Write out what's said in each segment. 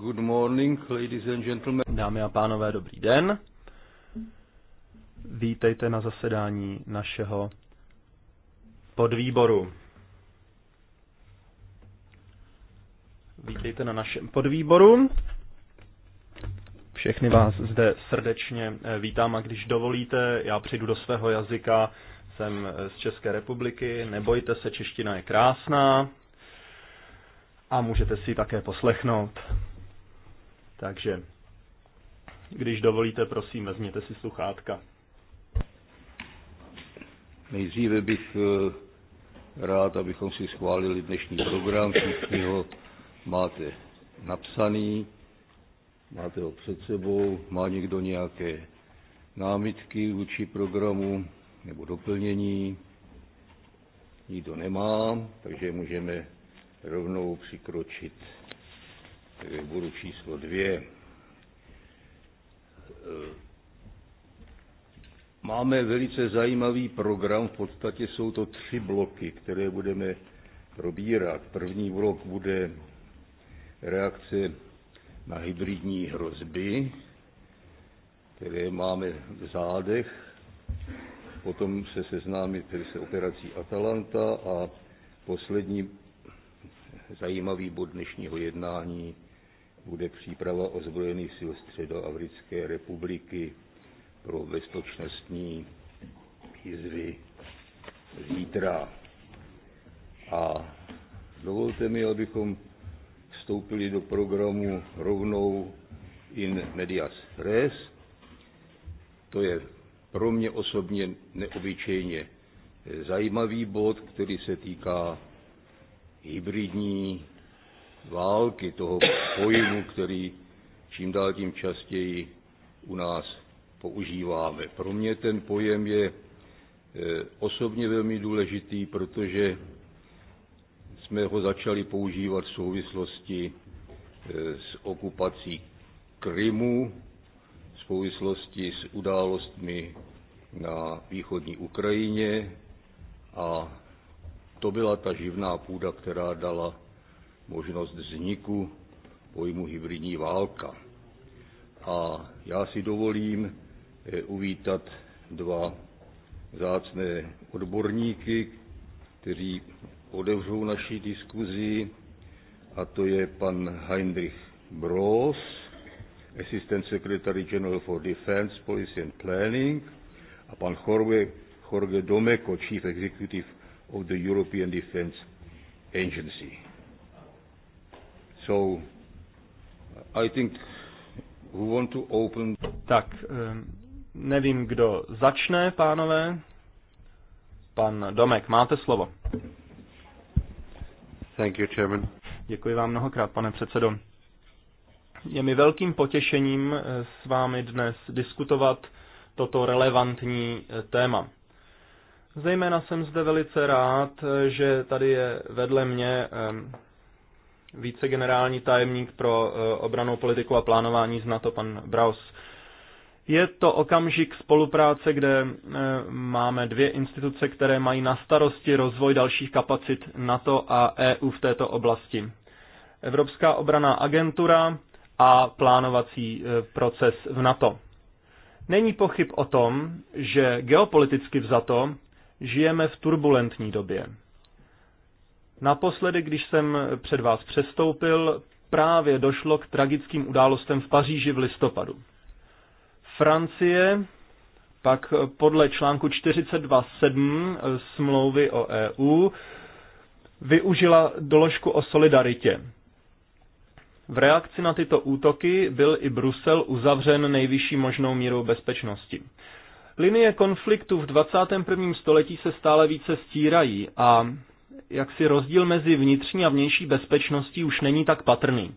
Good morning, ladies and gentlemen. Dámy a pánové, dobrý den. Vítejte na zasedání našeho podvýboru. Vítejte na našem podvýboru. Všechny vás zde srdečně eh, vítám a když dovolíte, já přijdu do svého jazyka. Jsem eh, z České republiky, nebojte se, čeština je krásná a můžete si ji také poslechnout. Takže, když dovolíte, prosím, vezměte si sluchátka. Nejdříve bych eh, rád, abychom si schválili dnešní program. Všichni ho máte napsaný, máte ho před sebou. Má někdo nějaké námitky vůči programu nebo doplnění? Nikdo nemá, takže můžeme rovnou přikročit k eh, bodu číslo dvě. Eh, máme velice zajímavý program, v podstatě jsou to tři bloky, které budeme probírat. První blok bude reakce na hybridní hrozby, které máme v zádech. Potom se seznámit tedy se operací Atalanta a poslední zajímavý bod dnešního jednání bude příprava ozbrojených sil Středoafrické republiky pro bezpečnostní výzvy zítra. A dovolte mi, abychom vstoupili do programu rovnou in medias res. To je pro mě osobně neobyčejně zajímavý bod, který se týká hybridní války, toho pojmu, který čím dál tím častěji u nás používáme. Pro mě ten pojem je e, osobně velmi důležitý, protože jsme ho začali používat v souvislosti e, s okupací Krymu, v souvislosti s událostmi na východní Ukrajině a to byla ta živná půda, která dala možnost vzniku pojmu hybridní válka. A já si dovolím eh, uvítat dva zácné odborníky, kteří odevřou naší diskuzi, a to je pan Heinrich Bros, Assistant Secretary General for Defense Policy and Planning, a pan Jorge, Jorge Domeko, Chief Executive of the European Defense Agency. So I think who want to open... Tak, ehm, nevím, kdo začne, pánové. Pan Domek, máte slovo. Thank you, Chairman. Děkuji vám mnohokrát, pane předsedo. Je mi velkým potěšením eh, s vámi dnes diskutovat toto relevantní eh, téma. Zejména jsem zde velice rád, eh, že tady je vedle mě ehm, vicegenerální tajemník pro eh, obranou politiku a plánování z NATO, pan Braus. Je to okamžik spolupráce, kde eh, máme dvě instituce, které mají na starosti rozvoj dalších kapacit NATO a EU v této oblasti. Evropská obraná agentura a plánovací eh, proces v NATO. Není pochyb o tom, že geopoliticky vzato žijeme v turbulentní době. Naposledy, když jsem před vás přestoupil, právě došlo k tragickým událostem v Paříži v listopadu. Francie pak podle článku 42.7 smlouvy o EU využila doložku o solidaritě. V reakci na tyto útoky byl i Brusel uzavřen nejvyšší možnou mírou bezpečnosti. Linie konfliktu v 21. století se stále více stírají a jaksi rozdíl mezi vnitřní a vnější bezpečností už není tak patrný.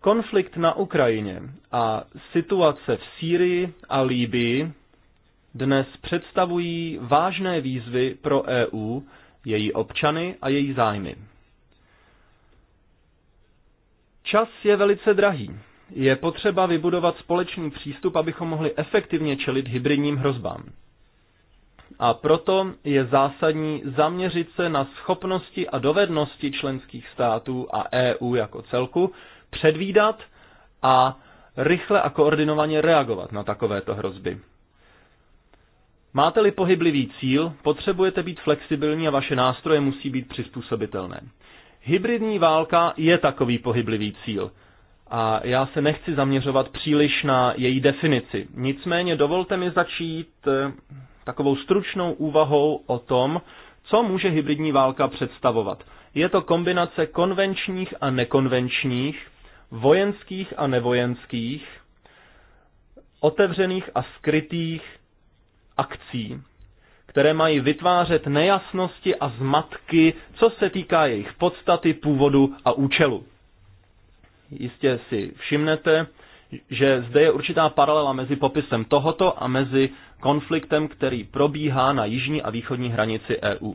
Konflikt na Ukrajině a situace v Sýrii a Líbii dnes představují vážné výzvy pro EU, její občany a její zájmy. Čas je velice drahý. Je potřeba vybudovat společný přístup, abychom mohli efektivně čelit hybridním hrozbám. A proto je zásadní zaměřit se na schopnosti a dovednosti členských států a EU jako celku předvídat a rychle a koordinovaně reagovat na takovéto hrozby. Máte-li pohyblivý cíl, potřebujete být flexibilní a vaše nástroje musí být přizpůsobitelné. Hybridní válka je takový pohyblivý cíl a já se nechci zaměřovat příliš na její definici. Nicméně dovolte mi začít eh, takovou stručnou úvahou o tom, co může hybridní válka představovat. Je to kombinace konvenčních a nekonvenčních, vojenských a nevojenských, otevřených a skrytých akcí, které mají vytvářet nejasnosti a zmatky, co se týká jejich podstaty, původu a účelu. Jistě si všimnete, že zde je určitá paralela mezi popisem tohoto a mezi konfliktem, který probíhá na jižní a východní hranici EU.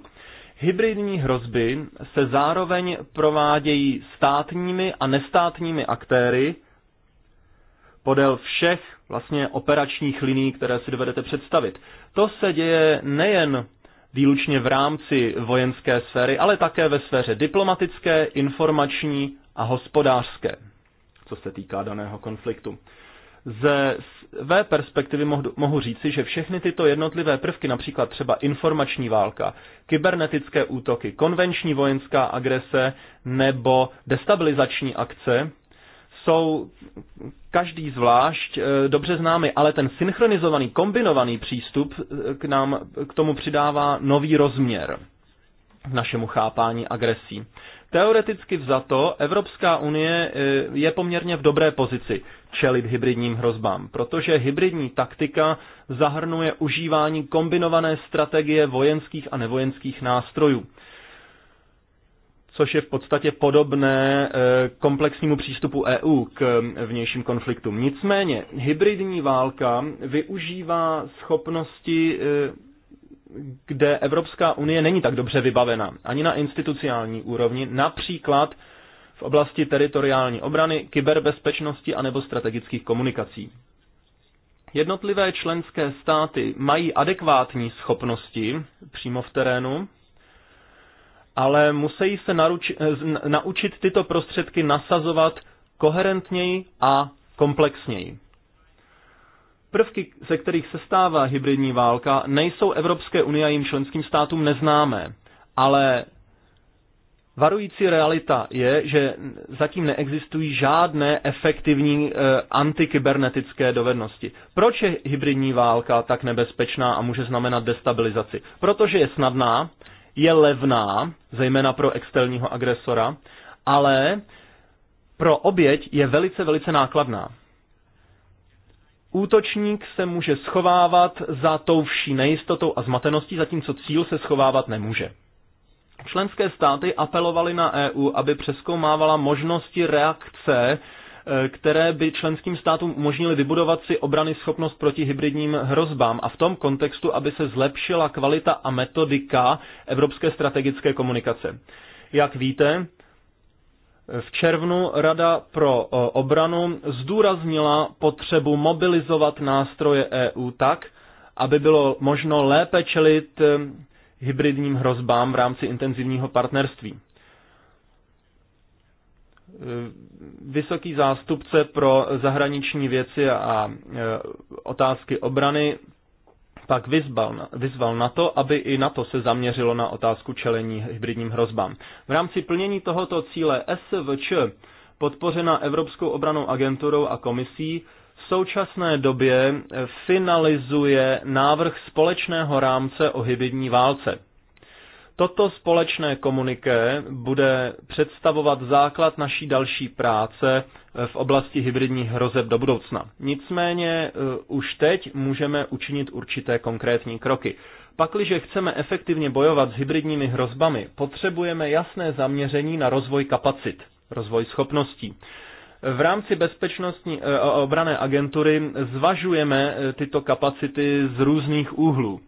Hybridní hrozby se zároveň provádějí státními a nestátními aktéry podél všech vlastně operačních liní, které si dovedete představit. To se děje nejen výlučně v rámci vojenské sféry, ale také ve sféře diplomatické, informační a hospodářské, co se týká daného konfliktu. Ze své perspektivy mohu, mohu říci, že všechny tyto jednotlivé prvky, například třeba informační válka, kybernetické útoky, konvenční vojenská agrese nebo destabilizační akce, jsou každý zvlášť e, dobře známy, ale ten synchronizovaný, kombinovaný přístup e, k, nám, k tomu přidává nový rozměr našemu chápání agresí. Teoreticky vzato Evropská unie e, je poměrně v dobré pozici čelit hybridním hrozbám, protože hybridní taktika zahrnuje užívání kombinované strategie vojenských a nevojenských nástrojů což je v podstatě podobné e, komplexnímu přístupu EU k vnějším konfliktům. Nicméně hybridní válka využívá schopnosti e, kde Evropská unie není tak dobře vybavena, ani na institucionální úrovni, například v oblasti teritoriální obrany, kyberbezpečnosti anebo strategických komunikací. Jednotlivé členské státy mají adekvátní schopnosti přímo v terénu, ale musí se naruči, naučit tyto prostředky nasazovat koherentněji a komplexněji. Prvky, ze kterých se stává hybridní válka, nejsou Evropské unie a jim členským státům neznámé, ale varující realita je, že zatím neexistují žádné efektivní e, antikybernetické dovednosti. Proč je hybridní válka tak nebezpečná a může znamenat destabilizaci? Protože je snadná, je levná, zejména pro externího agresora, ale pro oběť je velice, velice nákladná. Útočník se může schovávat za tou vší nejistotou a zmateností, zatímco cíl se schovávat nemůže. Členské státy apelovaly na EU, aby přeskoumávala možnosti reakce, e, které by členským státům umožnily vybudovat si obrany schopnost proti hybridním hrozbám a v tom kontextu, aby se zlepšila kvalita a metodika evropské strategické komunikace. Jak víte, v červnu Rada pro eh, obranu zdůraznila potřebu mobilizovat nástroje EU tak, aby bylo možno lépe čelit eh, hybridním hrozbám v rámci intenzivního partnerství. Eh, vysoký zástupce pro zahraniční věci a otázky obrany pak vyzval, na, vyzval na to, aby i na to se zaměřilo na otázku čelení hybridním hrozbám. V rámci plnění tohoto cíle SVČ, podpořena Evropskou obranou agenturou a komisí, v současné době finalizuje návrh společného rámce o hybridní válce. Toto společné komuniké bude představovat základ naší další práce eh, v oblasti hybridních hrozeb do budoucna. Nicméně eh, už teď můžeme učinit určité konkrétní kroky. Pakliže chceme efektivně bojovat s hybridními hrozbami, potřebujeme jasné zaměření na rozvoj kapacit, rozvoj schopností. V rámci bezpečnostní eh, obrané agentury zvažujeme tyto kapacity z různých úhlů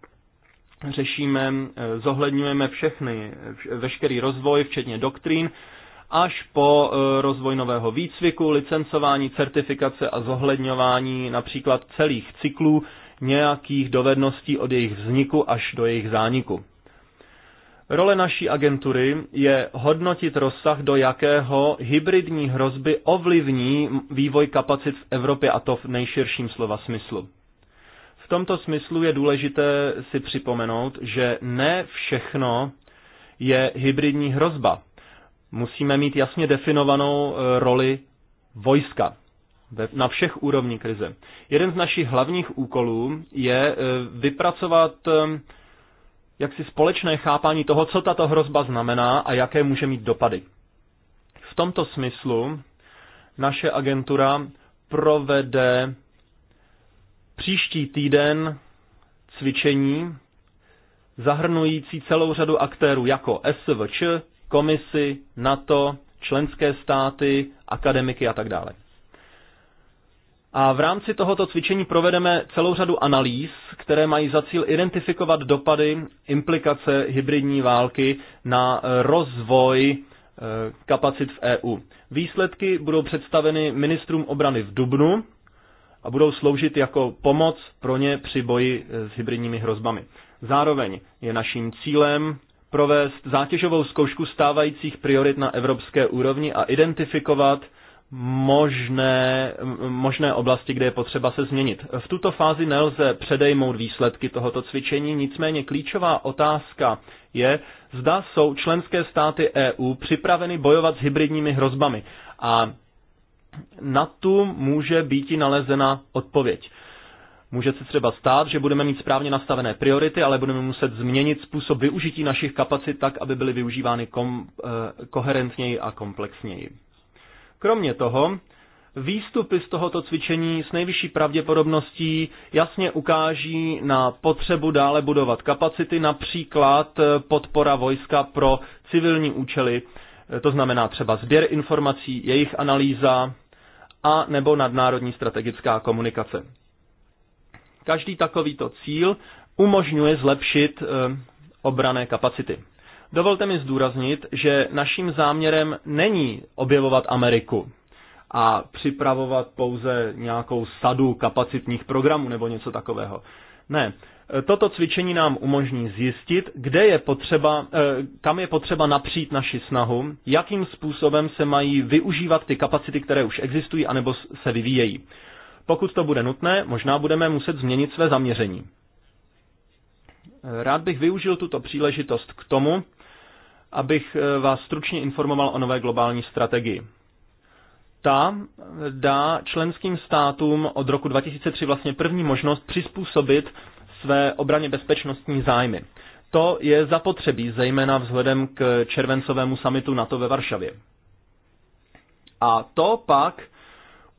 řešíme, eh, zohledňujeme všechny, veškerý rozvoj, včetně doktrín, až po eh, rozvoj nového výcviku, licencování, certifikace a zohledňování například celých cyklů nějakých dovedností od jejich vzniku až do jejich zániku. Role naší agentury je hodnotit rozsah, do jakého hybridní hrozby ovlivní vývoj kapacit v Evropě a to v nejširším slova smyslu tomto smyslu je důležité si připomenout, že ne všechno je hybridní hrozba. Musíme mít jasně definovanou eh, roli vojska na všech úrovních krize. Jeden z našich hlavních úkolů je eh, vypracovat eh, jaksi společné chápání toho, co tato hrozba znamená a jaké může mít dopady. V tomto smyslu naše agentura provede Příští týden cvičení zahrnující celou řadu aktérů jako SVČ, komisy, NATO, členské státy, akademiky a tak dále. A v rámci tohoto cvičení provedeme celou řadu analýz, které mají za cíl identifikovat dopady, implikace hybridní války na rozvoj eh, kapacit v EU. Výsledky budou představeny ministrům obrany v Dubnu a budou sloužit jako pomoc pro ně při boji eh, s hybridními hrozbami. Zároveň je naším cílem provést zátěžovou zkoušku stávajících priorit na evropské úrovni a identifikovat možné, možné oblasti, kde je potřeba se změnit. V tuto fázi nelze předejmout výsledky tohoto cvičení, nicméně klíčová otázka je, zda jsou členské státy EU připraveny bojovat s hybridními hrozbami. A na tu může být i nalezena odpověď. Může se třeba stát, že budeme mít správně nastavené priority, ale budeme muset změnit způsob využití našich kapacit tak, aby byly využívány kom, eh, koherentněji a komplexněji. Kromě toho, výstupy z tohoto cvičení s nejvyšší pravděpodobností jasně ukáží na potřebu dále budovat kapacity, například eh, podpora vojska pro civilní účely, eh, to znamená třeba sběr informací, jejich analýza, a nebo nadnárodní strategická komunikace. Každý takovýto cíl umožňuje zlepšit eh, obrané kapacity. Dovolte mi zdůraznit, že naším záměrem není objevovat Ameriku a připravovat pouze nějakou sadu kapacitních programů nebo něco takového. Ne. Toto cvičení nám umožní zjistit, kde je potřeba, eh, kam je potřeba napřít naši snahu, jakým způsobem se mají využívat ty kapacity, které už existují, anebo se vyvíjejí. Pokud to bude nutné, možná budeme muset změnit své zaměření. Eh, rád bych využil tuto příležitost k tomu, abych eh, vás stručně informoval o nové globální strategii ta dá členským státům od roku 2003 vlastně první možnost přizpůsobit své obraně bezpečnostní zájmy. To je zapotřebí, zejména vzhledem k červencovému samitu NATO ve Varšavě. A to pak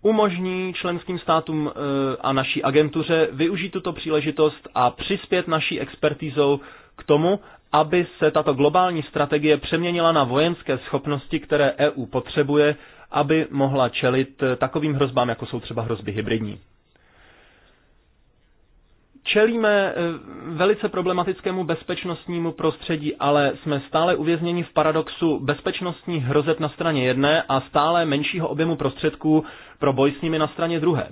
umožní členským státům eh, a naší agentuře využít tuto příležitost a přispět naší expertízou k tomu, aby se tato globální strategie přeměnila na vojenské schopnosti, které EU potřebuje aby mohla čelit eh, takovým hrozbám, jako jsou třeba hrozby hybridní. Čelíme eh, velice problematickému bezpečnostnímu prostředí, ale jsme stále uvězněni v paradoxu bezpečnostních hrozeb na straně jedné a stále menšího objemu prostředků pro boj s nimi na straně druhé.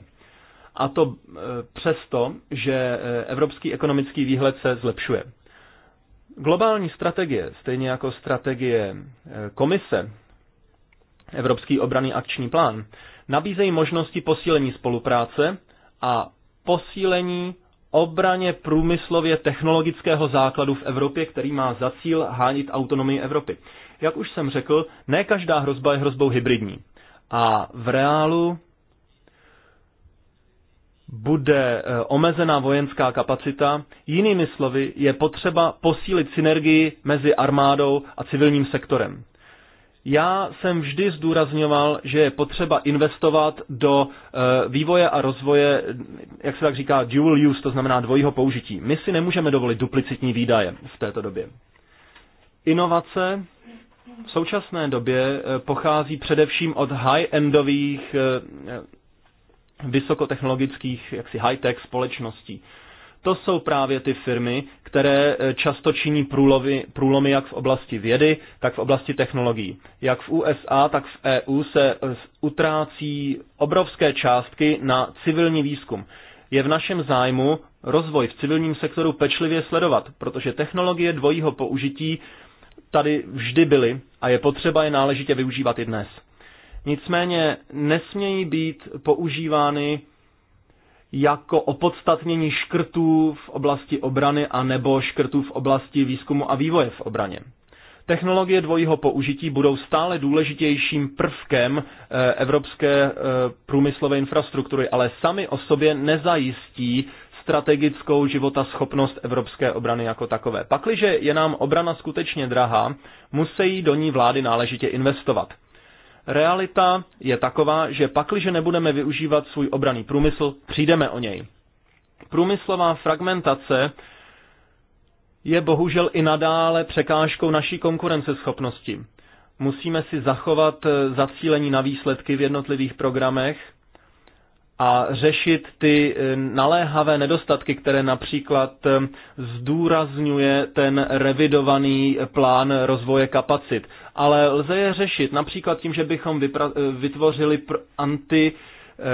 A to eh, přesto, že evropský ekonomický výhled se zlepšuje. Globální strategie, stejně jako strategie komise Evropský obraný akční plán, nabízejí možnosti posílení spolupráce a posílení obraně průmyslově technologického základu v Evropě, který má za cíl hánit autonomii Evropy. Jak už jsem řekl, ne každá hrozba je hrozbou hybridní. A v reálu bude e, omezená vojenská kapacita. Jinými slovy, je potřeba posílit synergii mezi armádou a civilním sektorem. Já jsem vždy zdůrazňoval, že je potřeba investovat do eh, vývoje a rozvoje, jak se tak říká, dual use, to znamená dvojího použití. My si nemůžeme dovolit duplicitní výdaje v této době. Inovace v současné době eh, pochází především od high-endových eh, vysokotechnologických, jaksi high-tech společností to jsou právě ty firmy, které eh, často činí průlovy, průlomy jak v oblasti vědy, tak v oblasti technologií. Jak v USA, tak v EU se eh, utrácí obrovské částky na civilní výzkum. Je v našem zájmu rozvoj v civilním sektoru pečlivě sledovat, protože technologie dvojího použití tady vždy byly a je potřeba je náležitě využívat i dnes. Nicméně nesmějí být používány jako opodstatnění škrtů v oblasti obrany a nebo škrtů v oblasti výzkumu a vývoje v obraně. Technologie dvojího použití budou stále důležitějším prvkem eh, evropské eh, průmyslové infrastruktury, ale sami o sobě nezajistí strategickou životaschopnost evropské obrany jako takové. Pakliže je nám obrana skutečně drahá, musí do ní vlády náležitě investovat. Realita je taková, že pakliže nebudeme využívat svůj obraný průmysl, přijdeme o něj. Průmyslová fragmentace je bohužel i nadále překážkou naší konkurenceschopnosti. Musíme si zachovat eh, zacílení na výsledky v jednotlivých programech a řešit ty eh, naléhavé nedostatky, které například eh, zdůrazňuje ten revidovaný plán rozvoje kapacit. Ale lze je řešit například tím, že bychom eh, vytvořili pr- anti,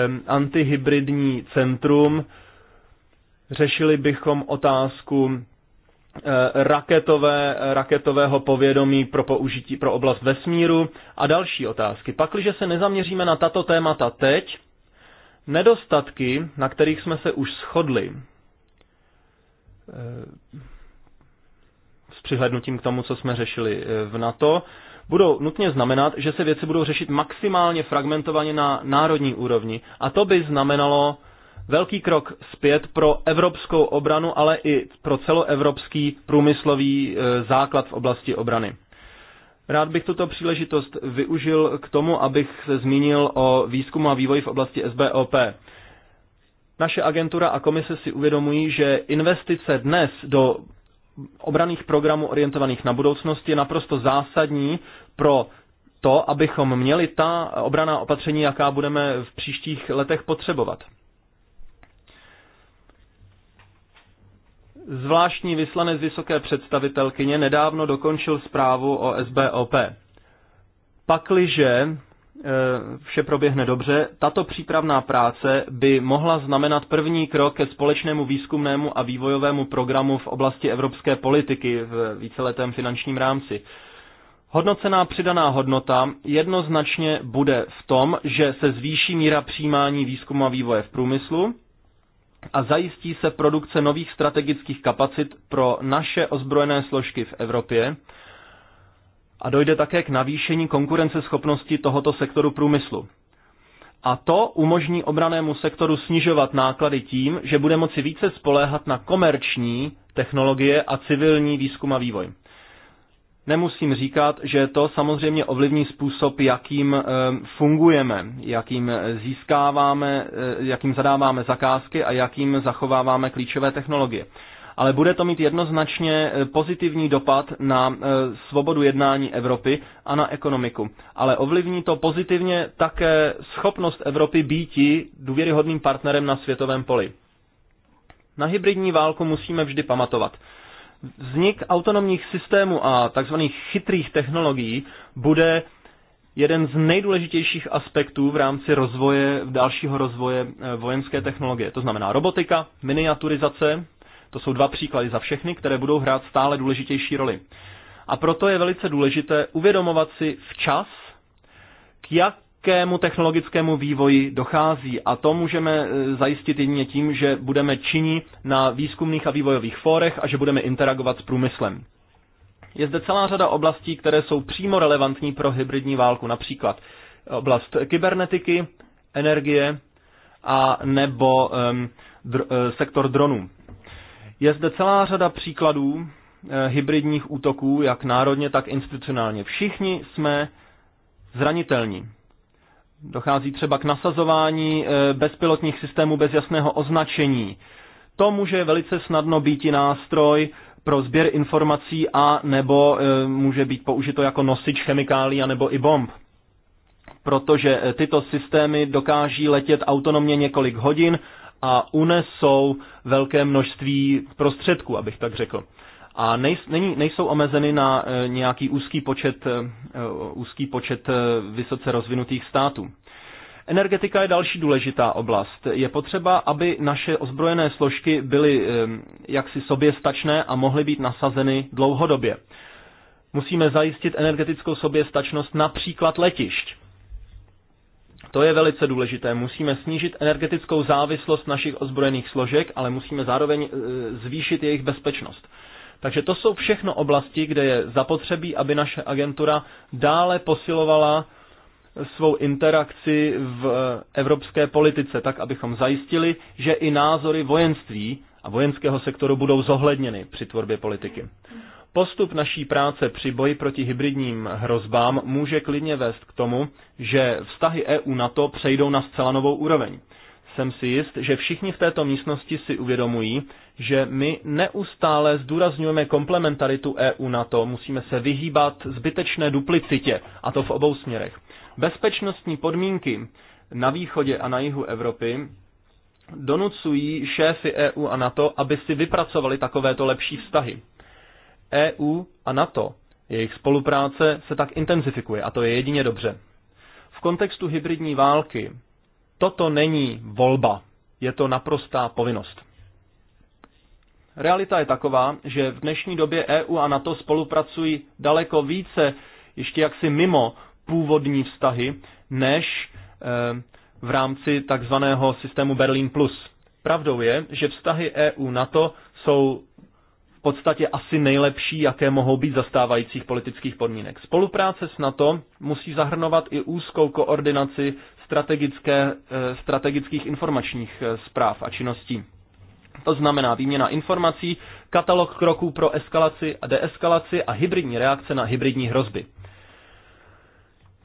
um, antihybridní centrum, řešili bychom otázku raketové, raketového povědomí pro použití pro oblast vesmíru a další otázky. Pakliže se nezaměříme na tato témata teď, Nedostatky, na kterých jsme se už shodli, eh, s přihlednutím k tomu, co jsme řešili eh, v NATO, budou nutně znamenat, že se věci budou řešit maximálně fragmentovaně na národní úrovni. A to by znamenalo velký krok zpět pro evropskou obranu, ale i pro celoevropský průmyslový eh, základ v oblasti obrany. Rád bych tuto příležitost využil k tomu, abych se zmínil o výzkumu a vývoji v oblasti SBOP. Naše agentura a komise si uvědomují, že investice dnes do obraných programů orientovaných na budoucnost je naprosto zásadní pro to, abychom měli ta obraná opatření, jaká budeme v příštích letech potřebovat. Zvláštní vyslanec vysoké představitelkyně nedávno dokončil zprávu o SBOP. Pakliže eh, vše proběhne dobře, tato přípravná práce by mohla znamenat první krok ke společnému výzkumnému a vývojovému programu v oblasti evropské politiky v víceletém finančním rámci. Hodnocená přidaná hodnota jednoznačně bude v tom, že se zvýší míra přijímání výzkumu a vývoje v průmyslu, a zajistí se produkce nových strategických kapacit pro naše ozbrojené složky v Evropě a dojde také k navýšení konkurenceschopnosti tohoto sektoru průmyslu. A to umožní obranému sektoru snižovat náklady tím, že bude moci více spoléhat na komerční technologie a civilní výzkum a vývoj. Nemusím říkat, že to samozřejmě ovlivní způsob, jakým eh, fungujeme, jakým eh, získáváme, eh, jakým zadáváme zakázky a jakým zachováváme klíčové technologie. Ale bude to mít jednoznačně pozitivní dopad na svobodu jednání Evropy a na ekonomiku. Ale ovlivní to pozitivně také schopnost Evropy býti důvěryhodným partnerem na světovém poli. Na hybridní válku musíme vždy pamatovat – Vznik autonomních systémů a tzv. chytrých technologií bude jeden z nejdůležitějších aspektů v rámci rozvoje, dalšího rozvoje eh, vojenské technologie. To znamená robotika, miniaturizace, to jsou dva příklady za všechny, které budou hrát stále důležitější roli. A proto je velice důležité uvědomovat si včas, k jak obrovskému technologickému vývoji dochází a to můžeme e, zajistit jedině tím, že budeme činí na výzkumných a vývojových fórech a že budeme interagovat s průmyslem. Je zde celá řada oblastí, které jsou přímo relevantní pro hybridní válku, například e, oblast kybernetiky, energie a nebo um, dr- e, sektor dronů. Je zde celá řada příkladů e, hybridních útoků, jak národně, tak institucionálně. Všichni jsme zranitelní. Dochází třeba k nasazování e, bezpilotních systémů bez jasného označení. To může velice snadno být i nástroj pro sběr informací a nebo e, může být použito jako nosič chemikálí a nebo i bomb protože e, tyto systémy dokáží letět autonomně několik hodin a unesou velké množství prostředků, abych tak řekl a není, nejsou omezeny na e, nějaký úzký počet, e, e, úzký počet vysoce rozvinutých států. Energetika je další důležitá oblast. Je potřeba, aby naše ozbrojené složky byly jaksi soběstačné a mohly být nasazeny dlouhodobě. Musíme zajistit energetickou soběstačnost například letišť. To je velice důležité. Musíme snížit energetickou závislost našich ozbrojených složek, ale musíme zároveň zvýšit jejich bezpečnost. Takže to jsou všechno oblasti, kde je zapotřebí, aby naše agentura dále posilovala svou interakci v evropské politice, tak abychom zajistili, že i názory vojenství a vojenského sektoru budou zohledněny při tvorbě politiky. Postup naší práce při boji proti hybridním hrozbám může klidně vést k tomu, že vztahy EU-NATO přejdou na zcela novou úroveň. Jsem si jist, že všichni v této místnosti si uvědomují, že my neustále zdůrazňujeme komplementaritu EU na to, musíme se vyhýbat zbytečné duplicitě, a to v obou směrech. Bezpečnostní podmínky na východě a na jihu Evropy donucují šéfy EU a NATO, aby si vypracovali takovéto lepší vztahy. EU a NATO, jejich spolupráce se tak intenzifikuje a to je jedině dobře. V kontextu hybridní války toto není volba, je to naprostá povinnost. Realita je taková, že v dnešní době EU a NATO spolupracují daleko více, ještě jaksi mimo původní vztahy, než eh, v rámci takzvaného systému Berlin Plus. Pravdou je, že vztahy EU-NATO jsou v podstatě asi nejlepší, jaké mohou být zastávajících politických podmínek. Spolupráce s NATO musí zahrnovat i úzkou koordinaci strategické, eh, strategických informačních eh, zpráv a činností. To znamená výměna informací, katalog kroků pro eskalaci a deeskalaci a hybridní reakce na hybridní hrozby.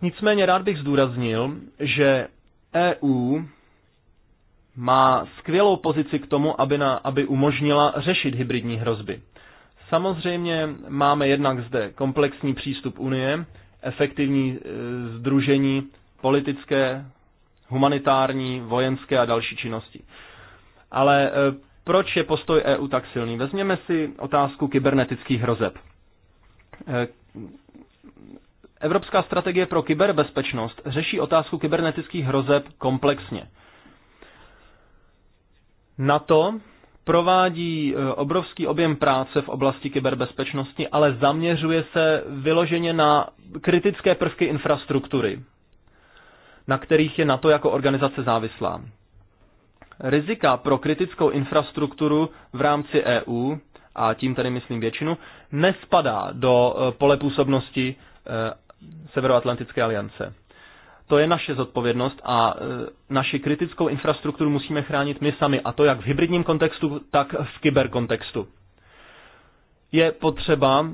Nicméně rád bych zdůraznil, že EU má skvělou pozici k tomu, aby, na, aby umožnila řešit hybridní hrozby. Samozřejmě máme jednak zde komplexní přístup Unie, efektivní e, združení politické, humanitární, vojenské a další činnosti. Ale e, proč je postoj EU tak silný? Vezměme si otázku kybernetických hrozeb. E, Evropská strategie pro kyberbezpečnost řeší otázku kybernetických hrozeb komplexně. NATO provádí e, obrovský objem práce v oblasti kyberbezpečnosti, ale zaměřuje se vyloženě na kritické prvky infrastruktury, na kterých je NATO jako organizace závislá rizika pro kritickou infrastrukturu v rámci EU, a tím tady myslím většinu, nespadá do e, pole působnosti e, Severoatlantické aliance. To je naše zodpovědnost a e, naši kritickou infrastrukturu musíme chránit my sami, a to jak v hybridním kontextu, tak v kyberkontextu. Je potřeba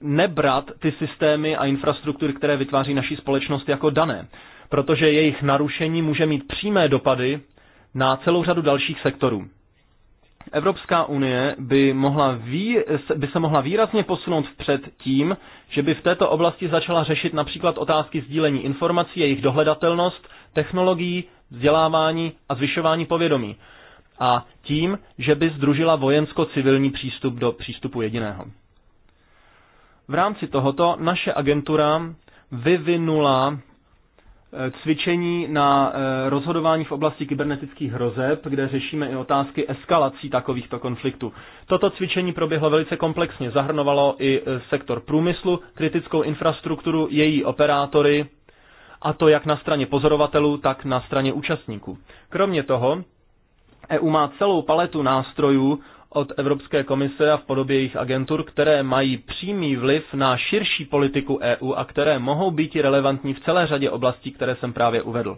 nebrat ty systémy a infrastruktury, které vytváří naší společnost jako dané, protože jejich narušení může mít přímé dopady na celou řadu dalších sektorů. Evropská unie by, mohla vý, by se mohla výrazně posunout vpřed tím, že by v této oblasti začala řešit například otázky sdílení informací, jejich dohledatelnost, technologií, vzdělávání a zvyšování povědomí. A tím, že by združila vojensko-civilní přístup do přístupu jediného. V rámci tohoto naše agentura vyvinula Eh, cvičení na eh, rozhodování v oblasti kybernetických hrozeb, kde řešíme i otázky eskalací takovýchto konfliktů. Toto cvičení proběhlo velice komplexně, zahrnovalo i eh, sektor průmyslu, kritickou infrastrukturu, její operátory, a to jak na straně pozorovatelů, tak na straně účastníků. Kromě toho, EU má celou paletu nástrojů od Evropské komise a v podobě jejich agentur, které mají přímý vliv na širší politiku EU a které mohou být relevantní v celé řadě oblastí, které jsem právě uvedl.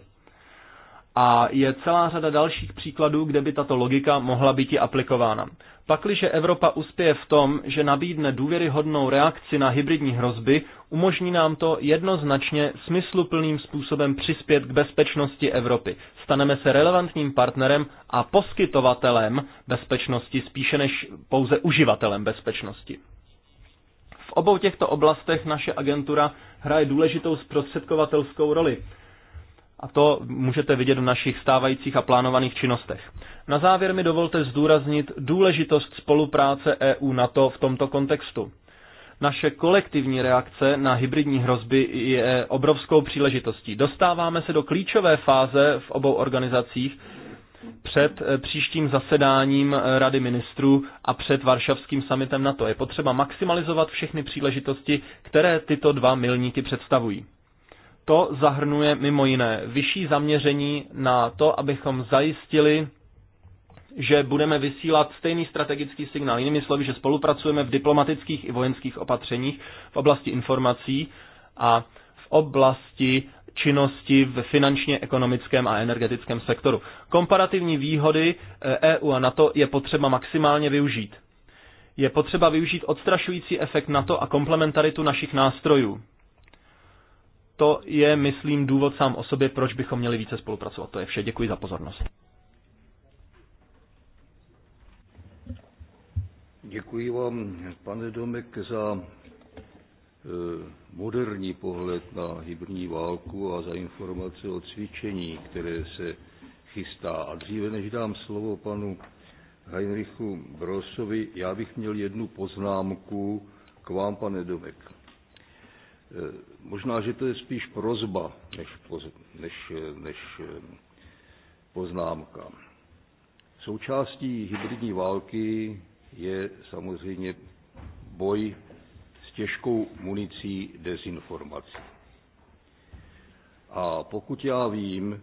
A je celá řada dalších příkladů, kde by tato logika mohla být i aplikována. Pakliže Evropa uspěje v tom, že nabídne důvěryhodnou reakci na hybridní hrozby, umožní nám to jednoznačně smysluplným způsobem přispět k bezpečnosti Evropy staneme se relevantním partnerem a poskytovatelem bezpečnosti spíše než pouze uživatelem bezpečnosti. V obou těchto oblastech naše agentura hraje důležitou zprostředkovatelskou roli. A to můžete vidět v našich stávajících a plánovaných činnostech. Na závěr mi dovolte zdůraznit důležitost spolupráce EU-NATO v tomto kontextu. Naše kolektivní reakce na hybridní hrozby je obrovskou příležitostí. Dostáváme se do klíčové fáze v obou organizacích před eh, příštím zasedáním eh, Rady ministrů a před Varšavským summitem NATO. Je potřeba maximalizovat všechny příležitosti, které tyto dva milníky představují. To zahrnuje mimo jiné vyšší zaměření na to, abychom zajistili že budeme vysílat stejný strategický signál. Jinými slovy, že spolupracujeme v diplomatických i vojenských opatřeních v oblasti informací a v oblasti činnosti v finančně, ekonomickém a energetickém sektoru. Komparativní výhody EU eh, e a NATO je potřeba maximálně využít. Je potřeba využít odstrašující efekt NATO a komplementaritu našich nástrojů. To je, myslím, důvod sám o sobě, proč bychom měli více spolupracovat. To je vše. Děkuji za pozornost. Děkuji vám, pane Domek, za e, moderní pohled na hybridní válku a za informace o cvičení, které se chystá. A dříve, než dám slovo panu Heinrichu Brosovi, já bych měl jednu poznámku k vám, pane Domek. E, možná, že to je spíš prozba než, poz, než, než e, poznámka. Součástí hybridní války je samozřejmě boj s těžkou municí dezinformací. A pokud já vím,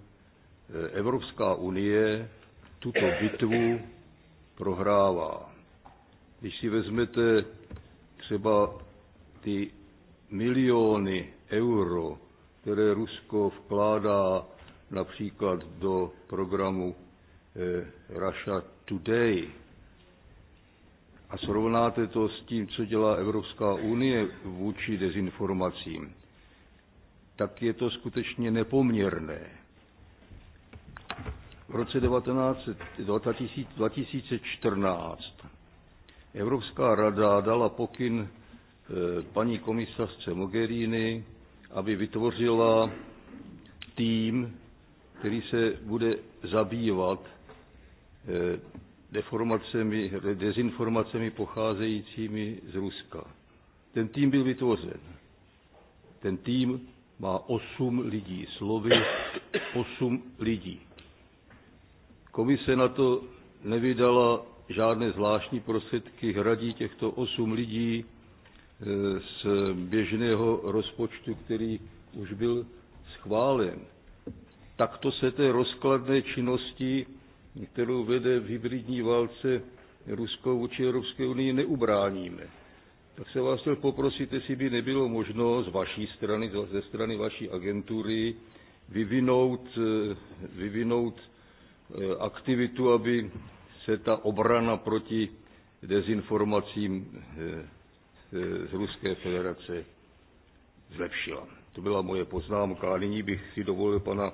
eh, Evropská unie tuto bitvu prohrává. Když si vezmete třeba ty miliony euro, které Rusko vkládá například do programu eh, Russia Today, a srovnáte to s tím, co dělá Evropská unie vůči dezinformacím, tak je to skutečně nepoměrné. V roce 19, 2014 Evropská rada dala pokyn eh, paní komisařce Mogherini, aby vytvořila tým, který se bude zabývat eh, deformacemi, dezinformacemi pocházejícími z Ruska. Ten tým byl vytvořen. Ten tým má osm lidí, slovy osm lidí. Komise na to nevydala žádné zvláštní prostředky, hradí těchto osm lidí e, z běžného rozpočtu, který už byl schválen. Takto se té rozkladné činnosti kterou vede v hybridní válce Rusko vůči Evropské unii, neubráníme. Tak se vás chtěl poprosit, jestli by nebylo možno z vaší strany, ze strany vaší agentury, vyvinout, vyvinout eh, aktivitu, aby se ta obrana proti dezinformacím eh, eh, z Ruské federace zlepšila. To byla moje poznámka a nyní bych si dovolil pana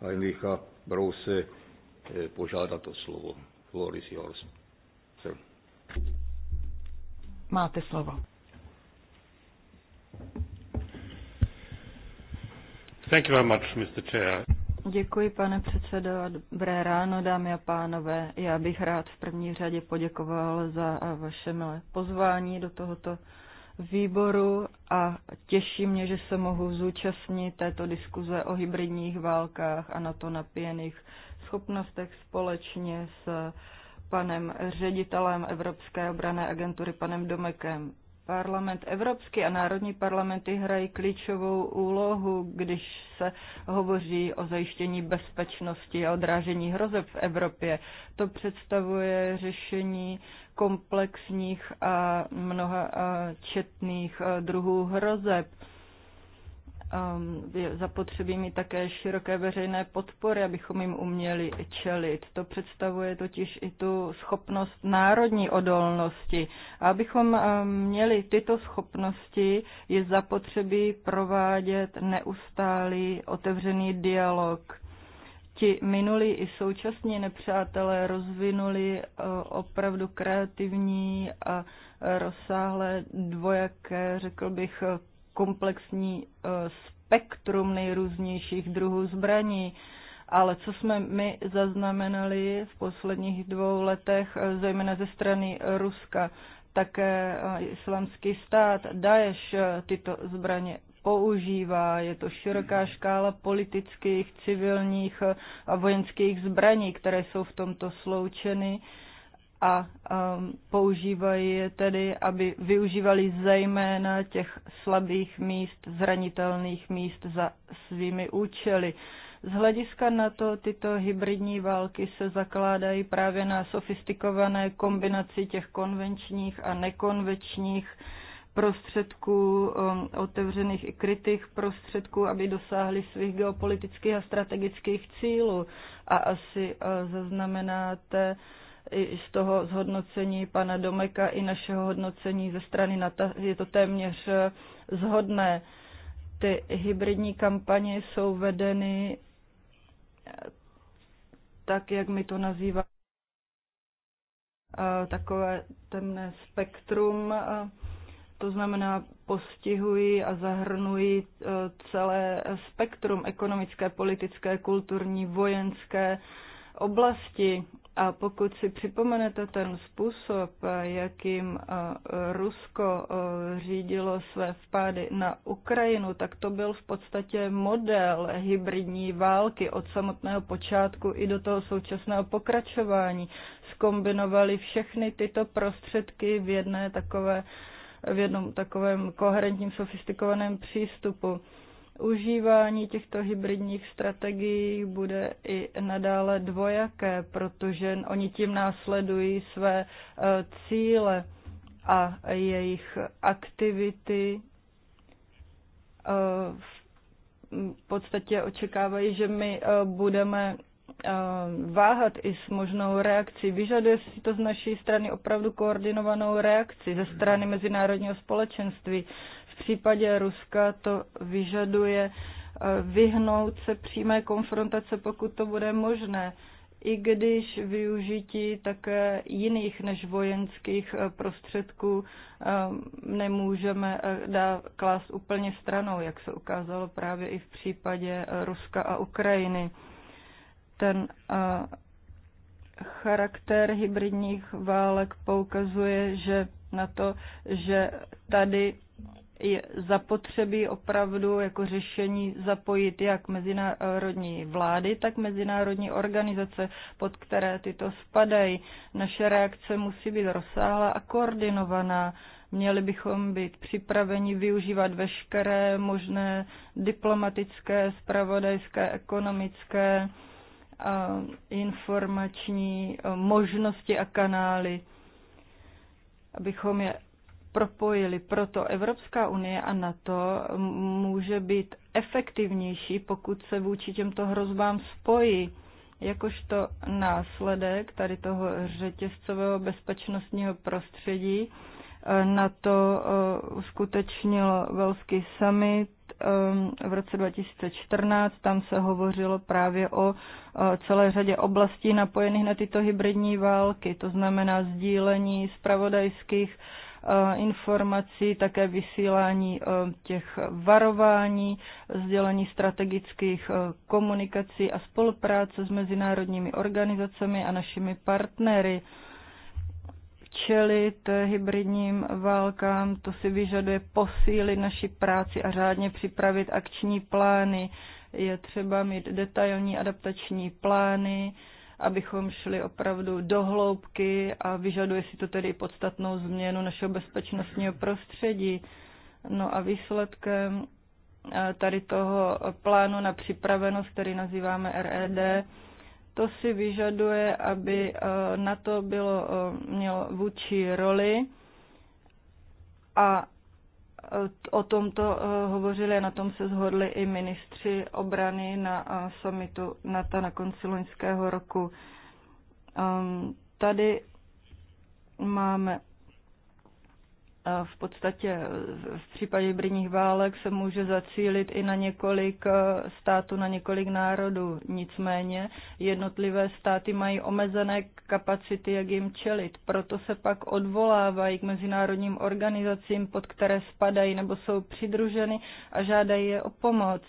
Heinricha Brouse Eh, požádat o slovo. Floor is yours. Sir. Máte slovo. Thank you very much, Mr. Chair. Děkuji, pane předsedo. Dobré ráno, dámy a pánové. Já bych rád v první řadě poděkoval za eh, vaše milé pozvání do tohoto výboru a těší mě, že se mohu zúčastnit této diskuze o hybridních válkách a na to napějených schopnostech společně s panem ředitelem Evropské obrané agentury, panem Domekem. Parlament Evropský a národní parlamenty hrají klíčovou úlohu, když se hovoří o zajištění bezpečnosti a odrážení hrozeb v Evropě. To představuje řešení komplexních a mnoha četných druhů hrozeb Um, je zapotřebí mít také široké veřejné podpory, abychom jim uměli čelit. To představuje totiž i tu schopnost národní odolnosti. A abychom um, měli tyto schopnosti, je zapotřebí provádět neustálý otevřený dialog. Ti minulí i současní nepřátelé rozvinuli uh, opravdu kreativní a rozsáhlé dvojaké, řekl bych, komplexní eh, spektrum nejrůznějších druhů zbraní. Ale co jsme my zaznamenali v posledních dvou letech, eh, zejména ze strany Ruska, také eh, islamský stát, Daesh tyto zbraně používá. Je to široká škála politických, civilních a vojenských zbraní, které jsou v tomto sloučeny. Uh, a um, používají je tedy, aby využívali zejména těch slabých míst, zranitelných míst za svými účely. Z hlediska na to tyto hybridní války se zakládají právě na sofistikované kombinaci těch konvenčních a nekonvenčních prostředků, um, otevřených i krytých prostředků, aby dosáhli svých geopolitických a strategických cílů. A asi uh, zaznamenáte, i z toho zhodnocení pana Domeka i našeho hodnocení ze strany NATO je to téměř e, zhodné. Ty hybridní kampaně jsou vedeny e, tak, jak my to nazýváme, e, takové temné spektrum, to znamená postihují a zahrnují celé spektrum ekonomické, politické, kulturní, vojenské oblasti a pokud si připomenete ten způsob, jakým eh, Rusko eh, řídilo své vpády na Ukrajinu, tak to byl v podstatě model hybridní války od samotného počátku i do toho současného pokračování. Skombinovali všechny tyto prostředky v jedné takové v jednom takovém koherentním, sofistikovaném přístupu. Užívání těchto hybridních strategií bude i nadále dvojaké, protože oni tím následují své e, cíle a jejich aktivity e, v podstatě očekávají, že my e, budeme váhat i s možnou reakcí. Vyžaduje si to z naší strany opravdu koordinovanou reakci ze strany mezinárodního společenství. V případě Ruska to vyžaduje eh, vyhnout se přímé konfrontace, pokud to bude možné, i když využití také jiných než vojenských eh, prostředků eh, nemůžeme dát klást úplně stranou, jak se ukázalo právě i v případě Ruska a Ukrajiny. Ten charakter hybridních válek poukazuje, že na to, že tady je zapotřebí opravdu jako řešení zapojit jak mezinárodní vlády, tak mezinárodní organizace, pod které tyto spadají. Naše reakce musí být rozsáhlá a koordinovaná. Měli bychom být připraveni využívat veškeré možné diplomatické, spravodajské, ekonomické, informační možnosti a kanály, abychom je propojili. Proto Evropská unie a NATO může být efektivnější, pokud se vůči těmto hrozbám spojí. Jakožto následek tady toho řetězcového bezpečnostního prostředí eh, na to eh, uskutečnil Velský summit eh, v roce 2014. Tam se hovořilo právě o celé řadě oblastí napojených na tyto hybridní války, to znamená sdílení spravodajských Eh, informací, také vysílání eh, těch varování, sdělení strategických eh, komunikací a spolupráce s mezinárodními organizacemi a našimi partnery čelit hybridním válkám, to si vyžaduje posílit naši práci a řádně připravit akční plány. Je třeba mít detailní adaptační plány, abychom šli opravdu do hloubky a vyžaduje si to tedy podstatnou změnu našeho bezpečnostního prostředí. No a výsledkem eh, tady toho plánu na připravenost, který nazýváme RED, to si vyžaduje, aby eh, na to bylo, eh, mělo vůči roli a O tomto eh, hovořili a na tom se zhodli i ministři obrany na eh, summitu NATO na konci loňského roku. Ehm, tady máme v podstatě v případě hybridních válek se může zacílit i na několik eh, států, na několik národů. Nicméně jednotlivé státy mají omezené kapacity, jak jim čelit. Proto se pak odvolávají k mezinárodním organizacím, pod které spadají nebo jsou přidruženy a žádají je o pomoc.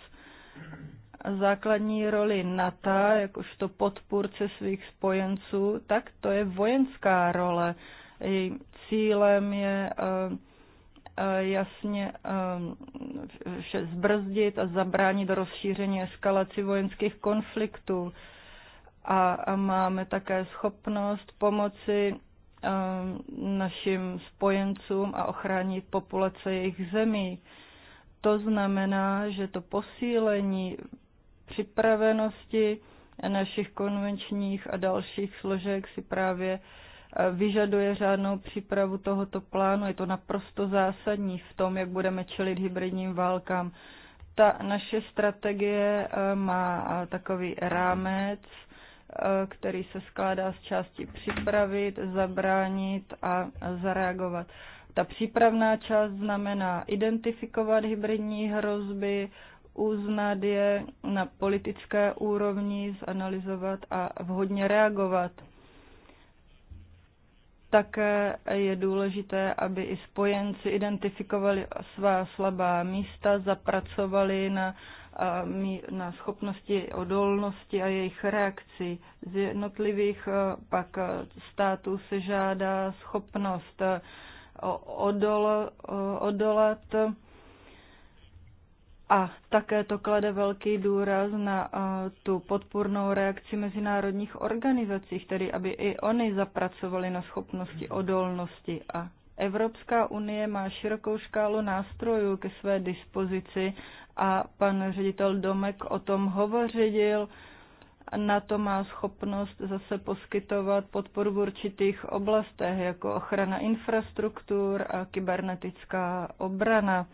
Základní roli NATO, jakožto podpůrce svých spojenců, tak to je vojenská role Cílem je eh, eh, jasně eh, vše zbrzdit a zabránit do rozšíření eskalaci vojenských konfliktů. A máme také schopnost pomoci našim spojencům a ochránit populace jejich zemí. To znamená, že to posílení připravenosti našich konvenčních a dalších složek si právě uh, vyžaduje řádnou přípravu tohoto plánu. Je to naprosto zásadní v tom, jak budeme čelit hybridním válkám. Ta naše strategie eh, má eh, takový rámec, eh, který se skládá z části připravit, zabránit a zareagovat. Ta přípravná část znamená identifikovat hybridní hrozby, uznat je na politické úrovni, zanalizovat a vhodně reagovat. Také je důležité, aby i spojenci identifikovali svá slabá místa, zapracovali na, na schopnosti odolnosti a jejich reakcí. Z jednotlivých pak států se žádá schopnost odol, odolat a také to klade velký důraz na tu podpůrnou reakci mezinárodních organizací, tedy aby i oni zapracovali na schopnosti odolnosti. A Evropská unie má širokou škálu nástrojů ke své dispozici a pan ředitel Domek o tom hovořil. Na to má schopnost zase poskytovat podporu v určitých oblastech, jako ochrana infrastruktur a kybernetická obrana.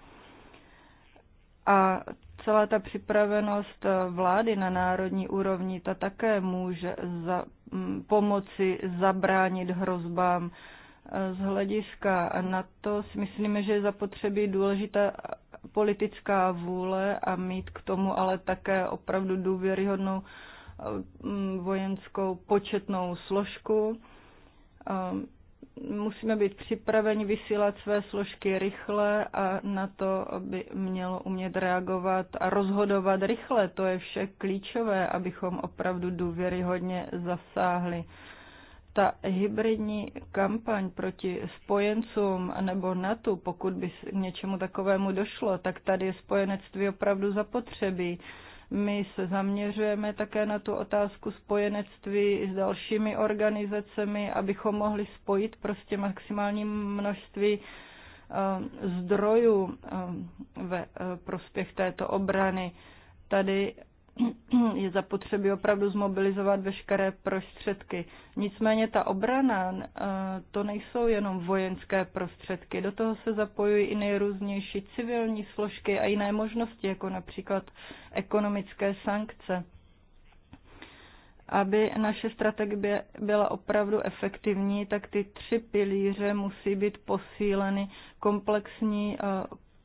A celá ta připravenost eh, vlády na národní úrovni, ta také může za, mm, pomoci zabránit hrozbám eh, z hlediska. A na to si myslíme, že je zapotřebí důležitá politická vůle a mít k tomu ale také opravdu důvěryhodnou eh, mm, vojenskou početnou složku ehm, musíme být připraveni vysílat své složky rychle a na to, aby mělo umět reagovat a rozhodovat rychle. To je vše klíčové, abychom opravdu důvěryhodně zasáhli. Ta hybridní kampaň proti spojencům nebo NATO, pokud by k něčemu takovému došlo, tak tady je spojenectví opravdu zapotřebí. My se zaměřujeme také na tu otázku spojenectví s dalšími organizacemi, abychom mohli spojit prostě maximální množství eh, zdrojů eh, ve eh, prospěch této obrany. Tady je zapotřebí opravdu zmobilizovat veškeré prostředky. Nicméně ta obrana, eh, to nejsou jenom vojenské prostředky, do toho se zapojují i nejrůznější civilní složky a jiné možnosti, jako například ekonomické sankce. Aby naše strategie byla opravdu efektivní, tak ty tři pilíře musí být posíleny komplexní eh,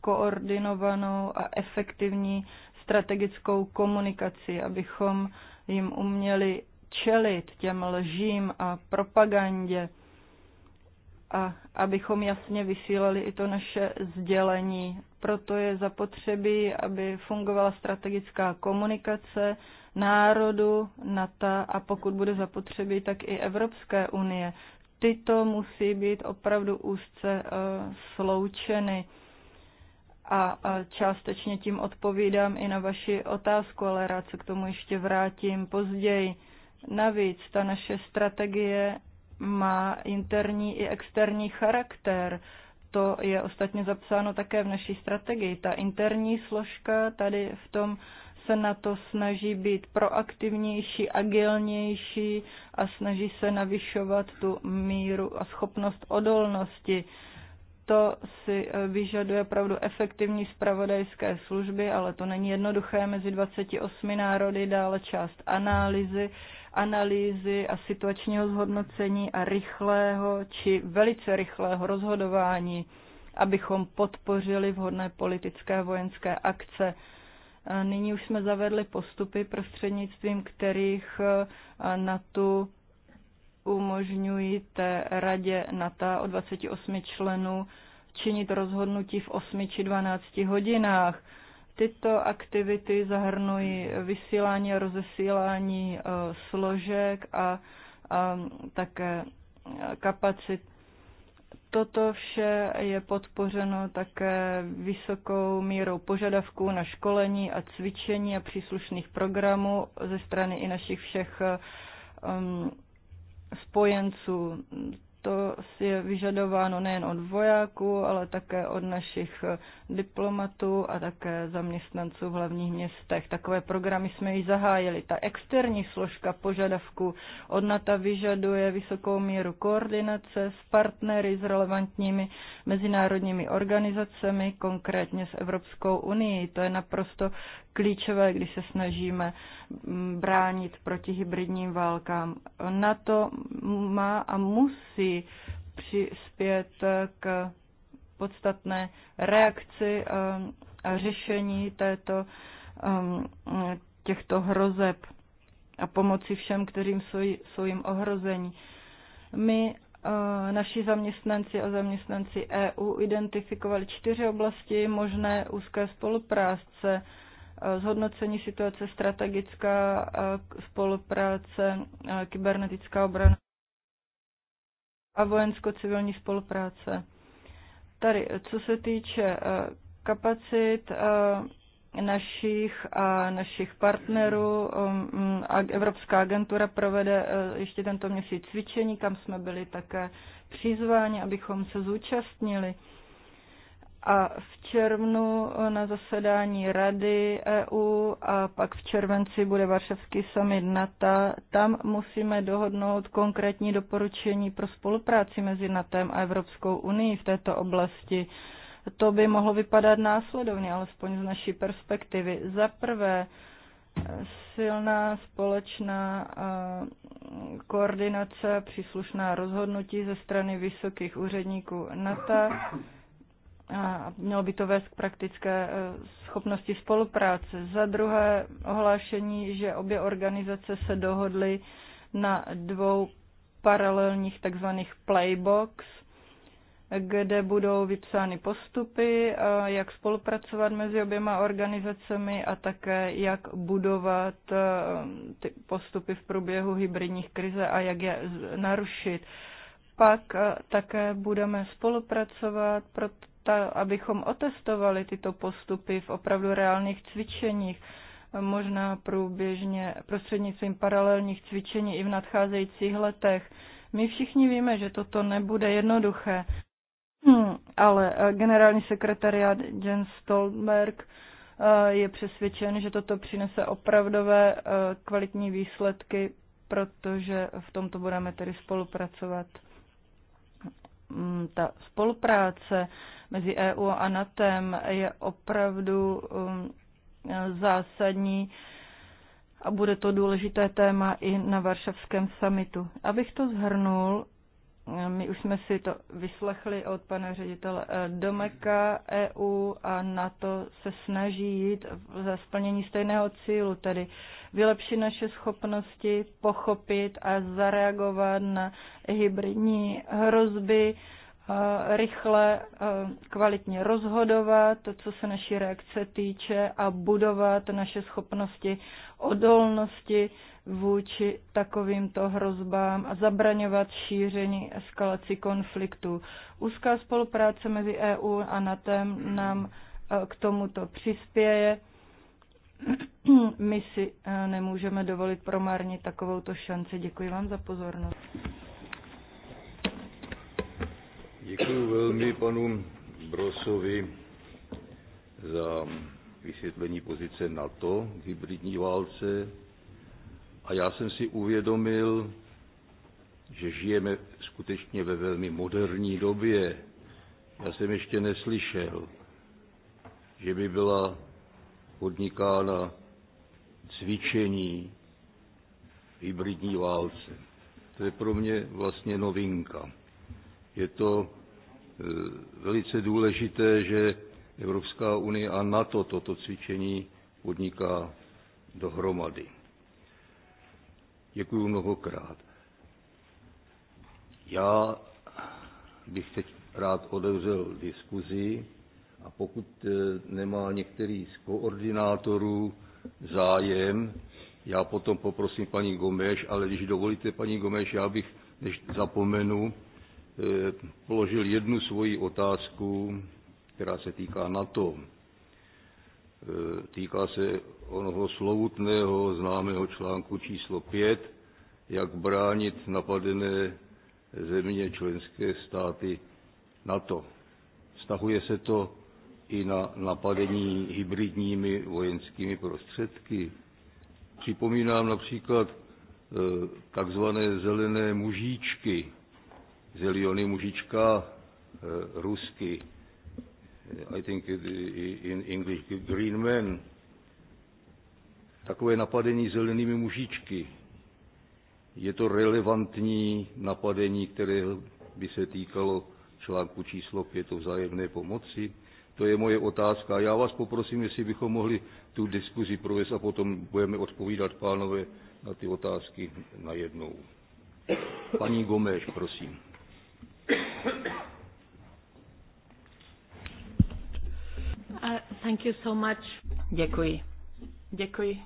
koordinovanou a efektivní strategickou komunikaci, abychom jim uměli čelit těm lžím a propagandě a abychom jasně vysílali i to naše sdělení. Proto je zapotřebí, aby fungovala strategická komunikace národu, NATO a pokud bude zapotřebí, tak i Evropské unie. Tyto musí být opravdu úzce eh, sloučeny a částečně tím odpovídám i na vaši otázku, ale rád se k tomu ještě vrátím později. Navíc ta naše strategie má interní i externí charakter. To je ostatně zapsáno také v naší strategii. Ta interní složka tady v tom se na to snaží být proaktivnější, agilnější a snaží se navyšovat tu míru a schopnost odolnosti to si eh, vyžaduje opravdu efektivní zpravodajské služby, ale to není jednoduché mezi 28 národy, dále část analýzy, analýzy a situačního zhodnocení a rychlého či velice rychlého rozhodování, abychom podpořili vhodné politické a vojenské akce. Eh, nyní už jsme zavedli postupy, prostřednictvím kterých eh, na tu umožňují té radě NATO o 28 členů činit rozhodnutí v 8 či 12 hodinách. Tyto aktivity zahrnují vysílání a rozesílání e, složek a, a také kapacit. Toto vše je podpořeno také vysokou mírou požadavků na školení a cvičení a příslušných programů ze strany i našich všech um, spojenců. To si je vyžadováno nejen od vojáků, ale také od našich diplomatů a také zaměstnanců v hlavních městech. Takové programy jsme již zahájili. Ta externí složka požadavku od NATO vyžaduje vysokou míru koordinace s partnery, s relevantními mezinárodními organizacemi, konkrétně s Evropskou unii. To je naprosto klíčové, když se snažíme mm, bránit proti hybridním válkám. Na to má a musí přispět k podstatné reakci eh, a řešení této, eh, těchto hrozeb a pomoci všem, kterým jsou, jim ohrození. My eh, naši zaměstnanci a zaměstnanci EU identifikovali čtyři oblasti možné úzké spolupráce zhodnocení situace, strategická e, spolupráce, e, kybernetická obrana a vojensko-civilní spolupráce. Tady, co se týče e, kapacit našich a našich partnerů, um, mm, Evropská agentura provede ještě tento měsíc cvičení, kam jsme byli také přizváni, abychom se zúčastnili a v červnu na zasedání Rady EU a pak v červenci bude Varšavský summit NATO. Tam musíme dohodnout konkrétní doporučení pro spolupráci mezi NATO a Evropskou unii v této oblasti. To by mohlo vypadat následovně, alespoň z naší perspektivy. Za prvé, silná společná koordinace, příslušná rozhodnutí ze strany vysokých úředníků NATO a mělo by to vést k praktické e, schopnosti spolupráce. Za druhé ohlášení, že obě organizace se dohodly na dvou paralelních takzvaných playbox, kde budou vypsány postupy, e, jak spolupracovat mezi oběma organizacemi a také jak budovat e, ty postupy v průběhu hybridních krize a jak je narušit. Pak také budeme spolupracovat, proto ta, abychom otestovali tyto postupy v opravdu reálných cvičeních, možná průběžně prostřednictvím paralelních cvičení i v nadcházejících letech. My všichni víme, že toto nebude jednoduché, hmm, ale eh, generální sekretariat Jens Stoltenberg eh, je přesvědčen, že toto přinese opravdové eh, kvalitní výsledky, protože v tomto budeme tedy spolupracovat hmm, ta spolupráce mezi EU a NATEM je opravdu um, zásadní a bude to důležité téma i na Varšavském samitu. Abych to zhrnul, um, my už jsme si to vyslechli od pana ředitele eh, Domeka. EU a NATO e se snaží jít za splnění stejného cílu, tedy vylepšit naše schopnosti, pochopit a zareagovat na hybridní hrozby, Eh, rychle, eh, kvalitně rozhodovat, to, co se naší reakce týče a budovat naše schopnosti odolnosti vůči takovýmto hrozbám a zabraňovat šíření eskalaci konfliktu. Úzká spolupráce mezi EU a NATO nám eh, k tomuto přispěje. My si nemůžeme dovolit promárnit takovouto šanci. Děkuji vám za pozornost. Děkuji velmi panu Brosovi za vysvětlení pozice NATO v hybridní válce. A já jsem si uvědomil, že žijeme skutečně ve velmi moderní době. Já jsem ještě neslyšel, že by byla podnikána cvičení hybridní válce. To je pro mě vlastně novinka je to e, velice důležité, že Evropská unie a NATO toto cvičení podniká dohromady. Děkuji mnohokrát. Já bych teď rád odevřel diskuzi a pokud e, nemá některý z koordinátorů zájem, já potom poprosím paní Gomeš, ale když dovolíte, paní Gomeš, já bych, než zapomenu, Eh, položil jednu svoji otázku, která se týká NATO. Eh, týká se onoho slovutného známého článku číslo 5, jak bránit napadené země členské státy NATO. Vztahuje se to i na napadení hybridními vojenskými prostředky. Připomínám například eh, takzvané zelené mužíčky, ziliony mužička eh, rusky. Eh, I think in English green man. Takové napadení zelenými mužičky. Je to relevantní napadení, které by se týkalo článku číslo 5 o vzájemné pomoci? To je moje otázka. Já vás poprosím, jestli bychom mohli tu diskuzi provést a potom budeme odpovídat, pánové, na ty otázky najednou. Paní Gomeš, prosím. Uh, thank you so much. Děkuji. Děkuji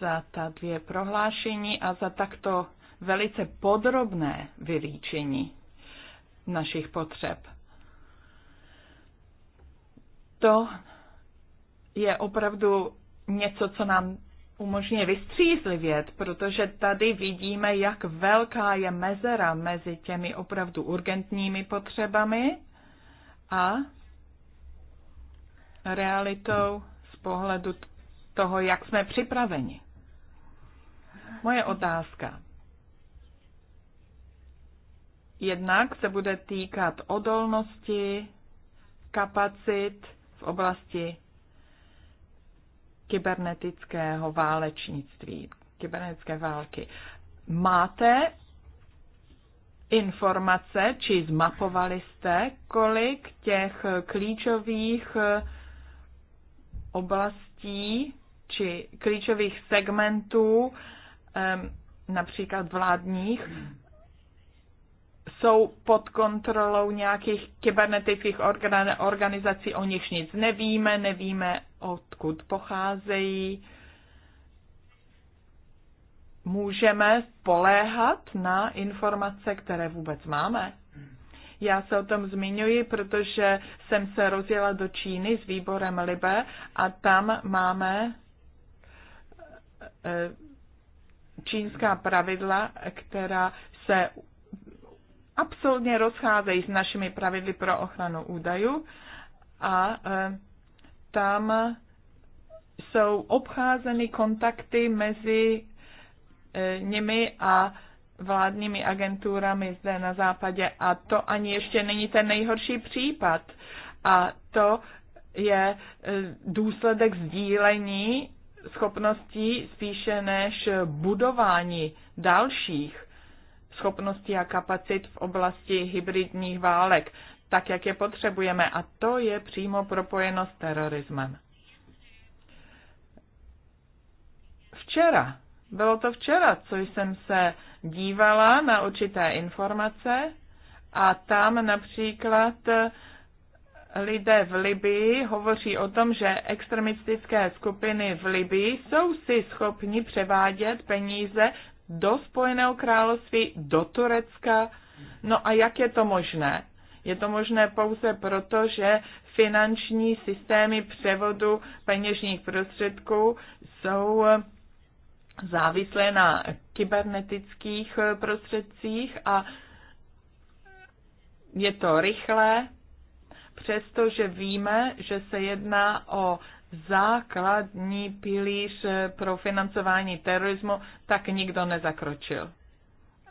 za ta dvě prohlášení a za takto velice podrobné vylíčení našich potřeb. To je opravdu něco, co nám umožňuje vystřízlivět, protože tady vidíme, jak velká je mezera mezi těmi opravdu urgentními potřebami a realitou z pohledu toho, jak jsme připraveni. Moje otázka. Jednak se bude týkat odolnosti, kapacit v oblasti kybernetického válečnictví, kybernetické války. Máte informace, či zmapovali jste, kolik těch klíčových oblastí či klíčových segmentů, například vládních, jsou pod kontrolou nějakých kybernetických organizací, o nichž nic nevíme, nevíme, odkud pocházejí. Můžeme poléhat na informace, které vůbec máme? Já se o tom zmiňuji, protože jsem se rozjela do Číny s výborem Libe a tam máme eh, čínská pravidla, která se absolutně rozcházejí s našimi pravidly pro ochranu údajů a eh, tam jsou obcházeny kontakty mezi eh, nimi a vládními agenturami zde na západě a to ani ještě není ten nejhorší případ. A to je e, důsledek sdílení schopností spíše než budování dalších schopností a kapacit v oblasti hybridních válek, tak jak je potřebujeme. A to je přímo propojeno s terorismem. Včera bylo to včera, co jsem se dívala na určité informace a tam například lidé v Libii hovoří o tom, že extremistické skupiny v Libii jsou si schopni převádět peníze do Spojeného království, do Turecka. No a jak je to možné? Je to možné pouze proto, že finanční systémy převodu peněžních prostředků jsou závislé na kybernetických eh, prostředcích a je to rychlé, přestože víme, že se jedná o základní pilíř eh, pro financování terorismu, tak nikdo nezakročil.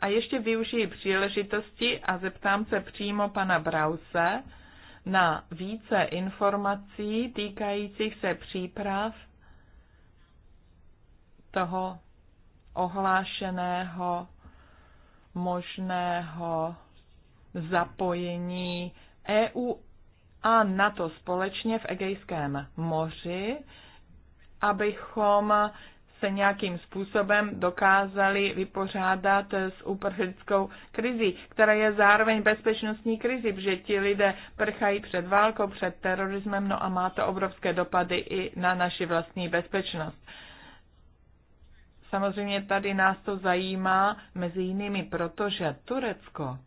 A ještě využiji příležitosti a zeptám se přímo pana Brause na více informací týkajících se příprav toho ohlášeného možného zapojení EU a NATO společně v Egejském moři, abychom se nějakým způsobem dokázali vypořádat s uprchlickou krizí, která je zároveň bezpečnostní krizi, protože ti lidé prchají před válkou, před terorismem, no a má to obrovské dopady i na naši vlastní bezpečnost. Samozřejmě tady nás to zajímá mezi jinými, protože Turecko,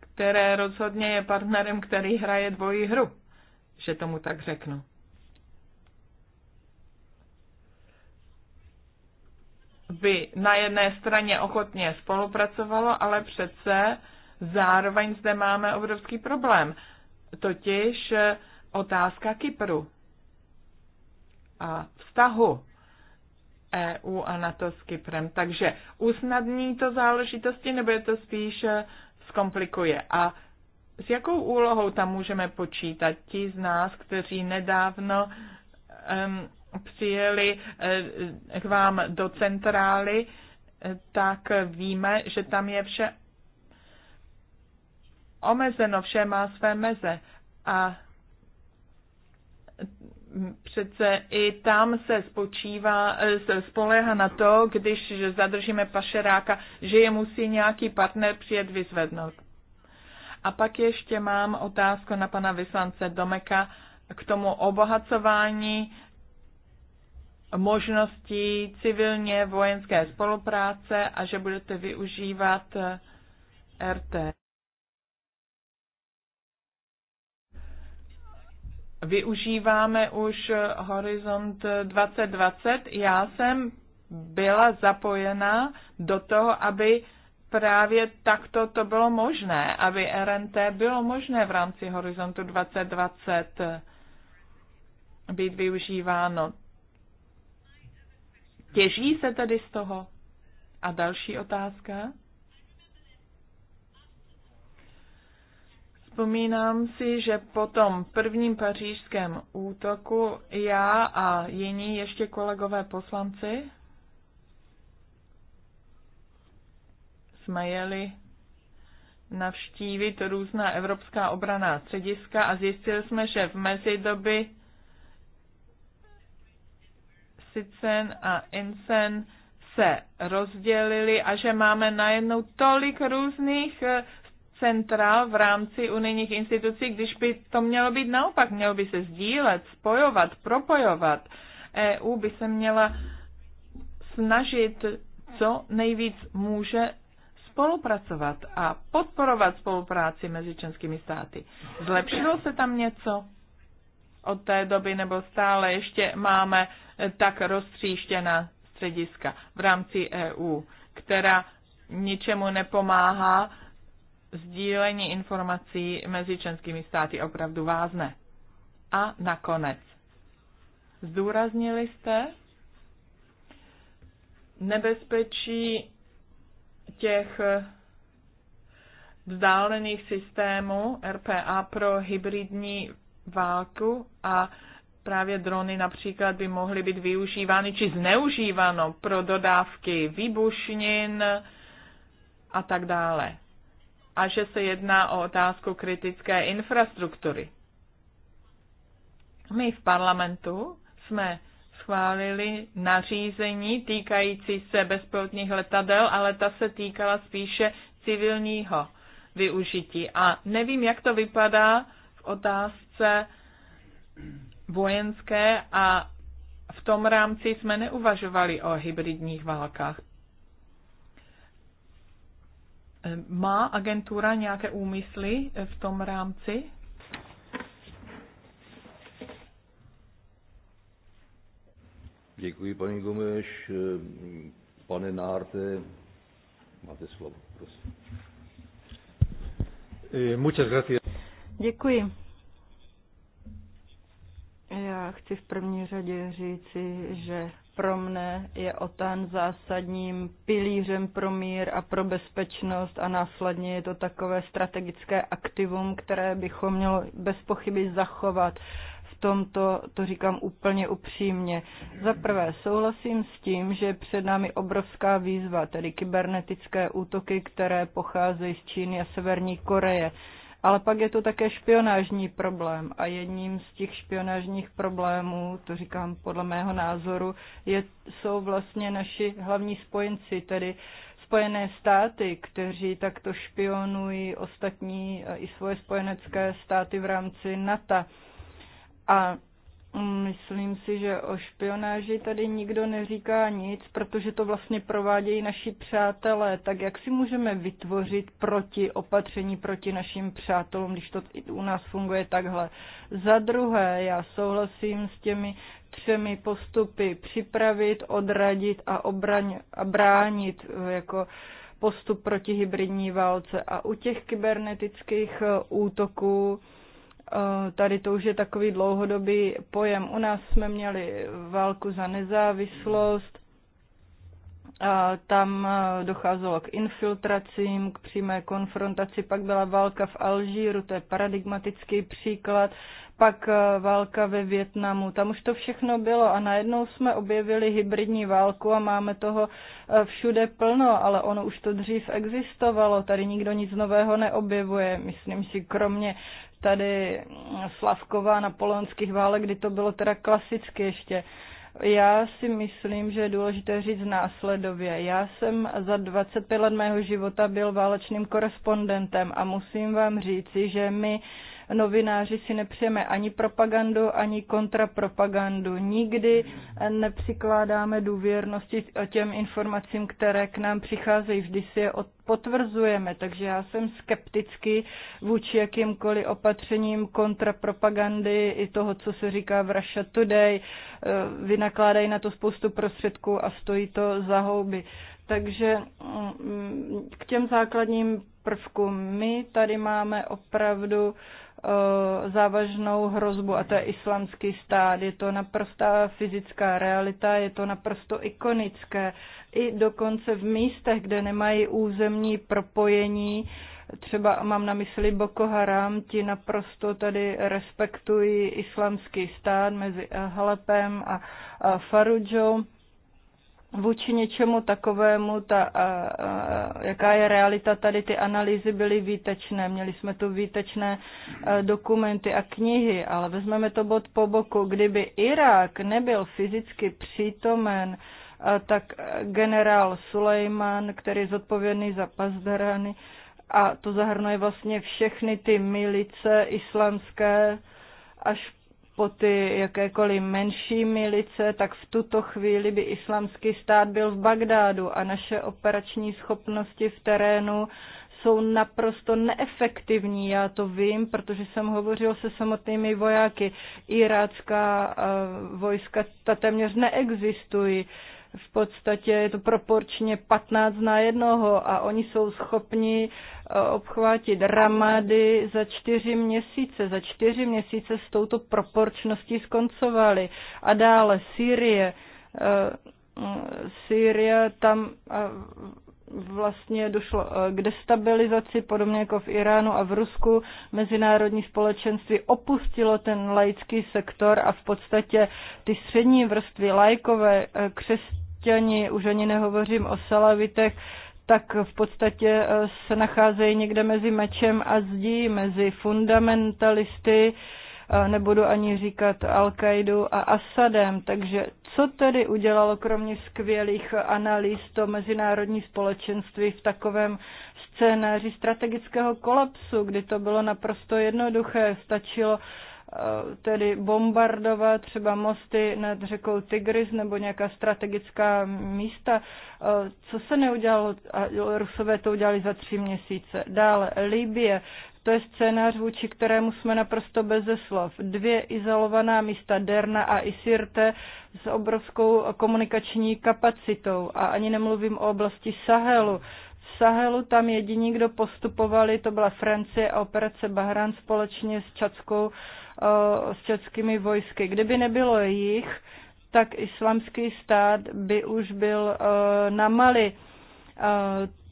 které rozhodně je partnerem, který hraje dvojí hru, že tomu tak řeknu. by na jedné straně ochotně spolupracovalo, ale přece zároveň zde máme obrovský problém. Totiž otázka Kypru a vztahu EU a NATO s Kyprem. Takže usnadní to záležitosti, nebo je to spíš zkomplikuje? A s jakou úlohou tam můžeme počítat ti z nás, kteří nedávno um, přijeli eh, k vám do centrály, eh, tak víme, že tam je vše omezeno, vše má své meze. A přece i tam se spočívá, eh, se spolehá na to, když zadržíme pašeráka, že je musí nějaký partner přijet vyzvednout. A pak ještě mám otázku na pana vyslance Domeka k tomu obohacování možností civilně vojenské spolupráce a že budete využívat eh, RT. využíváme už eh, Horizont 2020. Já jsem byla zapojena do toho, aby právě takto to bylo možné, aby RNT bylo možné v rámci Horizontu 2020 eh, být využíváno. Těží se tedy z toho? A další otázka? Vzpomínám si, že po tom prvním pařížském útoku já a jiní ještě kolegové poslanci jsme jeli navštívit různá evropská obraná střediska a zjistili jsme, že v mezidobě Sicen a Incen se rozdělili a že máme najednou tolik různých eh, centra v rámci unijních institucí, když by to mělo být naopak, mělo by se sdílet, spojovat, propojovat. EU by se měla snažit, co nejvíc může spolupracovat a podporovat spolupráci mezi členskými státy. Zlepšilo se tam něco od té doby, nebo stále ještě máme e, tak roztříštěná střediska v rámci EU, která ničemu nepomáhá, sdílení informací mezi členskými státy opravdu vázne. A nakonec. Zdůraznili jste nebezpečí těch vzdálených systémů RPA pro hybridní válku a právě drony například by mohly být využívány či zneužívano pro dodávky výbušnin a tak dále a že se jedná o otázku kritické infrastruktury. My v parlamentu jsme schválili nařízení týkající se bezpilotních letadel, ale ta se týkala spíše civilního využití. A nevím, jak to vypadá v otázce vojenské a v tom rámci jsme neuvažovali o hybridních válkách. Eh, má agentura nějaké úmysly eh, v tom rámci? Děkuji, paní Gomeš. Eh, pane Nárte, máte slovo, prosím. Děkuji. Já chci v první řadě říci, že pro mne je OTAN zásadním pilířem pro mír a pro bezpečnost a následně je to takové strategické aktivum, které bychom mělo bez pochyby zachovat. V tomto to říkám úplně upřímně. Za prvé souhlasím s tím, že před námi obrovská výzva, tedy kybernetické útoky, které pocházejí z Číny a Severní Koreje. Ale pak je to také špionážní problém a jedním z těch špionážních problémů, to říkám podle mého názoru, je, jsou vlastně naši hlavní spojenci, tedy Spojené státy, kteří takto špionují ostatní i svoje spojenecké státy v rámci NATO. A Myslím si, že o špionáži tady nikdo neříká nic, protože to vlastně provádějí naši přátelé. Tak jak si můžeme vytvořit proti opatření proti našim přátelům, když to u nás funguje takhle? Za druhé, já souhlasím s těmi třemi postupy připravit, odradit a, obraň, a bránit eh, jako postup proti hybridní válce. A u těch kybernetických eh, útoků Eh, tady to už je takový dlouhodobý pojem. U nás jsme měli válku za nezávislost, a eh, tam eh, docházelo k infiltracím, k přímé konfrontaci, pak byla válka v Alžíru, to je paradigmatický příklad, pak válka ve Větnamu, tam už to všechno bylo a najednou jsme objevili hybridní válku a máme toho všude plno, ale ono už to dřív existovalo, tady nikdo nic nového neobjevuje, myslím si, kromě tady Slavková polonských válek, kdy to bylo teda klasicky ještě. Já si myslím, že je důležité říct následově. Já jsem za 25 let mého života byl válečným korespondentem a musím vám říci, že my novináři si nepřejeme ani propagandu, ani kontrapropagandu. Nikdy nepřikládáme důvěrnosti těm informacím, které k nám přicházejí. Vždy si je potvrzujeme, takže já jsem skepticky vůči jakýmkoliv opatřením kontrapropagandy i toho, co se říká v Russia Today. Eh, vynakládají na to spoustu prostředků a stojí to za houby. Takže mm, mm, k těm základním prvkům my tady máme opravdu Eh, závažnou hrozbu a to je islamský stát. Je to naprostá fyzická realita, je to naprosto ikonické. I dokonce v místech, kde nemají územní propojení, třeba mám na mysli Boko Haram, ti naprosto tady respektují islamský stát mezi Halepem a Farudžou vůči něčemu takovému, ta, a, a, jaká je realita tady, ty analýzy byly výtečné, měli jsme tu výtečné a, dokumenty a knihy, ale vezmeme to bod po boku, kdyby Irák nebyl fyzicky přítomen, a, tak generál Sulejman, který je zodpovědný za Pazdarany, a to zahrnuje vlastně všechny ty milice islamské až po ty jakékoliv menší milice, tak v tuto chvíli by islamský stát byl v Bagdádu a naše operační schopnosti v terénu jsou naprosto neefektivní. Já to vím, protože jsem hovořil se samotnými vojáky. Irácká eh, vojska ta téměř neexistují v podstatě je to proporčně 15 na jednoho a oni jsou schopni eh, obchvátit ramady za čtyři měsíce. Za čtyři měsíce s touto proporčností skoncovali. A dále Sýrie. Eh, Syrie tam eh, vlastně došlo eh, k destabilizaci, podobně jako v Iránu a v Rusku. Mezinárodní společenství opustilo ten laický sektor a v podstatě ty střední vrstvy lajkové, eh, křesťani, už ani nehovořím o salavitech, tak v podstatě eh, se nacházejí někde mezi mečem a zdí, mezi fundamentalisty, nebudu ani říkat al qaidu a Asadem. Takže co tedy udělalo kromě skvělých analýz to mezinárodní společenství v takovém scénáři strategického kolapsu, kdy to bylo naprosto jednoduché, stačilo e, tedy bombardovat třeba mosty nad řekou Tigris nebo nějaká strategická místa. E, co se neudělalo? A Rusové to udělali za tři měsíce. Dále Libie. To je scénář, vůči kterému jsme naprosto beze slov. Dvě izolovaná místa, Derna a Isirte, s obrovskou komunikační kapacitou. A ani nemluvím o oblasti Sahelu. V Sahelu tam jediní, kdo postupovali, to byla Francie a operace Bahrán společně s, Čackou, eh, s českými vojsky. Kdyby nebylo jich, tak islamský stát by už byl eh, na Mali eh,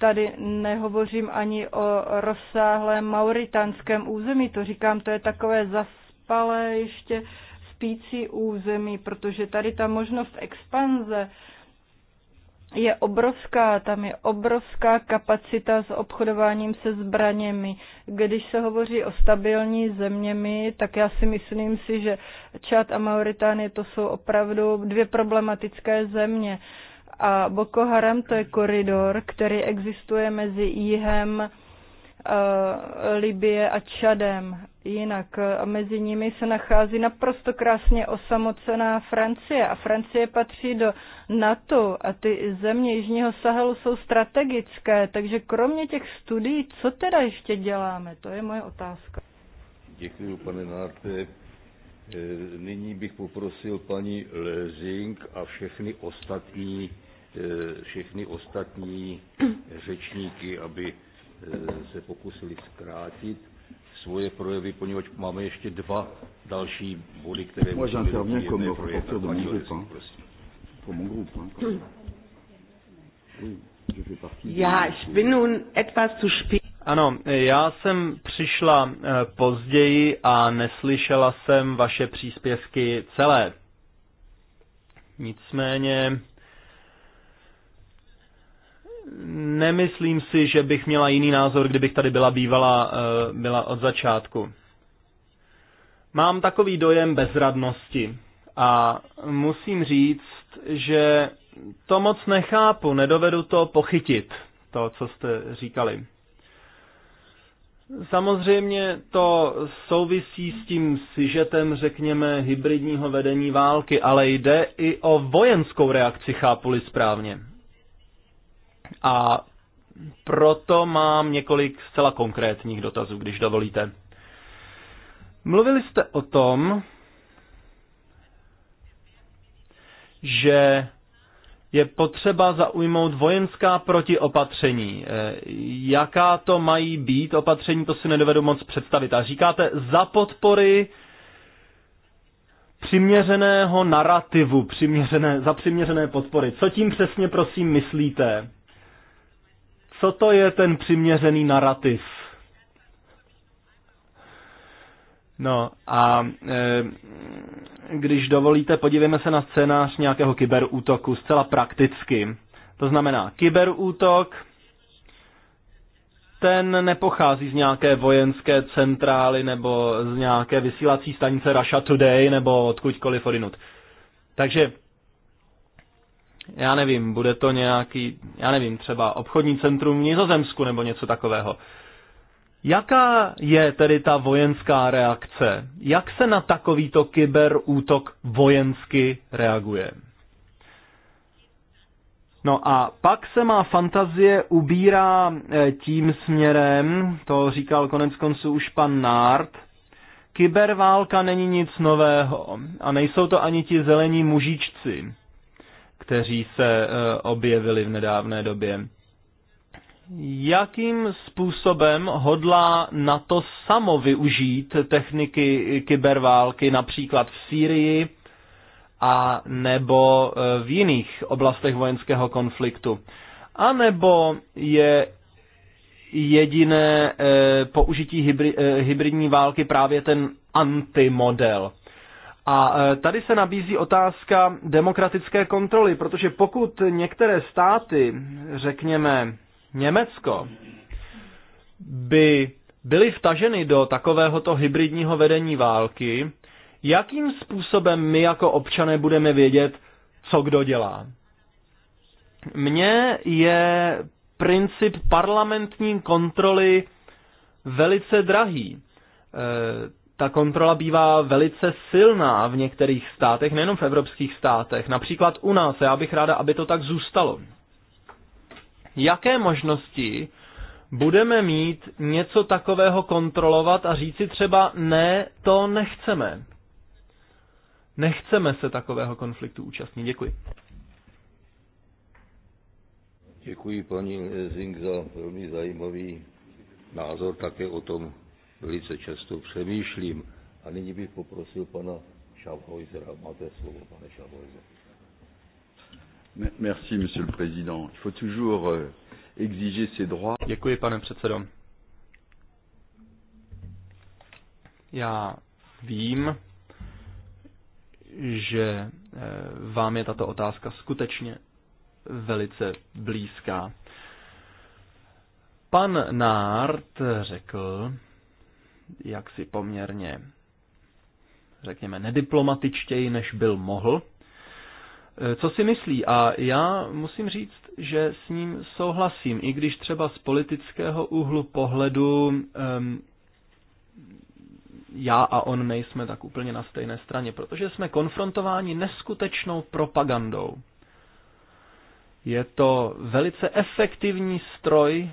Tady nehovořím ani o rozsáhlém mauritánském území, to říkám, to je takové zaspalé ještě spící území, protože tady ta možnost expanze je obrovská, tam je obrovská kapacita s obchodováním se zbraněmi. Když se hovoří o stabilní zeměmi, tak já si myslím si, že Čad a Mauritánie to jsou opravdu dvě problematické země. Uh, a Boko Haram to je koridor, který existuje mezi jihem eh, Libie a Čadem. Jinak eh, a mezi nimi se nachází naprosto krásně osamocená Francie a Francie patří do NATO a ty země Jižního Sahelu jsou strategické, takže kromě těch studií, co teda ještě děláme? To je moje otázka. Děkuji, pane Nárte. Eh, nyní bych poprosil paní Lezing a všechny ostatní Eh, všechny ostatní řečníky, aby eh, se pokusili zkrátit svoje projevy, poněvadž máme ještě dva další body, které můžeme j'interviens comme le rapporteur de mon groupe. Hein. Pour mon groupe. Hein. Ano, já jsem přišla eh, později a neslyšela jsem vaše příspěvky celé. Nicméně nemyslím si, že bych měla jiný názor, kdybych tady byla bývala eh, byla od začátku. Mám takový dojem bezradnosti a musím říct, že to moc nechápu, nedovedu to pochytit, to, co jste říkali. Samozřejmě to souvisí s tím sižetem, řekněme, hybridního vedení války, ale jde i o vojenskou reakci, chápuli správně. A proto mám několik zcela konkrétních dotazů, když dovolíte. Mluvili jste o tom, že je potřeba zaujmout vojenská protiopatření. Eh, jaká to mají být opatření, to si nedovedu moc představit. A říkáte za podpory přiměřeného narrativu, přiměřené, za přiměřené podpory. Co tím přesně, prosím, myslíte? co to je ten přiměřený narrativ. No a e, když dovolíte, podívejme se na scénář nějakého kyberútoku zcela prakticky. To znamená, kyberútok, ten nepochází z nějaké vojenské centrály nebo z nějaké vysílací stanice Russia Today nebo odkudkoliv odinut. Takže já nevím, bude to nějaký, já nevím, třeba obchodní centrum v Nizozemsku nebo něco takového. Jaká je tedy ta vojenská reakce? Jak se na takovýto kyberútok vojensky reaguje? No a pak se má fantazie ubírá eh, tím směrem, to říkal konec konců už pan Nard, kyberválka není nic nového a nejsou to ani ti zelení mužičci kteří se eh, objevili v nedávné době. Jakým způsobem hodlá na to samo využít techniky kyberválky například v Sýrii a nebo eh, v jiných oblastech vojenského konfliktu? A nebo je jediné eh, použití hybridní války právě ten antimodel? A e, tady se nabízí otázka demokratické kontroly, protože pokud některé státy, řekněme Německo, by byly vtaženy do takovéhoto hybridního vedení války, jakým způsobem my jako občané budeme vědět, co kdo dělá? Mně je princip parlamentní kontroly velice drahý. E ta kontrola bývá velice silná v některých státech, nejenom v evropských státech, například u nás. Já bych ráda, aby to tak zůstalo. Jaké možnosti budeme mít něco takového kontrolovat a říci třeba ne, to nechceme. Nechceme se takového konfliktu účastnit. Děkuji. Děkuji paní Zing za velmi zajímavý názor také o tom, velice často přemýšlím. A nyní bych poprosil pana Schaffhäusera. Máte slovo, pane Schaffhäuser. Merci, monsieur le président. Il faut toujours euh, exiger ses droits. Děkuji, pane předsedo. Já vím, že eh, vám je tato otázka skutečně velice blízká. Pan Nárt řekl, jaksi poměrně, řekněme, nediplomatičtěji, než byl mohl. E, co si myslí? A já musím říct, že s ním souhlasím, i když třeba z politického úhlu pohledu um, já a on nejsme tak úplně na stejné straně, protože jsme konfrontováni neskutečnou propagandou. Je to velice efektivní stroj,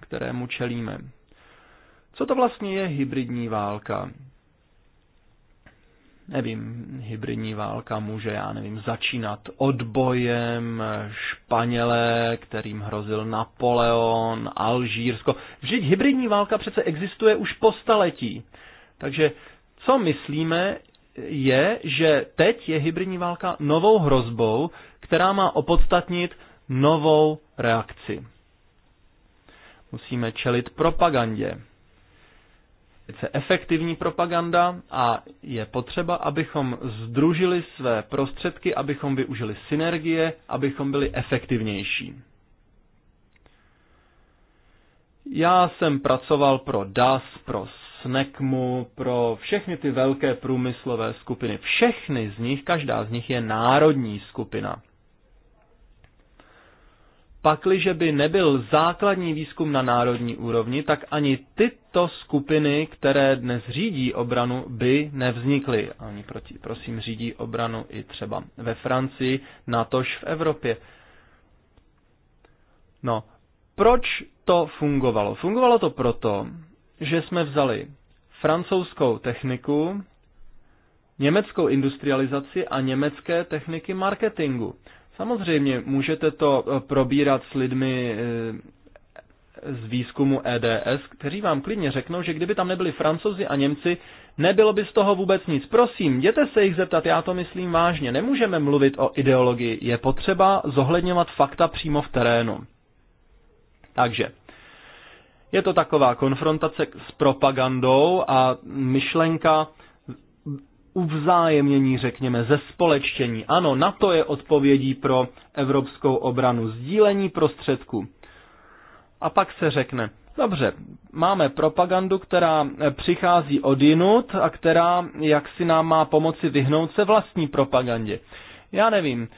kterému čelíme. Co to vlastně je hybridní válka? Nevím, hybridní válka může, já nevím, začínat odbojem, Španělé, kterým hrozil Napoleon, Alžírsko. Vždyť hybridní válka přece existuje už po staletí. Takže co myslíme, je, že teď je hybridní válka novou hrozbou, která má opodstatnit novou reakci. Musíme čelit propagandě velice efektivní propaganda a je potřeba, abychom združili své prostředky, abychom využili synergie, abychom byli efektivnější. Já jsem pracoval pro DAS, pro SNECMu, pro všechny ty velké průmyslové skupiny. Všechny z nich, každá z nich je národní skupina. Pakliže by nebyl základní výzkum na národní úrovni, tak ani tyto skupiny, které dnes řídí obranu, by nevznikly. oni proti, prosím řídí obranu i třeba ve Francii, natož v Evropě. No, proč to fungovalo? Fungovalo to proto, že jsme vzali francouzskou techniku, německou industrializaci a německé techniky marketingu. Samozřejmě můžete to eh, probírat s lidmi eh, z výzkumu EDS, kteří vám klidně řeknou, že kdyby tam nebyli francouzi a Němci, nebylo by z toho vůbec nic. Prosím, jděte se jich zeptat, já to myslím vážně. Nemůžeme mluvit o ideologii, je potřeba zohledňovat fakta přímo v terénu. Takže, je to taková konfrontace s propagandou a myšlenka uvzájemnění, řekněme, ze společtění. Ano, na to je odpovědí pro evropskou obranu, sdílení prostředků. A pak se řekne, dobře, máme propagandu, která přichází od jinut a která jak si nám má pomoci vyhnout se vlastní propagandě. Já nevím,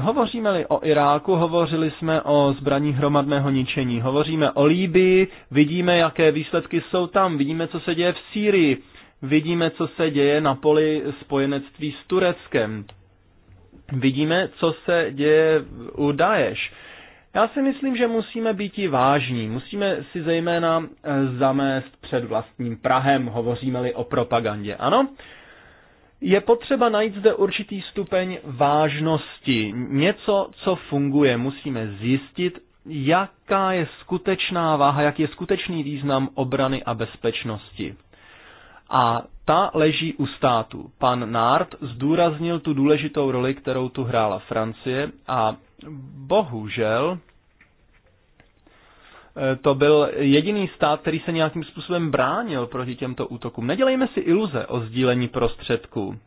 Hovoříme-li o Iráku, hovořili jsme o zbraní hromadného ničení, hovoříme o Líbii, vidíme, jaké výsledky jsou tam, vidíme, co se děje v Sýrii, Vidíme, co se děje na poli spojenectví s Tureckem. Vidíme, co se děje u Daješ. Já si myslím, že musíme být i vážní. Musíme si zejména eh, zamést před vlastním Prahem, hovoříme-li o propagandě. Ano? Je potřeba najít zde určitý stupeň vážnosti, něco, co funguje. Musíme zjistit, jaká je skutečná váha, jak je skutečný význam obrany a bezpečnosti a ta leží u státu. Pan Nárt zdůraznil tu důležitou roli, kterou tu hrála Francie a bohužel eh, to byl jediný stát, který se nějakým způsobem bránil proti těmto útokům. Nedělejme si iluze o sdílení prostředků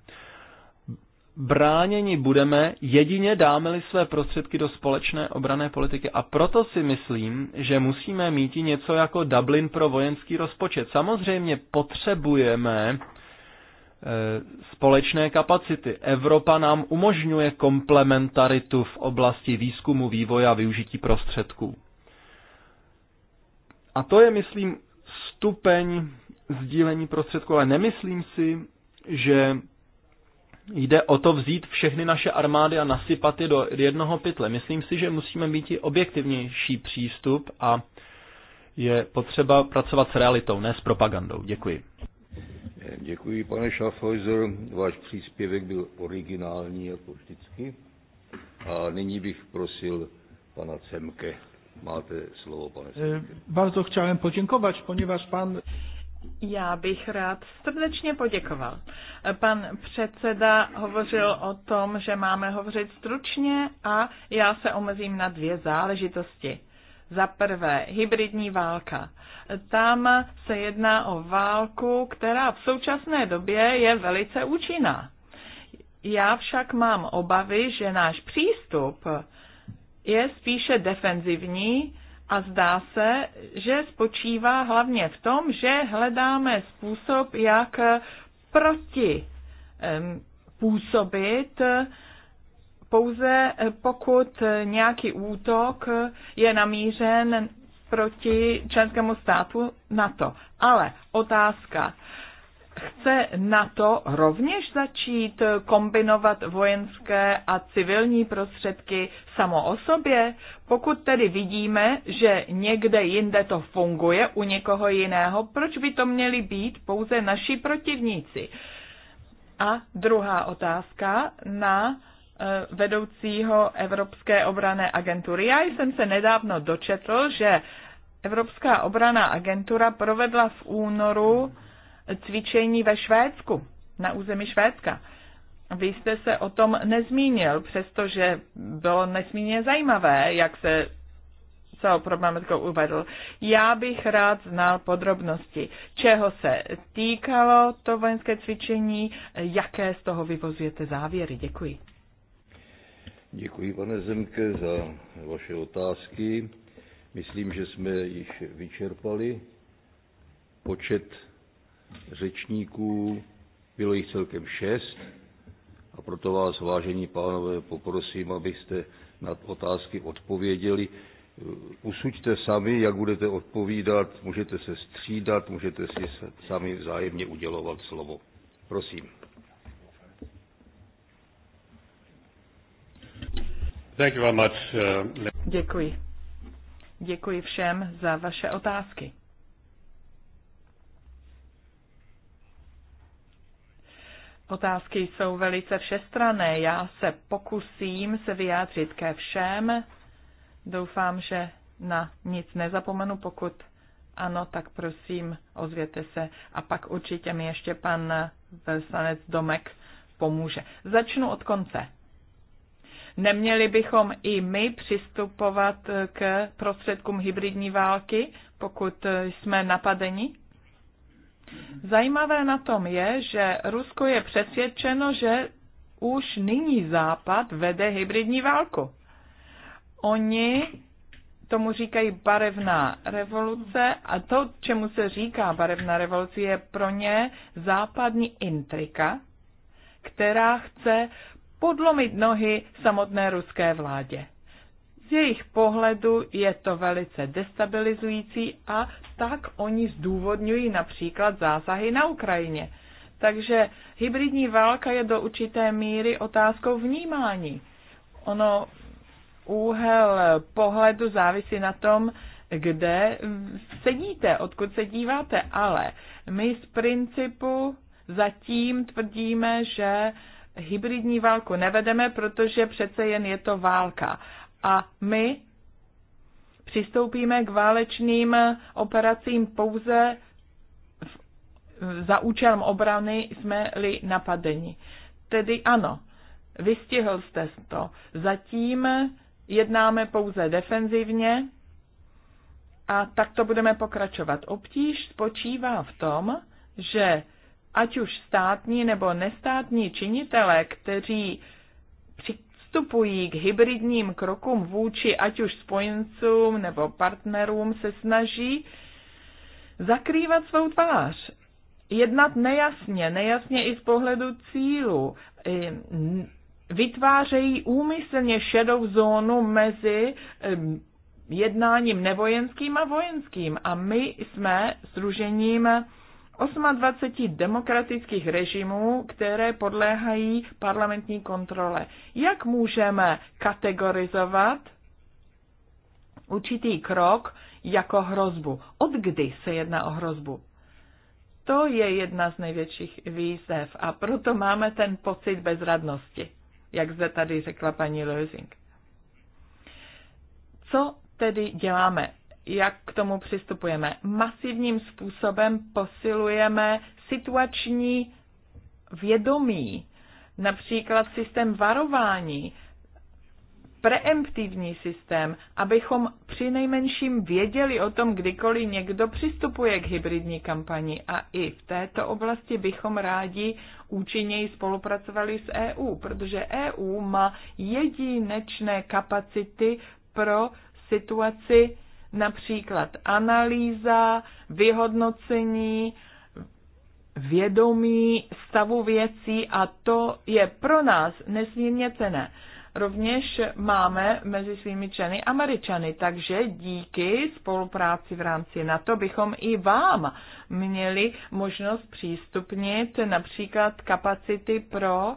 bráněni budeme jedině dáme-li své prostředky do společné obrané politiky. A proto si myslím, že musíme mít i něco jako Dublin pro vojenský rozpočet. Samozřejmě potřebujeme e, společné kapacity. Evropa nám umožňuje komplementaritu v oblasti výzkumu, vývoje a využití prostředků. A to je, myslím, stupeň sdílení prostředků, ale nemyslím si, že Jde o to vzít všechny naše armády a nasypat je do jednoho pytle. Myslím si, že musíme mít i objektivnější přístup a je potřeba pracovat s realitou, ne s propagandou. Děkuji. Děkuji, pane Schaffhäuser. Váš příspěvek byl originální, jako vždycky. A nyní bych prosil pana Cemke. Máte slovo, pane Cemke. Eh, bardzo chciałem podziękować, ponieważ pan... Já bych rád srdečně poděkoval. Pan předseda hovořil o tom, že máme hovořit stručně a já se omezím na dvě záležitosti. Za prvé, hybridní válka. Tam se jedná o válku, která v současné době je velice účinná. Já však mám obavy, že náš přístup je spíše defenzivní, a zdá se, že spočívá hlavně v tom, že hledáme způsob, jak proti působit, pouze pokud nějaký útok je namířen proti členskému státu NATO. Ale otázka, Chce na to rovněž začít kombinovat vojenské a civilní prostředky samo o sobě? Pokud tedy vidíme, že někde jinde to funguje u někoho jiného, proč by to měli být pouze naši protivníci? A druhá otázka na eh, vedoucího Evropské obrané agentury. Já jsem se nedávno dočetl, že Evropská obraná agentura provedla v únoru cvičení ve Švédsku, na území Švédska. Vy jste se o tom nezmínil, přestože bylo nesmírně zajímavé, jak se celou problematikou uvedl. Já bych rád znal podrobnosti, čeho se týkalo to vojenské cvičení, jaké z toho vyvozujete závěry. Děkuji. Děkuji, pane Zemke, za vaše otázky. Myslím, že jsme již vyčerpali počet řečníků, bylo jich celkem šest, a proto vás, vážení pánové, poprosím, abyste na otázky odpověděli. Usuďte sami, jak budete odpovídat, můžete se střídat, můžete si sami vzájemně udělovat slovo. Prosím. Uh, Děkuji. Děkuji všem za vaše otázky. Otázky jsou velice všestrané. Já se pokusím se vyjádřit ke všem. Doufám, že na nic nezapomenu. Pokud ano, tak prosím, ozvěte se. A pak určitě mi ještě pan velsanec Domek pomůže. Začnu od konce. Neměli bychom i my přistupovat k prostředkům hybridní války, pokud jsme napadeni? Zajímavé na tom je, že Rusko je přesvědčeno, že už nyní Západ vede hybridní válku. Oni tomu říkají barevná revoluce a to, čemu se říká barevná revoluce, je pro ně západní intrika, která chce podlomit nohy samotné ruské vládě. Z jejich pohledu je to velice destabilizující a tak oni zdůvodňují například zásahy na Ukrajině. Takže hybridní válka je do určité míry otázkou vnímání. Ono úhel pohledu závisí na tom, kde sedíte, odkud se díváte, ale my z principu zatím tvrdíme, že hybridní válku nevedeme, protože přece jen je to válka a my přistoupíme k válečným operacím pouze v, za účelem obrany jsme-li napadeni. Tedy ano, vystihl jste to. Zatím jednáme pouze defenzivně a tak to budeme pokračovat. Obtíž spočívá v tom, že ať už státní nebo nestátní činitelé, kteří při přistupují k hybridním krokům vůči ať už spojencům nebo partnerům, se snaží zakrývat svou tvář. Jednat nejasně, nejasně i z pohledu cílu. Vytvářejí úmyslně šedou zónu mezi jednáním nevojenským a vojenským. A my jsme združením 28 demokratických režimů, které podléhají parlamentní kontrole. Jak můžeme kategorizovat určitý krok jako hrozbu? Od kdy se jedná o hrozbu? To je jedna z největších výzev a proto máme ten pocit bezradnosti, jak zde tady řekla paní Lösing. Co tedy děláme? jak k tomu přistupujeme. Masivním způsobem posilujeme situační vědomí, například systém varování, preemptivní systém, abychom při nejmenším věděli o tom, kdykoliv někdo přistupuje k hybridní kampani. A i v této oblasti bychom rádi účinněji spolupracovali s EU, protože EU má jedinečné kapacity pro situaci Například analýza, vyhodnocení, vědomí stavu věcí a to je pro nás nesmírně cené. Rovněž máme mezi svými členy Američany, takže díky spolupráci v rámci NATO bychom i vám měli možnost přístupnit například kapacity pro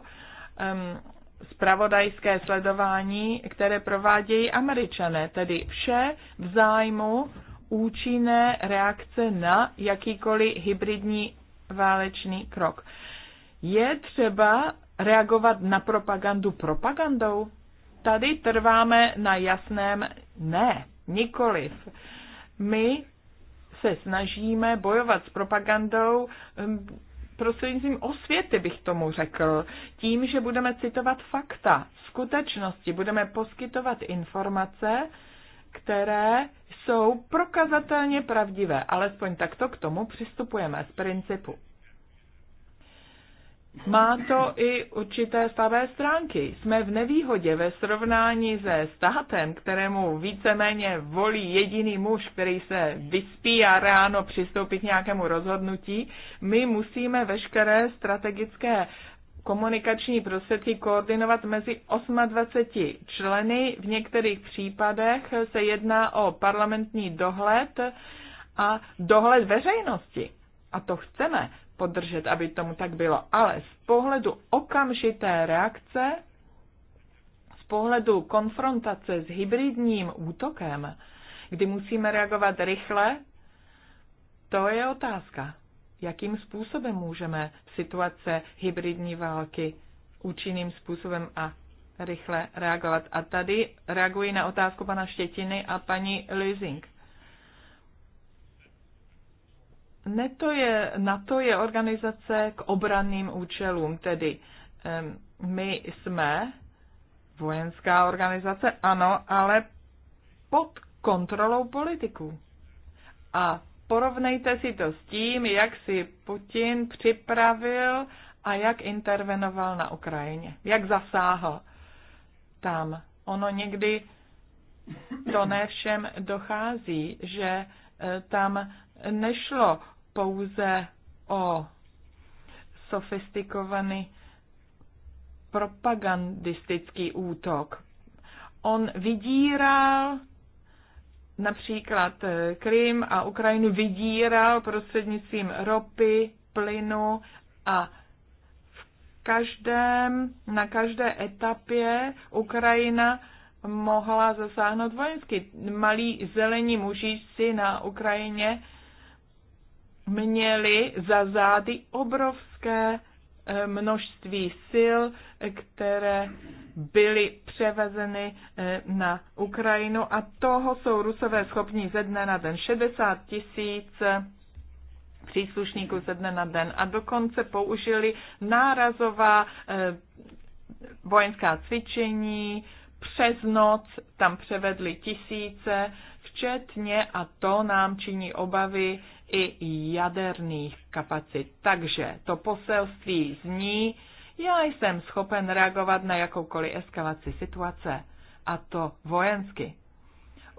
um, spravodajské sledování, které provádějí američané, tedy vše v zájmu účinné reakce na jakýkoliv hybridní válečný krok. Je třeba reagovat na propagandu propagandou? Tady trváme na jasném ne, nikoliv. My se snažíme bojovat s propagandou prostřednictvím osvěty bych tomu řekl, tím, že budeme citovat fakta, skutečnosti, budeme poskytovat informace, které jsou prokazatelně pravdivé. Alespoň takto k tomu přistupujeme z principu má to i určité slabé stránky. Jsme v nevýhodě ve srovnání se státem, kterému víceméně volí jediný muž, který se vyspí a ráno přistoupí k nějakému rozhodnutí. My musíme veškeré strategické komunikační prostředky koordinovat mezi 28 členy. V některých případech se jedná o parlamentní dohled a dohled veřejnosti. A to chceme podržet, aby tomu tak bylo. Ale z pohledu okamžité reakce, z pohledu konfrontace s hybridním útokem, kdy musíme reagovat rychle, to je otázka. Jakým způsobem můžeme situace hybridní války účinným způsobem a rychle reagovat. A tady reaguji na otázku pana Štětiny a paní Lusing. NATO je, NATO je organizace k obranným účelům, tedy my jsme vojenská organizace, ano, ale pod kontrolou politiků. A porovnejte si to s tím, jak si Putin připravil a jak intervenoval na Ukrajině, jak zasáhl tam. Ono někdy to ne všem dochází, že eh, tam nešlo pouze o sofistikovaný propagandistický útok. On vydíral například eh, Krym a Ukrajinu vydíral prostřednictvím ropy, plynu a v každém, na každé etapě Ukrajina mohla zasáhnout vojensky. Malí zelení mužičci na Ukrajině měli za zády obrovské eh, množství sil, které byly převezeny eh, na Ukrajinu a toho jsou rusové schopni ze dne na den 60 tisíc eh, příslušníků ze dne na den a dokonce použili nárazová vojenská cvičení, přes noc tam převedli tisíce, včetně, a to nám činí obavy, i jaderných kapacit. Takže to poselství zní, já jsem schopen reagovat na jakoukoliv eskalaci situace, a to vojensky.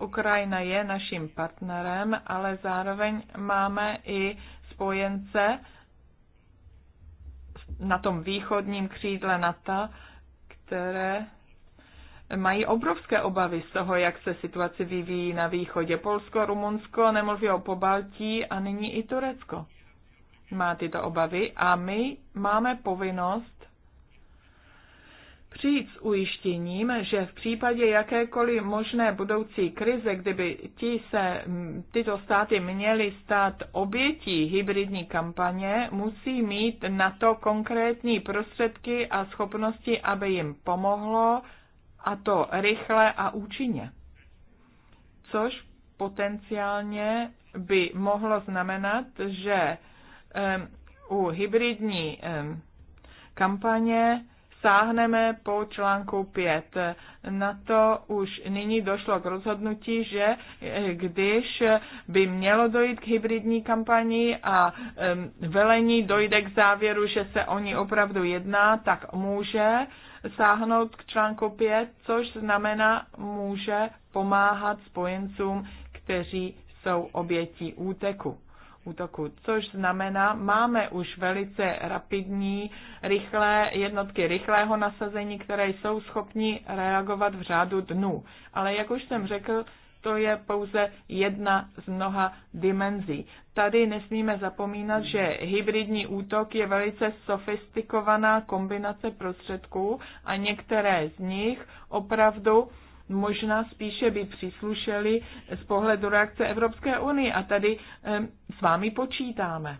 Ukrajina je naším partnerem, ale zároveň máme i spojence na tom východním křídle NATO, které mají obrovské obavy z toho, jak se situace vyvíjí na východě. Polsko, Rumunsko, nemluví o Pobaltí a nyní i Turecko má tyto obavy a my máme povinnost přijít s ujištěním, že v případě jakékoliv možné budoucí krize, kdyby ti se, tyto státy měly stát obětí hybridní kampaně, musí mít na to konkrétní prostředky a schopnosti, aby jim pomohlo a to rychle a účinně. Což potenciálně by mohlo znamenat, že u hybridní kampaně sáhneme po článku 5. Na to už nyní došlo k rozhodnutí, že eh, když by mělo dojít k hybridní kampani a velení dojde k závěru, že se o ní opravdu jedná, tak může sáhnout k článku 5, což znamená, může pomáhat spojencům, kteří jsou obětí úteku. Útoku, což znamená, máme už velice rapidní, rychlé jednotky rychlého nasazení, které jsou schopni reagovat v řádu dnů. Ale jak už jsem řekl, to je pouze jedna z mnoha dimenzí. Tady nesmíme zapomínat, že hybridní útok je velice sofistikovaná kombinace prostředků a některé z nich opravdu možná spíše by příslušeli z pohledu reakce Evropské unie a tady s vámi počítáme.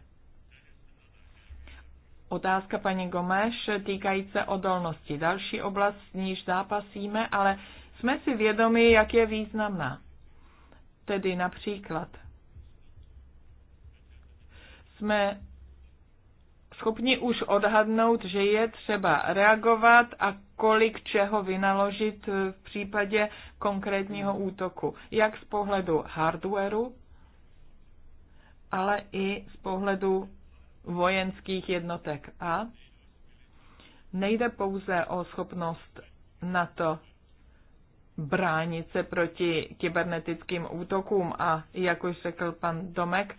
Otázka paní Gomeš týkající odolnosti. Další oblast, s níž zápasíme, ale jsme si vědomi, jak je významná. Tedy například jsme schopni už odhadnout, že je třeba reagovat a kolik čeho vynaložit v případě konkrétního útoku. Jak z pohledu hardwareu, ale i z pohledu vojenských jednotek. A nejde pouze o schopnost na to bránit se proti kybernetickým útokům a, jak už řekl pan Domek,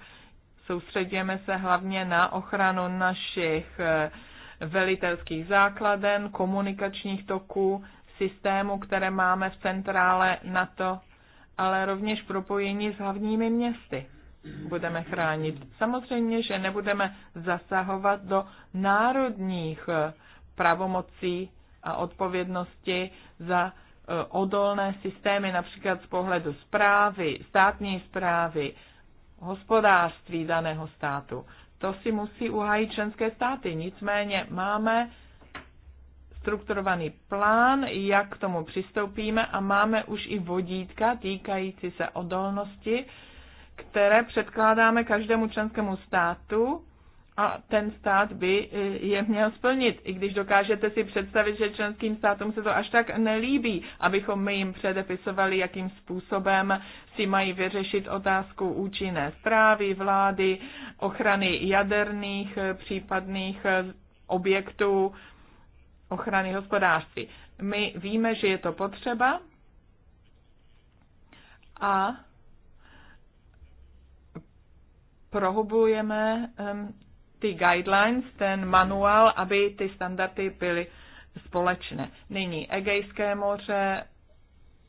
soustředíme se hlavně na ochranu našich eh, velitelských základen, komunikačních toků, systému, které máme v centrále NATO, ale rovněž propojení s hlavními městy budeme chránit. Samozřejmě, že nebudeme zasahovat do národních eh, pravomocí a odpovědnosti za Eh, odolné systémy, například z pohledu zprávy, státní zprávy, hospodářství daného státu. To si musí uhájit členské státy. Nicméně máme strukturovaný plán, jak k tomu přistoupíme a máme už i vodítka týkající se odolnosti, které předkládáme každému členskému státu a ten stát by e, je měl splnit. I když dokážete si představit, že členským státům se to až tak nelíbí, abychom my jim předepisovali, jakým způsobem si mají vyřešit otázku účinné zprávy, vlády, ochrany jaderných e, případných e, objektů, ochrany hospodářství. My víme, že je to potřeba a prohubujeme ty guidelines, ten manuál, aby ty standardy byly společné. Nyní Egejské moře,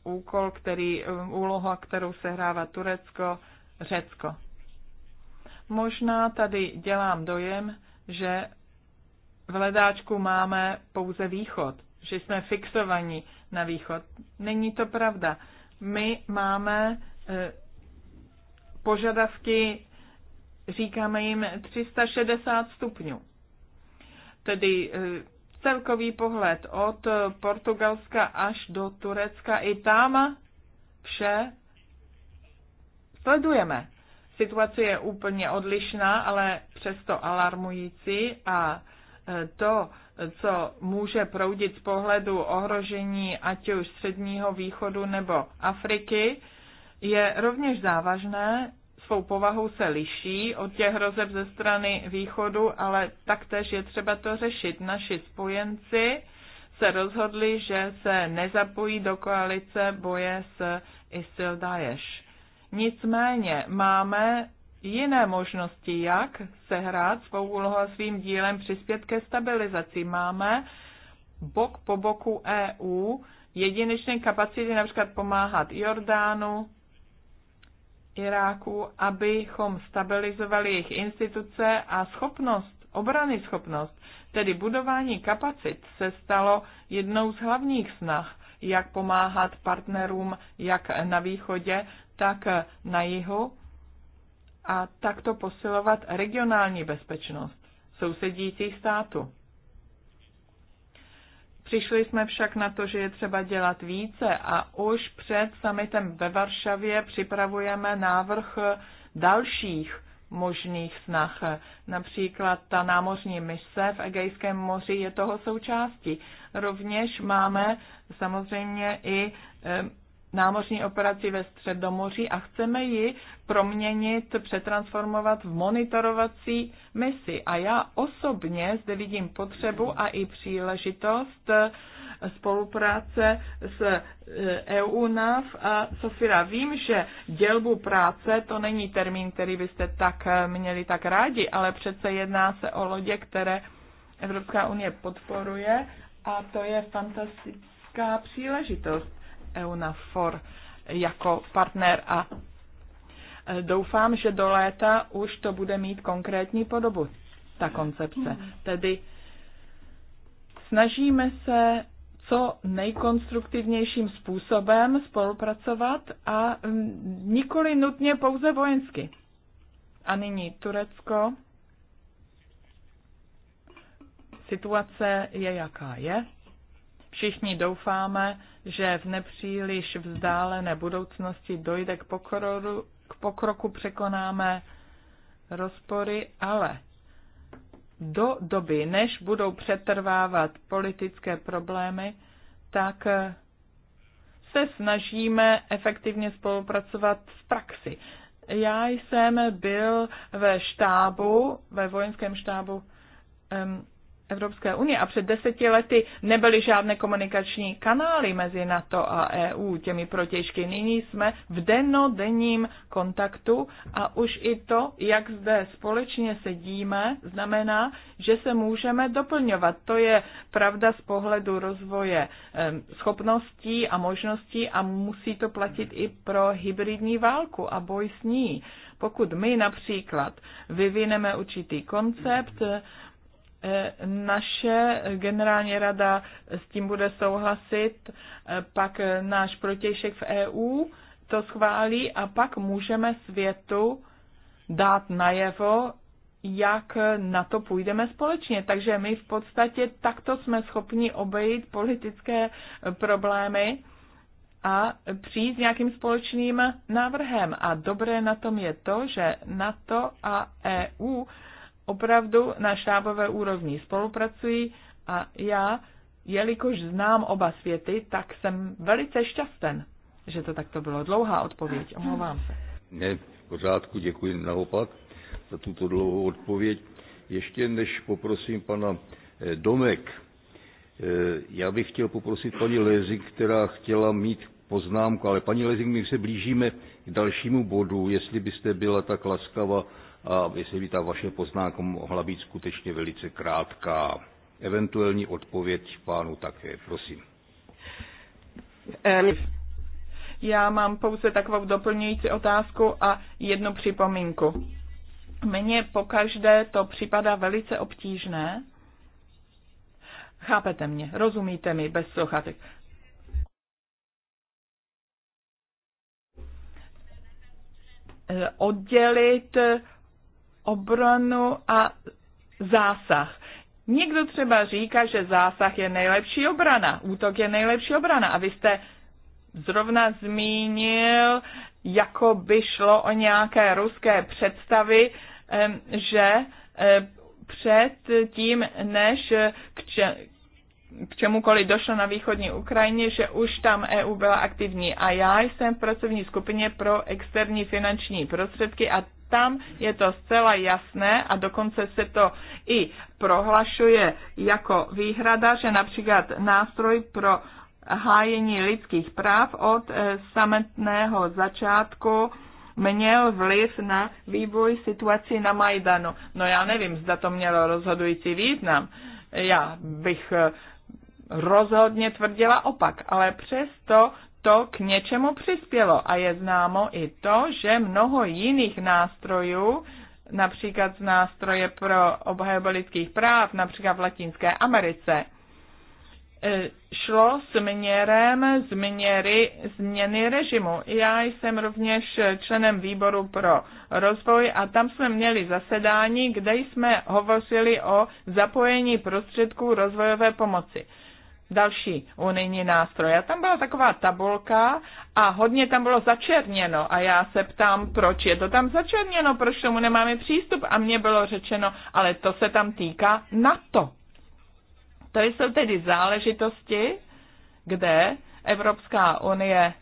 úkol, který, eh, úloha, kterou sehrává Turecko, Řecko. Možná tady dělám dojem, že v ledáčku máme pouze východ, že jsme fixovaní na východ. Není to pravda. My máme eh, požadavky Říkáme jim 360 stupňů. Tedy e, celkový pohled od Portugalska až do Turecka. I tam vše sledujeme. Situace je úplně odlišná, ale přesto alarmující a e, to, co může proudit z pohledu ohrožení ať už Středního východu nebo Afriky, je rovněž závažné svou povahou se liší od těch hrozeb ze strany východu, ale taktéž je třeba to řešit. Naši spojenci se rozhodli, že se nezapojí do koalice boje s ISIL Daesh. Nicméně máme jiné možnosti, jak sehrát svou úlohu a svým dílem přispět ke stabilizaci. Máme bok po boku EU jedinečné kapacity například pomáhat Jordánu, Iráku, abychom stabilizovali jejich instituce a schopnost, obrany schopnost, tedy budování kapacit, se stalo jednou z hlavních snah, jak pomáhat partnerům jak na východě, tak na jihu a takto posilovat regionální bezpečnost sousedících států. Přišli jsme však na to, že je třeba dělat více a už před summitem ve Varšavě připravujeme návrh dalších možných snah. Například ta námořní mise v Egejském moři je toho součástí. Rovněž máme samozřejmě i námořní operaci ve Středomoří a chceme ji proměnit, přetransformovat v monitorovací misi. A já osobně zde vidím potřebu a i příležitost spolupráce s e, EU NAV a Sofira. Vím, že dělbu práce to není termín, který byste tak e, měli tak rádi, ale přece jedná se o lodě, které Evropská unie podporuje a to je fantastická příležitost EUNAFOR jako partner a e, doufám, že do léta už to bude mít konkrétní podobu, ta koncepce. Mhm. Tedy snažíme se co nejkonstruktivnějším způsobem spolupracovat a nikoli nutně pouze vojensky. A nyní Turecko. Situace je jaká je. Všichni doufáme, že v nepříliš vzdálené budoucnosti dojde k pokroku, k pokroku překonáme rozpory, ale do doby, než budou přetrvávat politické problémy, tak se snažíme efektivně spolupracovat v praxi. Já jsem byl ve štábu, ve vojenském štábu Evropské unie a před deseti lety nebyly žádné komunikační kanály mezi NATO a EU, těmi protěžky. Nyní jsme v denodenním kontaktu a už i to, jak zde společně sedíme, znamená, že se můžeme doplňovat. To je pravda z pohledu rozvoje schopností a možností a musí to platit i pro hybridní válku a boj s ní. Pokud my například vyvineme určitý koncept, naše generální rada s tím bude souhlasit, pak náš protějšek v EU to schválí a pak můžeme světu dát najevo, jak na to půjdeme společně. Takže my v podstatě takto jsme schopni obejít politické problémy a přijít s nějakým společným návrhem. A dobré na tom je to, že NATO a EU opravdu na štábové úrovni spolupracují a já, jelikož znám oba světy, tak jsem velice šťasten, že to takto bylo. Dlouhá odpověď, omlouvám se. Ne, v pořádku, děkuji naopak za tuto dlouhou odpověď. Ještě než poprosím pana eh, Domek, eh, já bych chtěl poprosit paní Lezing, která chtěla mít poznámku, ale paní Lezing, my se blížíme k dalšímu bodu, jestli byste byla tak laskava jestli by ta vaše poznámka mohla být skutečně velice krátká. Eventuální odpověď pánu také, prosím. Já mám pouze takovou doplňující otázku a jednu připomínku. Mně pokaždé to připadá velice obtížné. Chápete mě, rozumíte mi bez sluchatek. Oddělit obranu a zásah. Někdo třeba říká, že zásah je nejlepší obrana, útok je nejlepší obrana. A vy jste zrovna zmínil, jako by šlo o nějaké ruské představy, že před tím, než k, če, k čemukoliv došlo na východní Ukrajině, že už tam EU byla aktivní. A já jsem v pracovní skupině pro externí finanční prostředky a tam je to zcela jasné a dokonce se to i prohlašuje jako výhrada, že například nástroj pro hájení lidských práv od eh, samotného začátku měl vliv na vývoj situaci na Majdanu. No já nevím, zda to mělo rozhodující význam. Já bych eh, rozhodně tvrdila opak, ale přesto to k něčemu přispělo. A je známo i to, že mnoho jiných nástrojů, například z nástroje pro obhajobu lidských práv, například v Latinské Americe, eh, šlo směrem změry, změny režimu. Já jsem rovněž členem výboru pro rozvoj a tam jsme měli zasedání, kde jsme hovořili o zapojení prostředků rozvojové pomoci další unijní nástroj. A tam byla taková tabulka a hodně tam bylo začerněno a já se ptám, proč je to tam začerněno, proč tomu nemáme přístup a mně bylo řečeno, ale to se tam týká NATO. To jsou tedy záležitosti, kde Evropská unie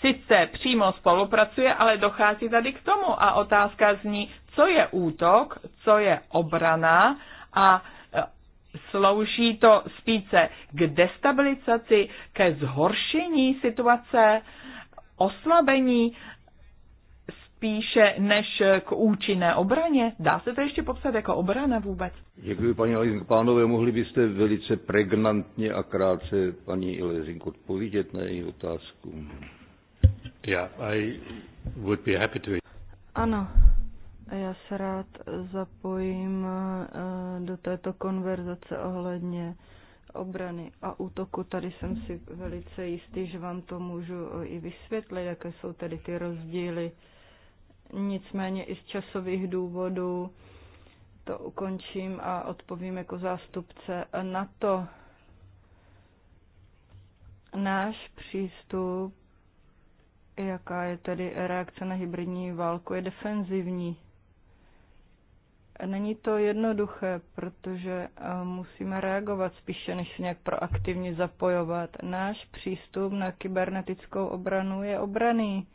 sice přímo spolupracuje, ale dochází tady k tomu a otázka zní, co je útok, co je obrana a slouží to spíše k destabilizaci, ke zhoršení situace, oslabení spíše než k účinné obraně. Dá se to ještě popsat jako obrana vůbec? Děkuji, paní Lezinko. Pánové, mohli byste velice pregnantně a krátce paní Lezinko odpovědět na její otázku? Yeah, I would be happy to. Ano, já se rád zapojím eh, do této konverzace ohledně obrany a útoku. Tady jsem si velice jistý, že vám to můžu eh, i vysvětlit, jaké jsou tedy ty rozdíly. Nicméně i z časových důvodů to ukončím a odpovím jako zástupce na to. Náš přístup, jaká je tedy reakce na hybridní válku, je defenzivní. Není to jednoduché, protože eh, musíme reagovat spíše, než nějak proaktivně zapojovat. Náš přístup na kybernetickou obranu je obraný,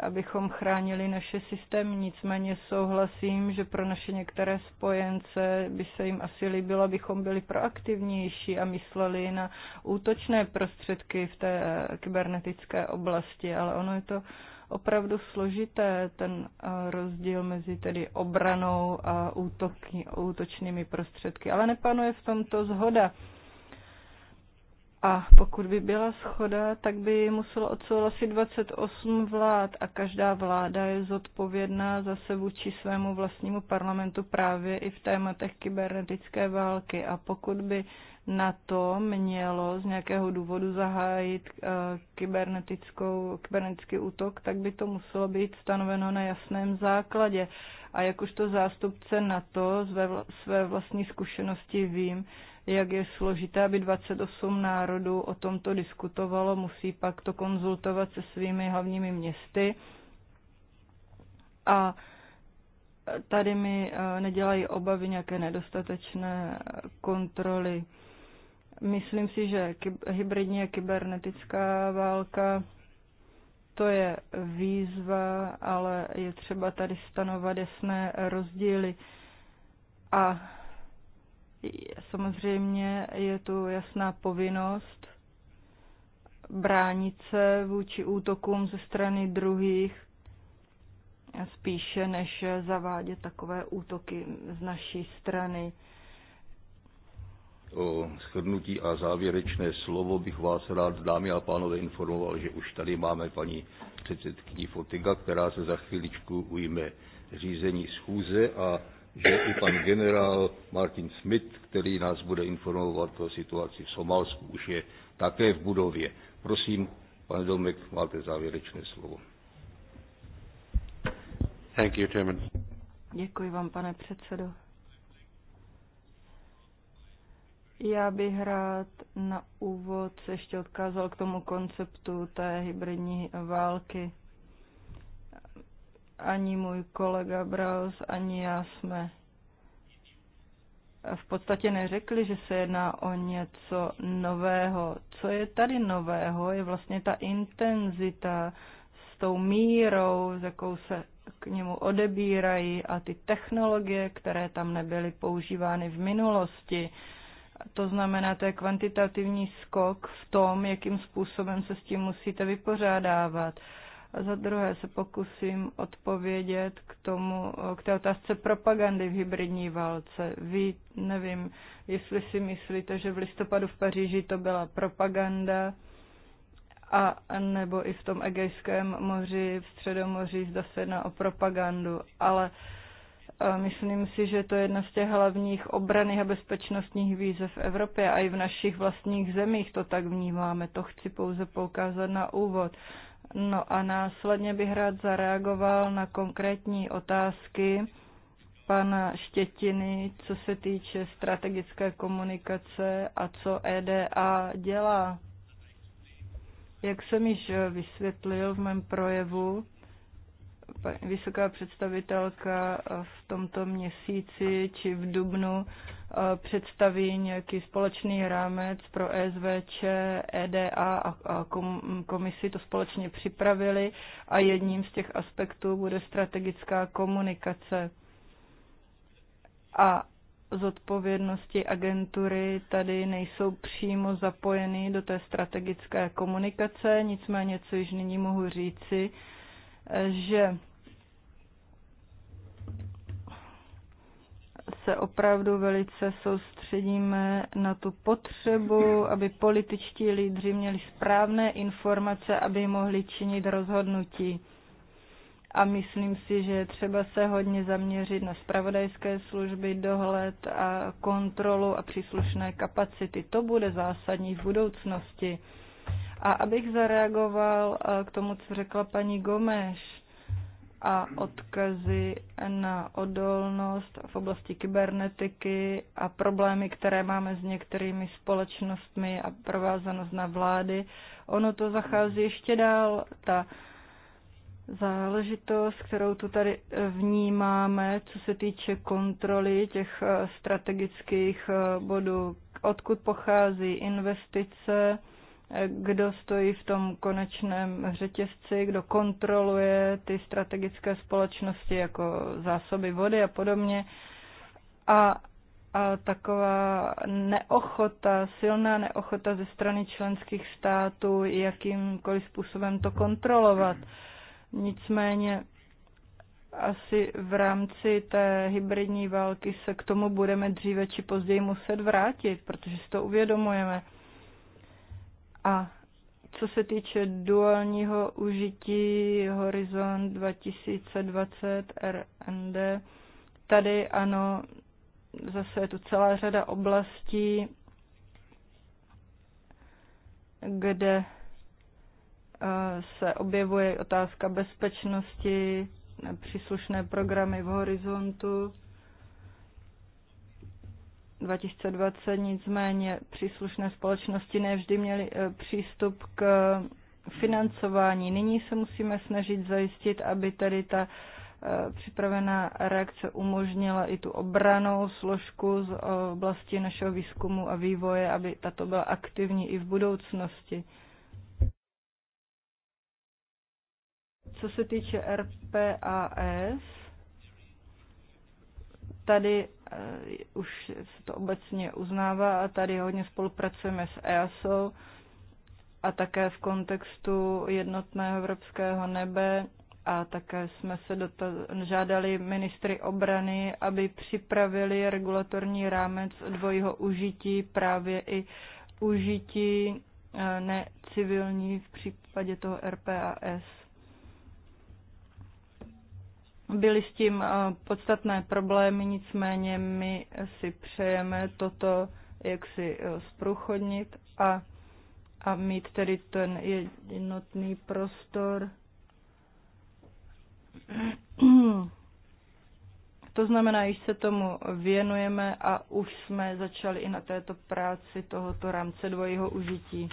abychom chránili naše systémy. Nicméně souhlasím, že pro naše některé spojence by se jim asi líbilo, abychom byli proaktivnější a mysleli na útočné prostředky v té eh, kybernetické oblasti, ale ono je to opravdu složité, ten eh, rozdíl mezi tedy obranou a útoky, útočnými prostředky. Ale nepanuje v tomto zhoda. A pokud by byla schoda, tak by muselo odsouhlasit 28 vlád a každá vláda je zodpovědná zase vůči svému vlastnímu parlamentu právě i v tématech kybernetické války. A pokud by na to mělo z nějakého důvodu zahájit eh, kybernetickou, kybernetický útok, tak by to muselo být stanoveno na jasném základě. A jakožto zástupce na to své vlastní zkušenosti vím, jak je složité, aby 28 národů o tomto diskutovalo, musí pak to konzultovat se svými hlavními městy. A tady mi eh, nedělají obavy nějaké nedostatečné kontroly. Myslím si, že hybridní a kybernetická válka to je výzva, ale je třeba tady stanovat jasné rozdíly. A samozřejmě je tu jasná povinnost bránit se vůči útokům ze strany druhých, spíše než zavádět takové útoky z naší strany o shrnutí a závěrečné slovo bych vás rád, dámy a pánové, informoval, že už tady máme paní předsedkyni Fotiga, která se za chvíličku ujme řízení schůze a že i pan generál Martin Smith, který nás bude informovat o situaci v Somálsku, už je také v budově. Prosím, pane Domek, máte závěrečné slovo. Thank you, Děkuji vám, pane předsedo. Já bych rád na úvod se ještě odkázal k tomu konceptu té hybridní války. Ani můj kolega Braus, ani já jsme v podstatě neřekli, že se jedná o něco nového. Co je tady nového, je vlastně ta intenzita s tou mírou, s jakou se k němu odebírají a ty technologie, které tam nebyly používány v minulosti to znamená, to je kvantitativní skok v tom, jakým způsobem se s tím musíte vypořádávat. A za druhé se pokusím odpovědět k, tomu, k té otázce propagandy v hybridní válce. Vy, nevím, jestli si myslíte, že v listopadu v Paříži to byla propaganda, a nebo i v tom Egejském moři, v Středomoří, zda se jedná o propagandu, ale uh, Myslím si, že to je jedna z těch hlavních obraných a bezpečnostních výzev v Evropě a i v našich vlastních zemích to tak vnímáme. To chci pouze poukázat na úvod. No a následně bych rád zareagoval na konkrétní otázky pana Štětiny, co se týče strategické komunikace a co EDA dělá. Jak jsem již vysvětlil v mém projevu, vysoká představitelka eh, v tomto měsíci či v dubnu eh, představí nějaký společný rámec pro ESVČ, EDA a komisi to společně připravili a jedním z těch aspektů bude strategická komunikace. A zodpovědnosti agentury tady nejsou přímo zapojeny do té strategické komunikace, nicméně co již nyní mohu říci, že se opravdu velice soustředíme na tu potřebu, aby političtí lídři měli správné informace, aby mohli činit rozhodnutí. A myslím si, že je třeba se hodně zaměřit na spravodajské služby, dohled a kontrolu a příslušné kapacity. To bude zásadní v budoucnosti. A abych zareagoval eh, k tomu, co řekla paní Gomeš a odkazy na odolnost v oblasti kybernetiky a problémy, které máme s některými společnostmi a provázanost na vlády, ono to zachází ještě dál. Ta záležitost, kterou tu tady vnímáme, co se týče kontroly těch eh, strategických eh, bodů, odkud pochází investice, kdo stojí v tom konečném řetězci, kdo kontroluje ty strategické společnosti jako zásoby vody a podobně. A, a taková neochota, silná neochota ze strany členských států, jakýmkoliv způsobem to kontrolovat. Nicméně asi v rámci té hybridní války se k tomu budeme dříve či později muset vrátit, protože si to uvědomujeme a co se týče duálního užití Horizon 2020 RND, tady ano, zase je tu celá řada oblastí, kde eh, se objevuje otázka bezpečnosti, příslušné programy v horizontu 2020, nicméně příslušné společnosti nevždy měly eh, přístup k financování. Nyní se musíme snažit zajistit, aby tady ta eh, připravená reakce umožnila i tu obranou složku z oblasti našeho výzkumu a vývoje, aby tato byla aktivní i v budoucnosti. Co se týče RPAS, tady Eh, už se to obecně uznává a tady hodně spolupracujeme s EASO a také v kontextu jednotného evropského nebe a také jsme se dotaz, žádali ministry obrany, aby připravili regulatorní rámec dvojího užití, právě i užití eh, necivilní v případě toho RPAS byly s tím eh, podstatné problémy, nicméně my si přejeme toto jak si spruchodnit eh, a, a mít tedy ten jednotný prostor. To znamená, již se tomu věnujeme a už jsme začali i na této práci tohoto rámce dvojího užití.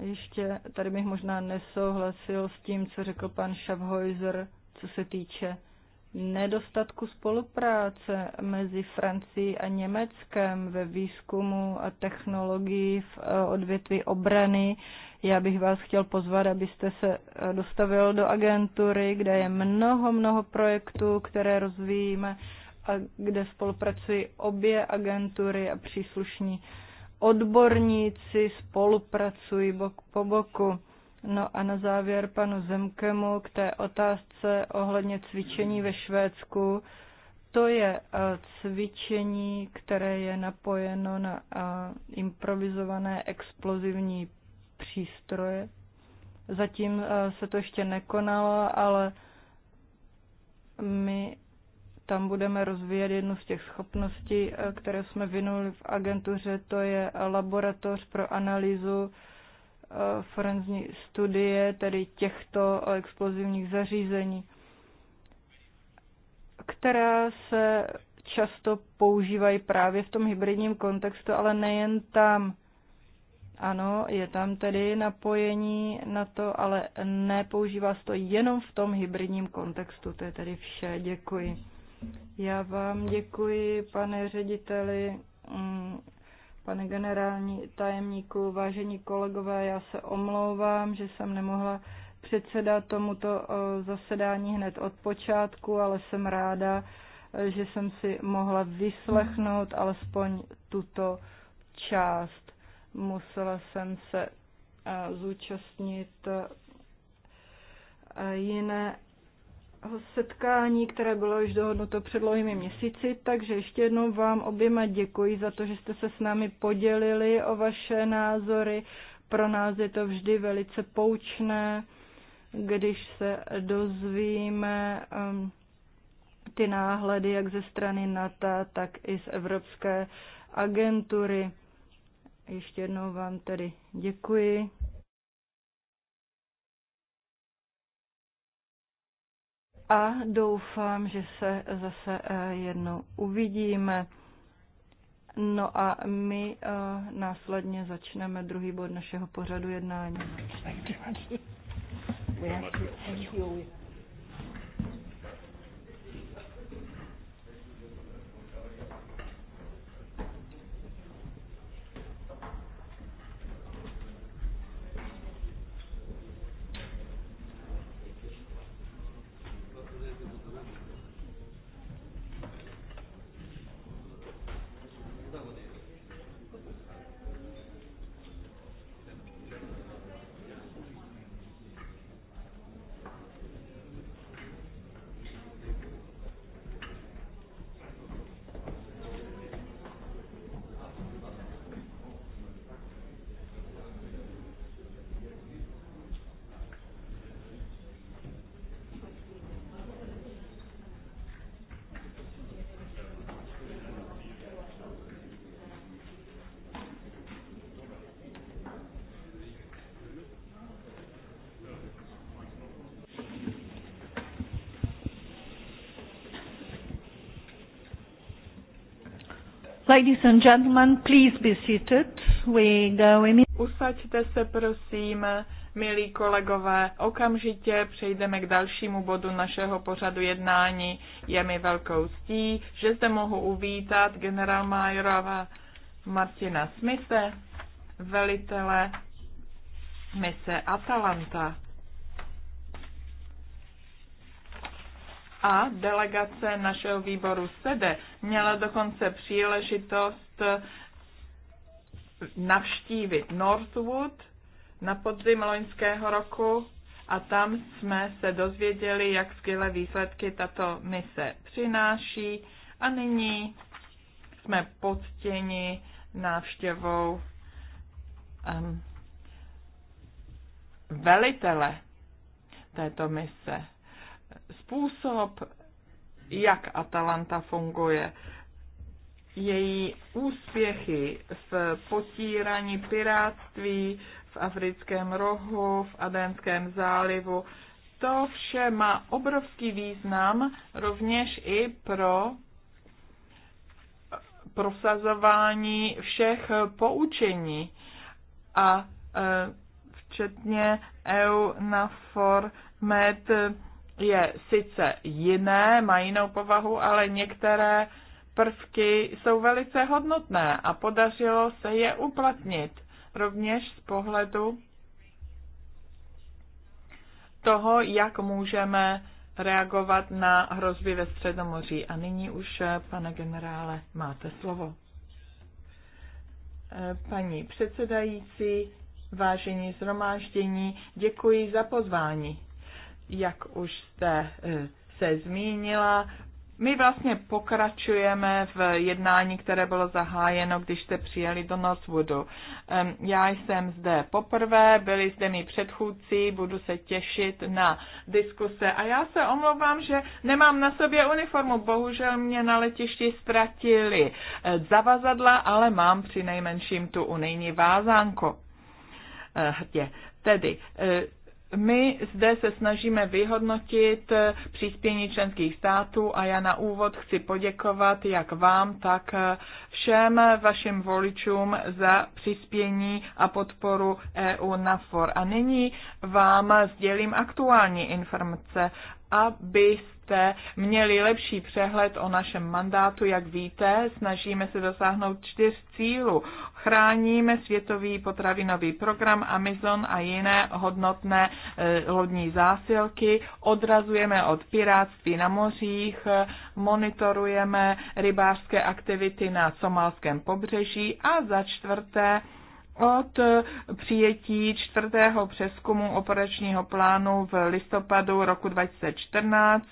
Ještě tady bych možná nesouhlasil s tím, co řekl pan Schaffhäuser, co se týče nedostatku spolupráce mezi Francií a Německem ve výzkumu a technologii v eh, odvětví obrany. Já bych vás chtěl pozvat, abyste se eh, dostavil do agentury, kde je mnoho, mnoho projektů, které rozvíjíme a kde spolupracují obě agentury a příslušní odborníci spolupracují bok po boku. No a na závěr panu Zemkemu k té otázce ohledně cvičení ve Švédsku. To je eh, cvičení, které je napojeno na eh, improvizované explozivní přístroje. Zatím eh, se to ještě nekonalo, ale my tam budeme rozvíjet jednu z těch schopností, eh, které jsme vynuli v agentuře, to je laboratoř pro analýzu eh, forenzní studie, tedy těchto explozivních zařízení, která se často používají právě v tom hybridním kontextu, ale nejen tam. Ano, je tam tedy napojení na to, ale nepoužívá se to jenom v tom hybridním kontextu. To je tedy vše. Děkuji. Já vám děkuji, pane řediteli, mm, pane generální tajemníku, vážení kolegové, já se omlouvám, že jsem nemohla předsedat tomuto eh, zasedání hned od počátku, ale jsem ráda, eh, že jsem si mohla vyslechnout alespoň tuto část. Musela jsem se eh, zúčastnit jiné setkání, které bylo už dohodnuto před dlouhými měsíci, takže ještě jednou vám oběma děkuji za to, že jste se s námi podělili o vaše názory. Pro nás je to vždy velice poučné, když se dozvíme um, ty náhledy jak ze strany NATO, tak i z Evropské agentury. Ještě jednou vám tedy děkuji. a doufám, že se zase eh, jednou uvidíme. No a my eh, následně začneme druhý bod našeho pořadu jednání. Thank you. Ladies and gentlemen, please be seated. We go in... Usaďte se prosím, milí kolegové. Okamžitě přejdeme k dalšímu bodu našeho pořadu jednání. Je mi velkou ctí, že zde mohu uvítat generálmajora Martina Smise, velitele mise Atalanta. a delegace našeho výboru SEDE měla dokonce příležitost navštívit Northwood na podzim loňského roku a tam jsme se dozvěděli, jak skvělé výsledky tato mise přináší a nyní jsme poctěni návštěvou um, velitele této mise způsob, jak Atalanta funguje, její úspěchy v potírání pirátství v africkém rohu, v Adenském zálivu, to vše má obrovský význam rovněž i pro prosazování všech poučení a e, včetně EU na Med je sice jiné, má jinou povahu, ale některé prvky jsou velice hodnotné a podařilo se je uplatnit rovněž z pohledu toho, jak můžeme reagovat na hrozby ve Středomoří. A nyní už, eh, pane generále, máte slovo. Eh, paní předsedající, vážení zhromáždění, děkuji za pozvání jak už jste eh, se zmínila, my vlastně pokračujeme v jednání, které bylo zahájeno, když jste přijeli do Northwoodu. Já jsem zde poprvé, byli zde mi předchůdci, budu se těšit na diskuse. A já se omlouvám, že nemám na sobě uniformu. Bohužel mě na letišti ztratili eh, zavazadla, ale mám při nejmenším tu unijní vázánku. Eh, Tedy my zde se snažíme vyhodnotit příspění členských států a já na úvod chci poděkovat jak vám, tak všem vašim voličům za přispění a podporu EU for. A nyní vám sdělím aktuální informace, aby abyste měli lepší přehled o našem mandátu. Jak víte, snažíme se dosáhnout čtyř cílů. Chráníme světový potravinový program Amazon a jiné hodnotné eh, lodní zásilky, odrazujeme od piráctví na mořích, monitorujeme rybářské aktivity na somalském pobřeží a za čtvrté od eh, přijetí čtvrtého přeskumu operačního plánu v listopadu roku 2014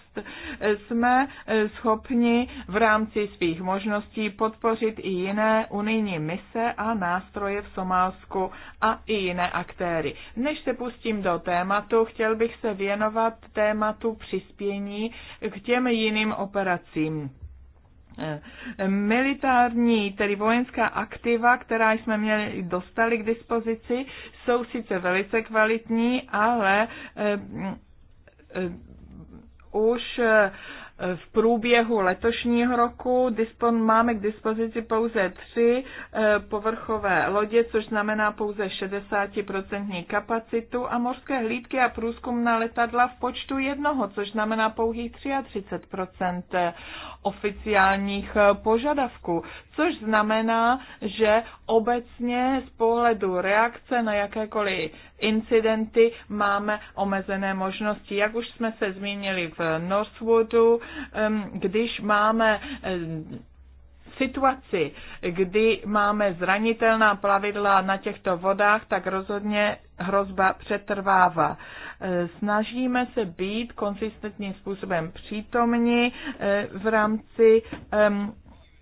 eh, jsme eh, schopni v rámci svých možností podpořit i jiné unijní mise a nástroje v Somálsku a i jiné aktéry. Než se pustím do tématu, chtěl bych se věnovat tématu přispění k těm jiným operacím Eh, militární, tedy vojenská aktiva, která jsme měli, dostali k dispozici, jsou sice velice kvalitní, ale eh, eh, už v průběhu letošního roku dispon, máme k dispozici pouze tři eh, povrchové lodě, což znamená pouze 60% kapacitu a mořské hlídky a průzkumná letadla v počtu jednoho, což znamená pouhých 33% eh, oficiálních eh, požadavků, což znamená, že obecně z pohledu reakce na jakékoliv incidenty máme omezené možnosti. Jak už jsme se zmínili v Northwoodu, když máme situaci, kdy máme zranitelná plavidla na těchto vodách, tak rozhodně hrozba přetrvává. E, snažíme se být konsistentním způsobem přítomni e, v rámci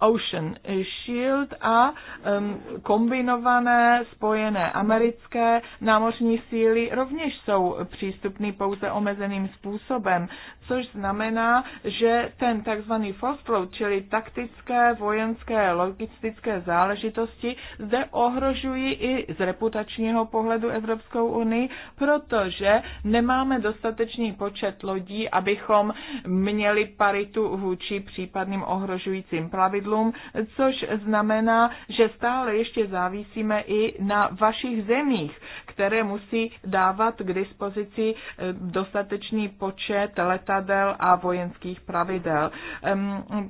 Ocean Shield a um, kombinované spojené americké námořní síly rovněž jsou přístupný pouze omezeným způsobem, což znamená, že ten takzvaný force flow, čili taktické, vojenské, logistické záležitosti, zde ohrožují i z reputačního pohledu Evropskou unii, protože nemáme dostatečný počet lodí, abychom měli paritu vůči případným ohrožujícím plavidlům pravidlům, což znamená, že stále ještě závisíme i na vašich zemích, které musí dávat k dispozici eh, dostatečný počet letadel a vojenských pravidel.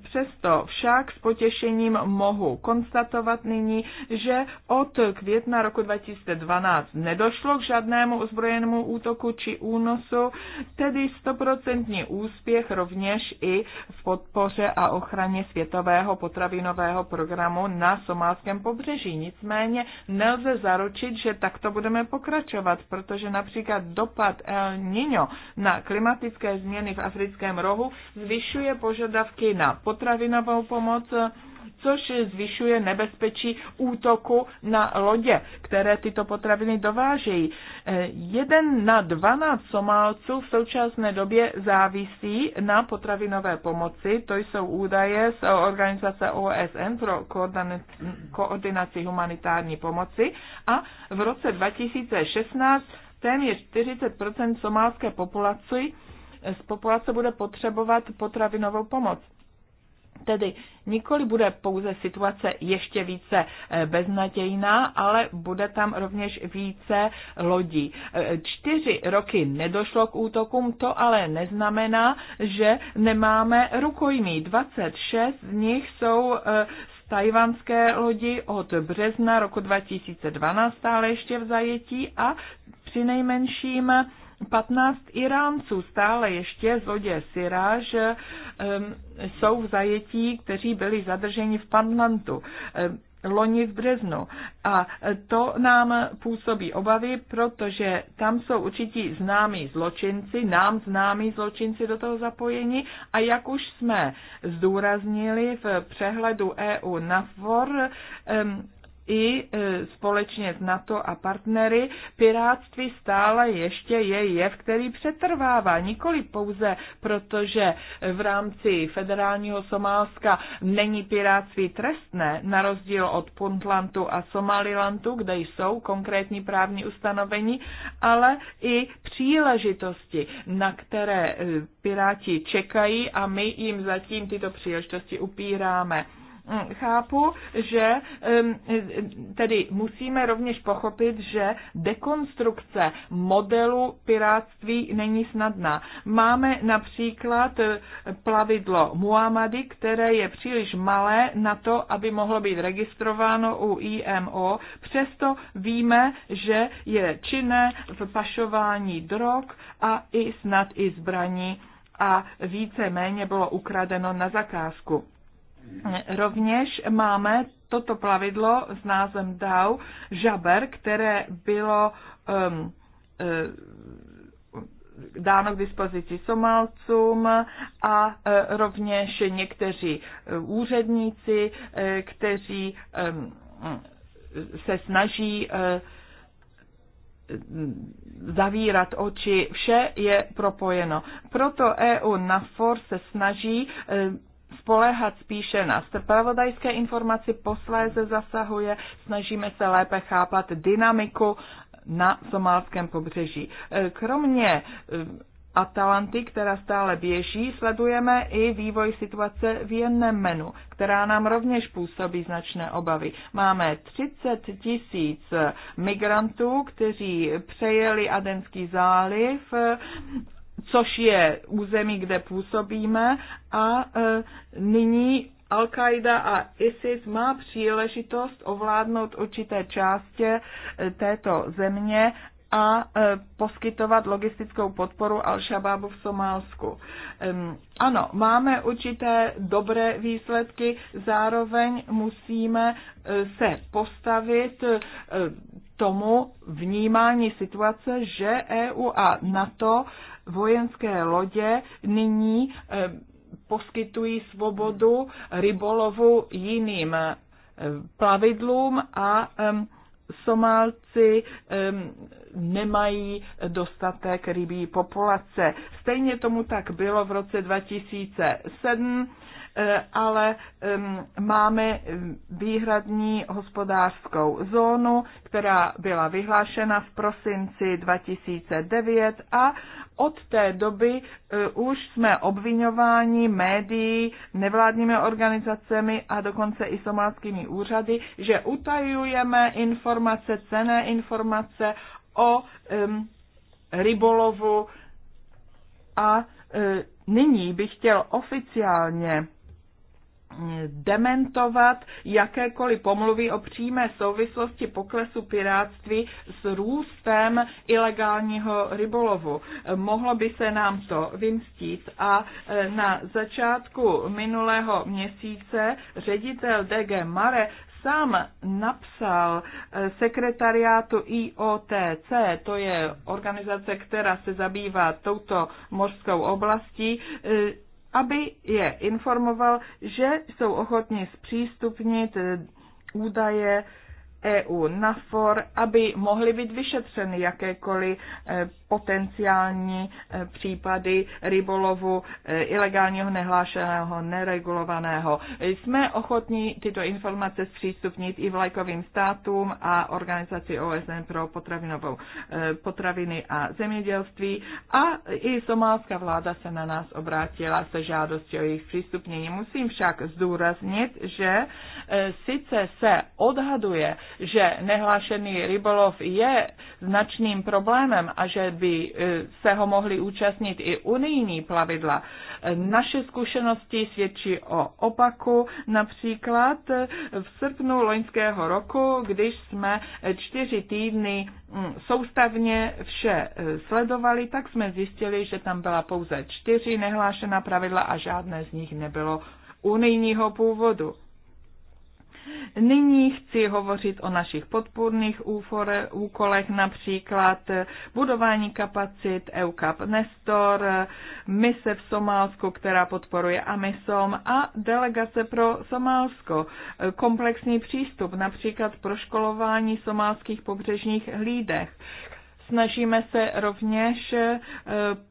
Přesto však s potěšením mohu konstatovat nyní, že od května roku 2012 nedošlo k žádnému ozbrojenému útoku či únosu, tedy stoprocentní úspěch rovněž i v podpoře a ochraně světového potravinového programu na somálském pobřeží. Nicméně nelze zaručit, že takto budeme pokračovat, protože například dopad El Niño na klimatické změny v africkém rohu zvyšuje požadavky na potravinovou pomoc, což zvyšuje nebezpečí útoku na lodě, které tyto potraviny dovážejí. Eh, jeden na 12 Somálců v současné době závisí na potravinové pomoci. To jsou údaje z organizace OSN pro koordinaci humanitární pomoci a v roce 2016 téměř 40 somálské populace z populace bude potřebovat potravinovou pomoc. Tedy nikoli bude pouze situace ještě více eh, beznadějná, ale bude tam rovněž více lodí. Eh, čtyři roky nedošlo k útokům, to ale neznamená, že nemáme rukojmí. 26 z nich jsou eh, z tajvanské lodi od března roku 2012 stále ještě v zajetí a při nejmenším 15 Iránců stále ještě z lodě Siraj um, jsou v zajetí, kteří byli zadrženi v Panlantu. Um, loni v březnu. A to nám působí obavy, protože tam jsou určití známí zločinci, nám známí zločinci do toho zapojení a jak už jsme zdůraznili v přehledu EU na um, i e, společně s NATO a partnery, piráctví stále ještě je jev, který přetrvává. Nikoli pouze protože v rámci federálního Somálska není piráctví trestné, na rozdíl od Puntlandu a Somalilandu, kde jsou konkrétní právní ustanovení, ale i příležitosti, na které e, piráti čekají a my jim zatím tyto příležitosti upíráme Mm, chápu, že tedy musíme rovněž pochopit, že dekonstrukce modelu piráctví není snadná. Máme například eh, plavidlo Muamady, které je příliš malé na to, aby mohlo být registrováno u IMO. Přesto víme, že je činné v pašování drog a i snad i zbraní a více méně bylo ukradeno na zakázku. Rovněž máme toto plavidlo s názvem Dau Žaber, které bylo um, uh, dáno k dispozici Somálcům a uh, rovněž někteří uh, úředníci, uh, kteří um, se snaží uh, zavírat oči, vše je propojeno. Proto EU NAFOR se snaží spolehat spíše na spravodajské informaci, posléze zasahuje, snažíme se lépe chápat dynamiku na somálském pobřeží. E, kromě e, Atalanty, která stále běží, sledujeme i vývoj situace v Jemenu, která nám rovněž působí značné obavy. Máme 30 tisíc migrantů, kteří přejeli Adenský záliv což je území, kde působíme a e, nyní Al-Qaida a ISIS má příležitost ovládnout určité části e, této země a e, poskytovat logistickou podporu Al-Shababu v Somálsku. Ano, máme určité dobré výsledky, zároveň musíme se postavit tomu vnímání situace, že EU a NATO vojenské lodě nyní eh, poskytují svobodu rybolovu jiným eh, plavidlům a Somálci um, nemají dostatek rybí populace. Stejně tomu tak bylo v roce 2007. Eh, ale máme výhradní hospodářskou zónu, která byla vyhlášena v prosinci 2009 a od té doby eh, už jsme obvinováni médií, nevládními organizacemi a dokonce i somálskými úřady, že utajujeme informace, cené informace o um, rybolovu a eh, nyní bych chtěl oficiálně dementovat jakékoliv pomluvy o přímé souvislosti poklesu piráctví s růstem ilegálního rybolovu. Mohlo by se nám to vymstít a e, na začátku minulého měsíce ředitel DG Mare sám napsal e, sekretariátu IOTC, to je organizace, která se zabývá touto mořskou oblastí, e, aby je informoval, že jsou ochotni zpřístupnit eh, údaje EU NAFOR, aby mohly být vyšetřeny jakékoliv eh, potenciální eh, případy rybolovu eh, ilegálního, nehlášeného, neregulovaného. Jsme ochotní tyto informace zpřístupnit i vlajkovým státům a organizaci OSN pro potravinovou, potraviny a zemědělství a i somálská vláda se na nás obrátila se žádostí o jejich přístupnění. Musím však zdůraznit, že sice se odhaduje, že nehlášený rybolov je značným problémem a že by e, se ho mohli účastnit i unijní plavidla. Naše zkušenosti svědčí o opaku. Například e, v srpnu loňského roku, když jsme čtyři týdny mm, soustavně vše e, sledovali, tak jsme zjistili, že tam byla pouze čtyři nehlášená pravidla a žádné z nich nebylo unijního původu. Nyní chci hovořit o našich podpůrných úfore, úkolech, například budování kapacit EUCAP Nestor, mise v Somálsku, která podporuje AMISOM a delegace pro Somálsko. Komplexní přístup například pro školování somálských pobřežních hlídech Snažíme se rovněž eh,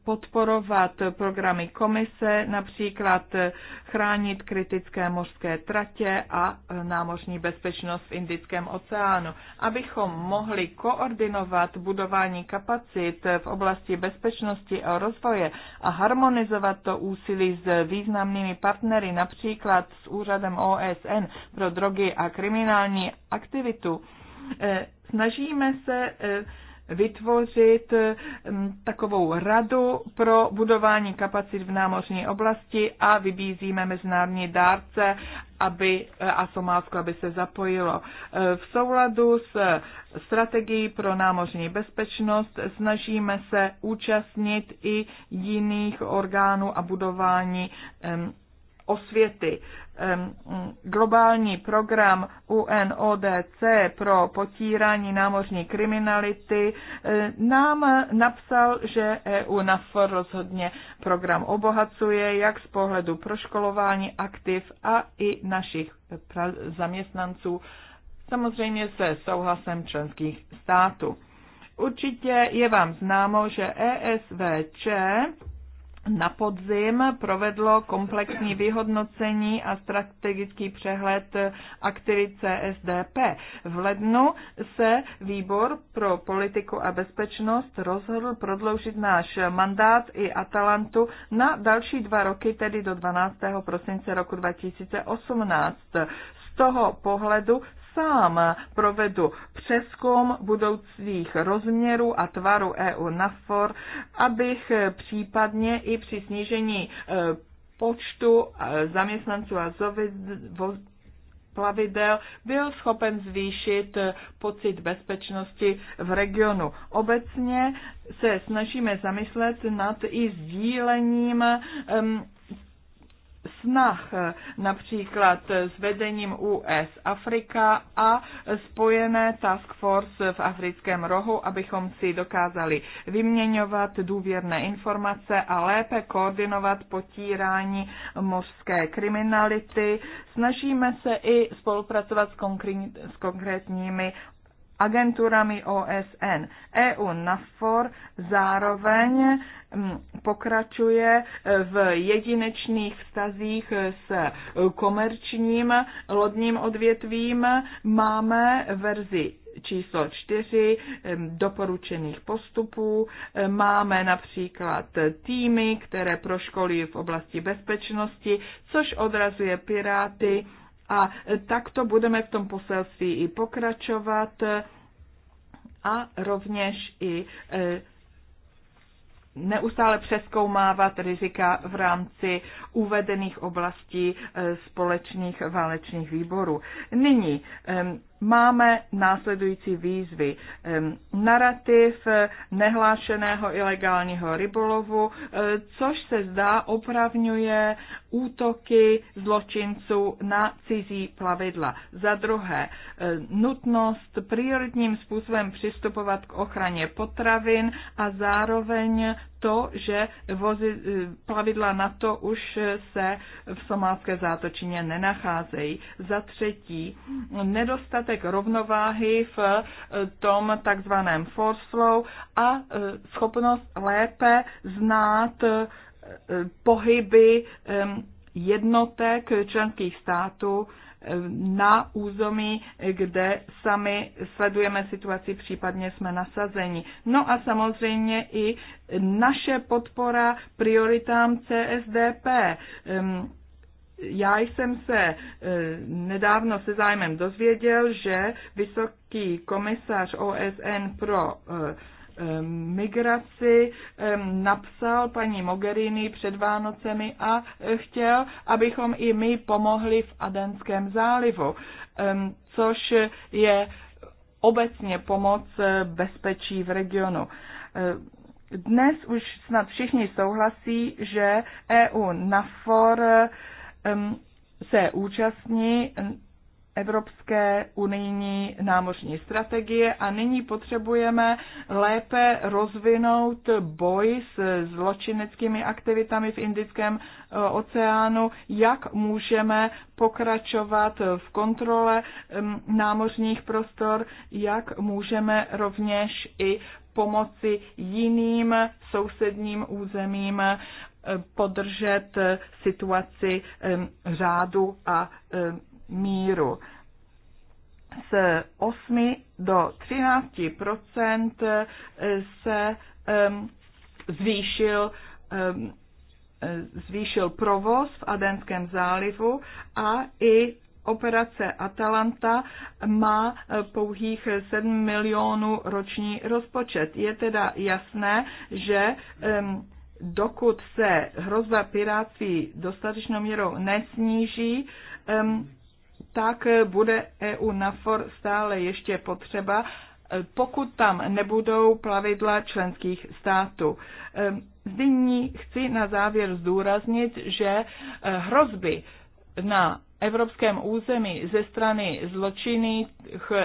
podporovat programy komise, například eh, chránit kritické mořské tratě a eh, námořní bezpečnost v Indickém oceánu. Abychom mohli koordinovat budování kapacit v oblasti bezpečnosti a rozvoje a harmonizovat to úsilí s významnými partnery, například s úřadem OSN pro drogy a kriminální aktivitu, snažíme se vytvořit mm, takovou radu pro budování kapacit v námořní oblasti a vybízíme mezinárodní dárce aby, eh, a Somálsko, aby se zapojilo. Eh, v souladu s strategií pro námořní bezpečnost snažíme se účastnit i jiných orgánů a budování osvěty globální program UNODC pro potírání námořní kriminality eh, nám napsal, že EU NAFOR rozhodně program obohacuje jak z pohledu proškolování aktiv a i našich eh, zaměstnanců, samozřejmě se souhlasem členských států. Určitě je vám známo, že ESVČ na podzim provedlo komplexní vyhodnocení a strategický přehled aktivit CSDP. V lednu se výbor pro politiku a bezpečnost rozhodl prodloužit náš mandát i Atalantu na další dva roky, tedy do 12. prosince roku 2018. Z toho pohledu sám provedu přeskum budoucích rozměrů a tvaru e EU NAFOR, abych případně i při snížení e, počtu e, zaměstnanců a plavidel byl schopen zvýšit pocit bezpečnosti v regionu. Obecně se snažíme zamyslet nad i sdílením um, snah, eh, například s vedením US Afrika a spojené Task Force v africkém rohu, abychom si dokázali vyměňovat důvěrné informace a lépe koordinovat potírání mořské kriminality. Snažíme se i spolupracovat s, konkrétními agenturami OSN. EU NAFOR zároveň mm, pokračuje e, v jedinečných vztazích e, s komerčním lodním odvětvím. Máme verzi číslo čtyři e, doporučených postupů. Máme například týmy, které proškolí v oblasti bezpečnosti, což odrazuje piráty a takto budeme v tom poselství i pokračovat a rovněž i e, neustále přeskoumávat rizika v rámci uvedených oblastí e, společných válečných výborů. Nyní e, máme následující výzvy. Narrativ nehlášeného ilegálního rybolovu, e, což se zdá opravňuje útoky zločinců na cizí plavidla. Za druhé, e, nutnost prioritním způsobem přistupovat k ochraně potravin a zároveň to, že vozy, eh, plavidla to už se v somálské zátočině nenacházejí. Za třetí, nedostatek rovnováhy v eh, tom takzvaném force flow a eh, schopnost lépe znát pohyby jednotek členských států eh, na území, kde sami sledujeme situaci, případně jsme nasazeni. No a samozřejmě i naše podpora prioritám CSDP. Ehm, já jsem se eh, nedávno se zájmem dozvěděl, že vysoký komisař OSN pro eh, migraci napsal paní Mogherini před Vánocemi a eh, chtěl, abychom i my pomohli v Adenském zálivu, což je obecně pomoc eh, bezpečí v regionu. Eh, dnes už snad všichni souhlasí, že EU NAFOR se účastní Evropské unijní námořní strategie a nyní potřebujeme lépe rozvinout boj s zločineckými aktivitami v Indickém eh, oceánu, jak můžeme pokračovat v kontrole mm, námořních prostor, jak můžeme rovněž i pomoci jiným sousedním územím eh, podržet eh, situaci řádu a míru z 8 do 13 se um, zvýšil, um, zvýšil provoz v Adenském zálivu a i operace Atalanta má pouhých 7 milionů roční rozpočet. Je teda jasné, že um, dokud se hrozba piráctví dostatečnou měrou nesníží, um, tak bude EU NAFOR stále ještě potřeba, e, pokud tam nebudou plavidla členských států. Zdyní e, chci na závěr zdůraznit, že e, hrozby na evropském území ze strany zločinných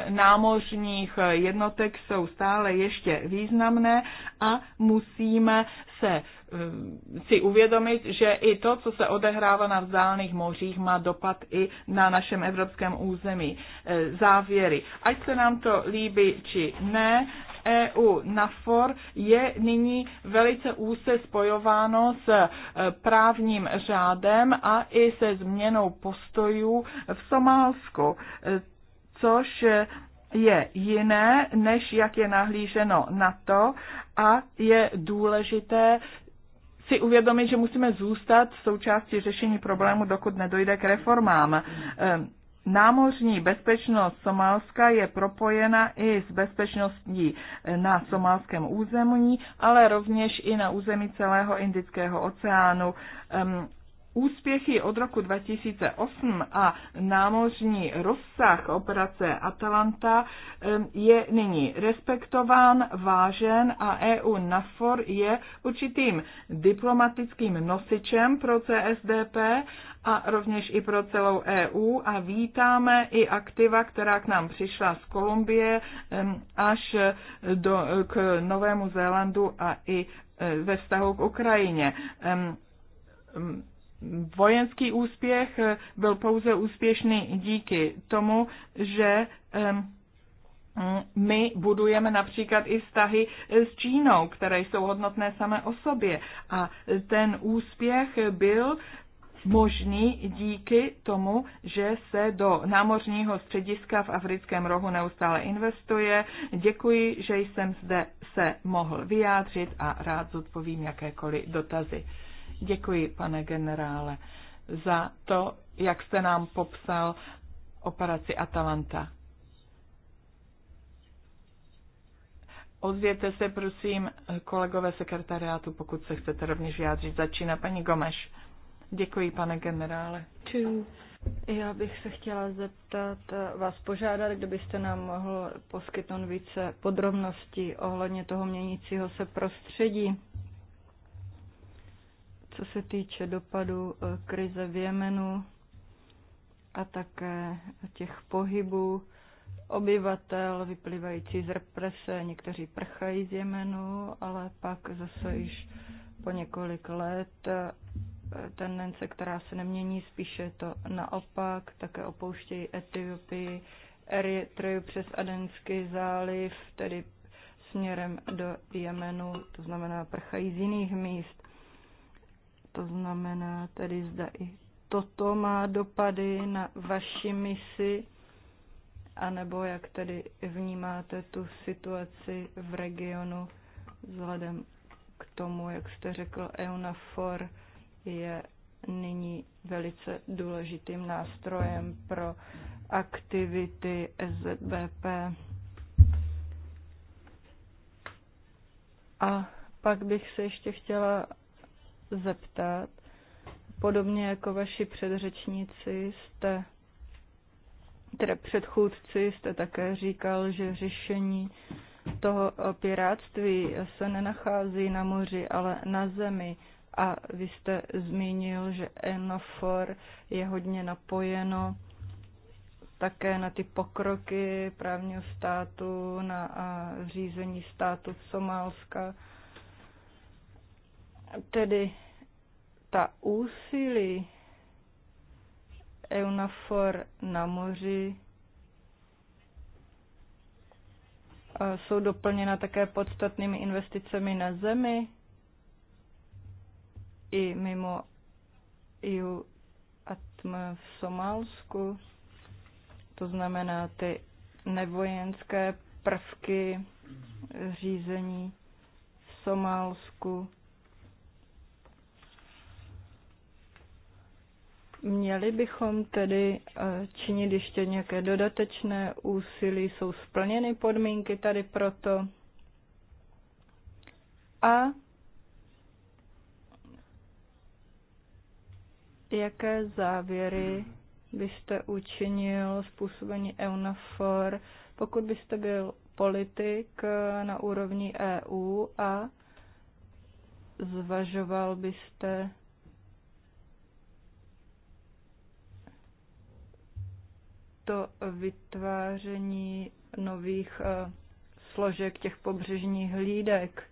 námořních jednotek jsou stále ještě významné a musíme se eh, si uvědomit, že i to, co se odehrává na vzdálených mořích, má dopad i na našem evropském území. Eh, závěry. Ať se nám to líbí či ne, EU. NAFOR je nyní velice úzce spojováno s e, právním řádem a i se změnou postojů v Somálsku, e, což je jiné, než jak je nahlíženo na to a je důležité si uvědomit, že musíme zůstat v součástí řešení problému, dokud nedojde k reformám. E, námořní bezpečnost Somálska je propojena i s bezpečností na somálském území, ale rovněž i na území celého Indického oceánu. Úspěchy od roku 2008 a námořní rozsah operace Atalanta je nyní respektován, vážen a EU NAFOR je určitým diplomatickým nosičem pro CSDP a rovněž i pro celou EU a vítáme i aktiva, která k nám přišla z Kolumbie až do, k Novému Zélandu a i e, ve vztahu k Ukrajině. Vojenský úspěch e, byl pouze úspěšný díky tomu, že my budujeme například i vztahy s Čínou, které jsou hodnotné samé o sobě. A ten úspěch byl možný díky tomu, že se do námořního střediska v Africkém rohu neustále investuje. Děkuji, že jsem zde se mohl vyjádřit a rád zodpovím jakékoliv dotazy. Děkuji, pane generále, za to, jak jste nám popsal operaci Atalanta. Ozvěte se, prosím, kolegové sekretariátu, pokud se chcete rovněž vyjádřit. Začíná paní Gomeš. Děkuji, pane generále. Čím. Já bych se chtěla zeptat, vás požádat, kdybyste nám mohl poskytnout více podrobností ohledně toho měnícího se prostředí, co se týče dopadu eh, krize v Jemenu a také těch pohybů obyvatel vyplývající z represe. Někteří prchají z Jemenu, ale pak zase již po několik let tendence, která se nemění, spíše je to naopak, také opouštějí Etiopii, Eritreju přes Adenský záliv, tedy směrem do Jemenu, to znamená prchají z jiných míst. To znamená tedy zda i toto má dopady na vaši misi, anebo jak tedy vnímáte tu situaci v regionu vzhledem k tomu, jak jste řekl, EUNAFOR, je nyní velice důležitým nástrojem pro aktivity SZBP. A pak bych se ještě chtěla zeptat, podobně jako vaši předřečníci jste, tedy předchůdci jste také říkal, že řešení toho piráctví se nenachází na moři, ale na zemi. A vy jste zmínil, že ENOFOR je hodně napojeno také na ty pokroky právního státu, na řízení státu Somálska. Tedy ta úsilí EUNAFOR na moři jsou doplněna také podstatnými investicemi na zemi i mimo EU ATM v Somálsku, to znamená ty nevojenské prvky řízení v Somálsku. Měli bychom tedy eh, činit ještě nějaké dodatečné úsilí, jsou splněny podmínky tady proto. A jaké závěry byste učinil způsobení EUNAFOR, pokud byste byl politik eh, na úrovni EU a zvažoval byste to vytváření nových eh, složek těch pobřežních hlídek,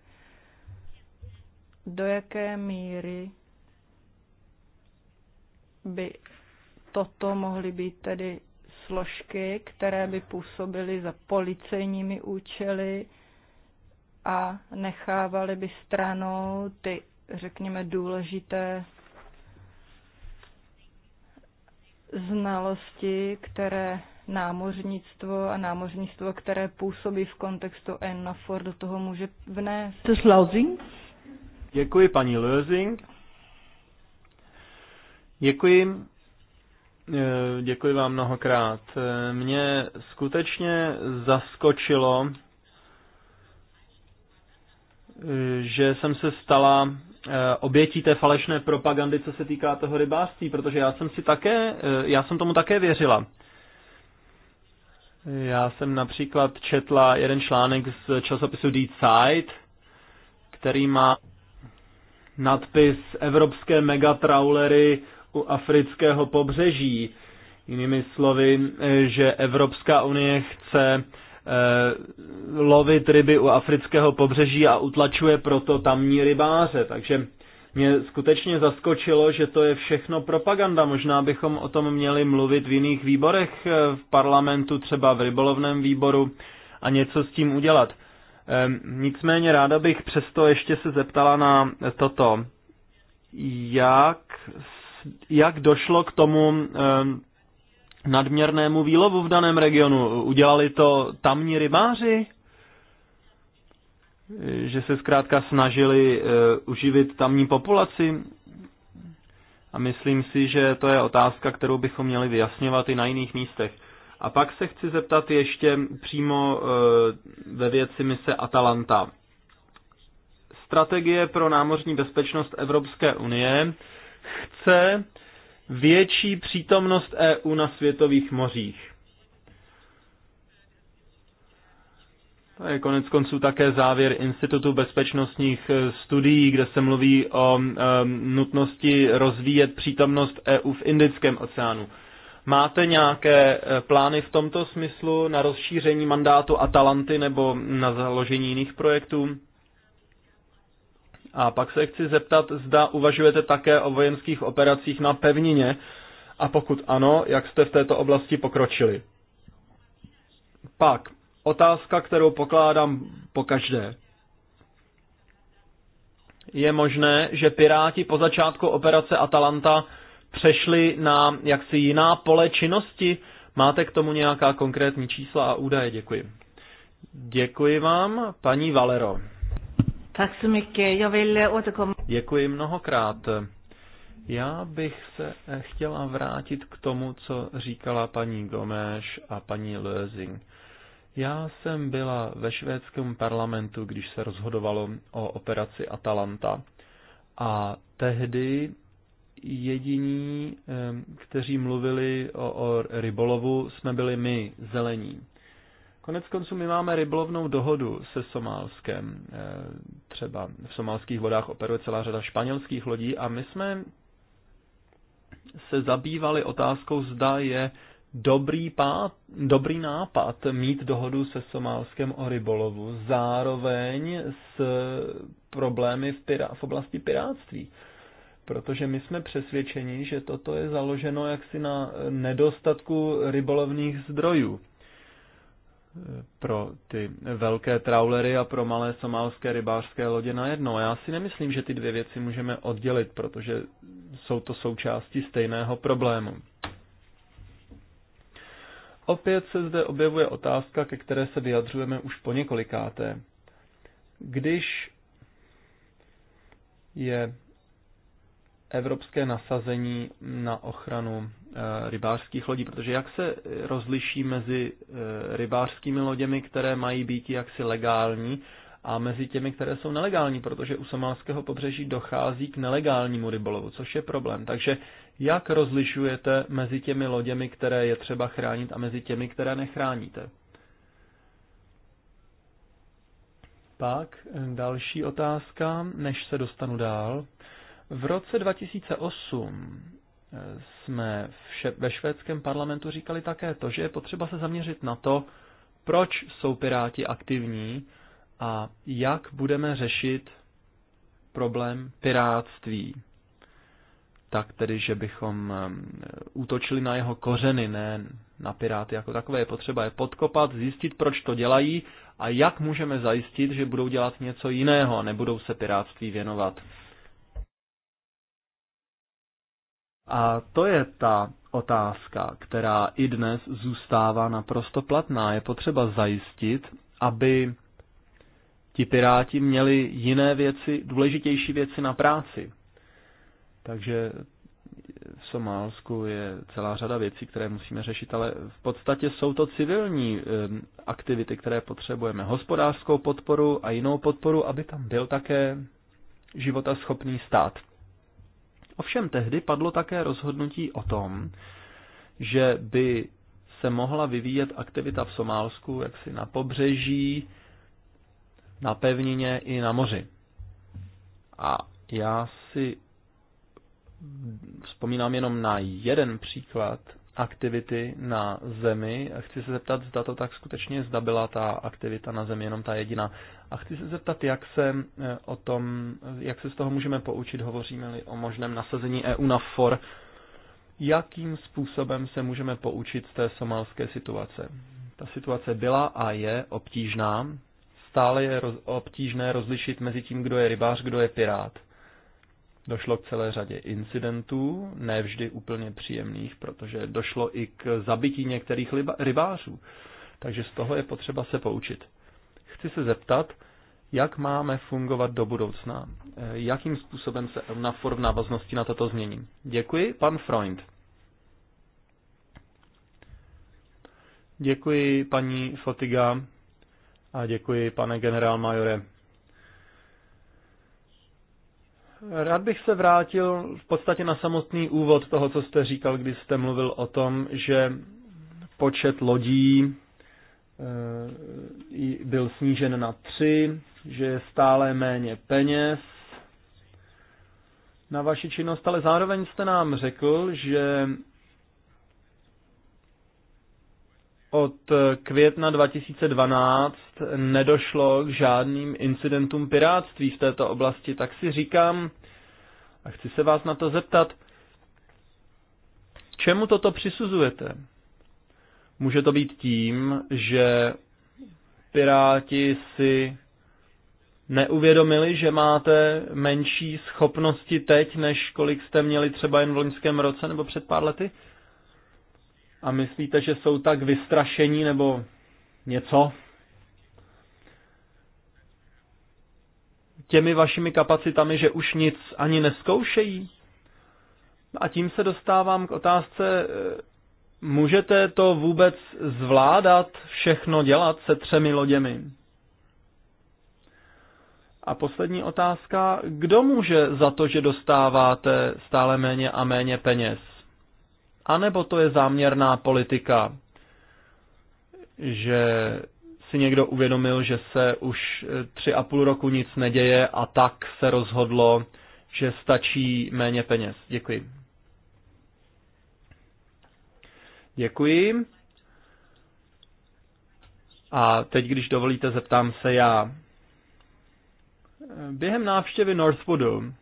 do jaké míry by toto mohly být tedy složky, které by působily za policejními účely a nechávaly by stranou ty, řekněme, důležité znalosti, které námořnictvo a námořnictvo, které působí v kontextu ENAFOR, do toho může vnést. Děkuji paní Lösing. Děkuji. E, děkuji vám mnohokrát. E, mě skutečně zaskočilo, e, že jsem se stala obětí té falešné propagandy, co se týká toho rybářství, protože já jsem si také, já jsem tomu také věřila. Já jsem například četla jeden článek z časopisu Die Zeit, který má nadpis Evropské megatraulery u afrického pobřeží. Jinými slovy, eh, že Evropská unie chce eh, lovit ryby u afrického pobřeží a utlačuje proto tamní rybáře. Takže mě skutečně zaskočilo, že to je všechno propaganda. Možná bychom o tom měli mluvit v jiných výborech eh, v parlamentu, třeba v rybolovném výboru a něco s tím udělat. Ehm, nicméně ráda bych přesto ještě se zeptala na toto. Jak jak došlo k tomu eh, nadměrnému výlovu v daném regionu. Udělali to tamní rybáři? Eh, že se zkrátka snažili eh, uživit tamní populaci? A myslím si, že to je otázka, kterou bychom měli vyjasňovat i na jiných místech. A pak se chci zeptat ještě přímo ve věci mise Atalanta. Strategie pro námořní bezpečnost Evropské unie chce větší přítomnost EU na světových mořích. To je konec konců také závěr Institutu bezpečnostních eh, studií, kde se mluví o um, nutnosti rozvíjet přítomnost EU v Indickém oceánu. Máte nějaké eh, plány v tomto smyslu na rozšíření mandátu Atalanty nebo na založení jiných projektů? A pak se chci zeptat, zda uvažujete také o vojenských operacích na pevnině a pokud ano, jak jste v této oblasti pokročili. Pak otázka, kterou pokládám po každé. Je možné, že piráti po začátku operace Atalanta přešli na jaksi jiná pole činnosti? Máte k tomu nějaká konkrétní čísla a údaje? Děkuji. Děkuji vám, paní Valero. Tak så mycket. Jag vill eh, återkomma. Děkuji mnohokrát. Já bych se eh, chtěla vrátit k tomu, co říkala paní Gomeš a paní Lösing. Já jsem byla ve švédském parlamentu, když se rozhodovalo o operaci Atalanta. A tehdy jediní, eh, kteří mluvili o, o rybolovu, jsme byli my, zelení. Konec konců my máme rybolovnou dohodu se Somálskem. Eh, třeba v somálských vodách operuje celá řada španělských lodí a my jsme se zabývali otázkou, zda je dobrý, pát, dobrý nápad mít dohodu se Somálskem o rybolovu zároveň s problémy v, pirá, v oblasti piráctví. Protože my jsme přesvědčeni, že toto je založeno jaksi na nedostatku rybolovných zdrojů pro ty velké traulery a pro malé somálské rybářské lodě na jedno. Já si nemyslím, že ty dvě věci můžeme oddělit, protože jsou to součástí stejného problému. Opět se zde objevuje otázka, ke které se vyjadřujeme už po několikáté. Když je evropské nasazení na ochranu Eh, rybářských lodí, protože jak se rozliší mezi eh, rybářskými loděmi, které mají být jaksi legální, a mezi těmi, které jsou nelegální, protože u somálského pobřeží dochází k nelegálnímu rybolovu, což je problém. Takže jak rozlišujete mezi těmi loděmi, které je třeba chránit a mezi těmi, které nechráníte? Pak eh, další otázka, než se dostanu dál. V roce 2008 jsme ve švédském parlamentu říkali také to, že je potřeba se zaměřit na to, proč jsou piráti aktivní a jak budeme řešit problém piráctví. Tak tedy, že bychom um, útočili na jeho kořeny, ne na piráty jako takové. Je potřeba je podkopat, zjistit, proč to dělají a jak můžeme zajistit, že budou dělat něco jiného a nebudou se piráctví věnovat. A to je ta otázka, která i dnes zůstává naprosto platná. Je potřeba zajistit, aby ti piráti měli jiné věci, důležitější věci na práci. Takže v Somálsku je celá řada věcí, které musíme řešit, ale v podstatě jsou to civilní aktivity, které potřebujeme. Hospodářskou podporu a jinou podporu, aby tam byl také životaschopný stát. Ovšem tehdy padlo také rozhodnutí o tom, že by se mohla vyvíjet aktivita v Somálsku jaksi na pobřeží, na pevnině i na moři. A já si vzpomínám jenom na jeden příklad aktivity na zemi. Chci se zeptat, zda to tak skutečně, zda byla ta aktivita na zemi jenom ta jediná. A chci se zeptat, jak se eh, o tom, jak se z toho můžeme poučit, hovoříme-li o možném nasazení EU na FOR, jakým způsobem se můžeme poučit z té somalské situace. Ta situace byla a je obtížná. Stále je roz, obtížné rozlišit mezi tím, kdo je rybář, kdo je pirát. Došlo k celé řadě incidentů, nevždy úplně příjemných, protože došlo i k zabití některých rybářů. Takže z toho je potřeba se poučit chci se zeptat, jak máme fungovat do budoucna? Eh, jakým způsobem se EUNAFOR v návaznosti na toto změní? Děkuji, pan Freund. Děkuji, paní Fotiga, a děkuji, pane generálmajore. Rád bych se vrátil v podstatě na samotný úvod toho, co jste říkal, když jste mluvil o tom, že počet lodí Eh, byl snížen na tři, že je stále méně peněz na vaši činnost, ale zároveň jste nám řekl, že od května 2012 nedošlo k žádným incidentům pirátství v této oblasti, tak si říkám, a chci se vás na to zeptat, čemu toto přisuzujete? Může to být tím, že piráti si neuvědomili, že máte menší schopnosti teď, než kolik jste měli třeba jen v loňském roce nebo před pár lety? A myslíte, že jsou tak vystrašení nebo něco? Těmi vašimi kapacitami, že už nic ani neskoušejí? A tím se dostávám k otázce Můžete to vůbec zvládat všechno dělat se třemi loděmi? A poslední otázka, kdo může za to, že dostáváte stále méně a méně peněz? A nebo to je záměrná politika, že si někdo uvědomil, že se už tři a půl roku nic neděje a tak se rozhodlo, že stačí méně peněz. Děkuji. Děkuji. A teď, když dovolíte, zeptám se já. Během návštěvy Northwoodu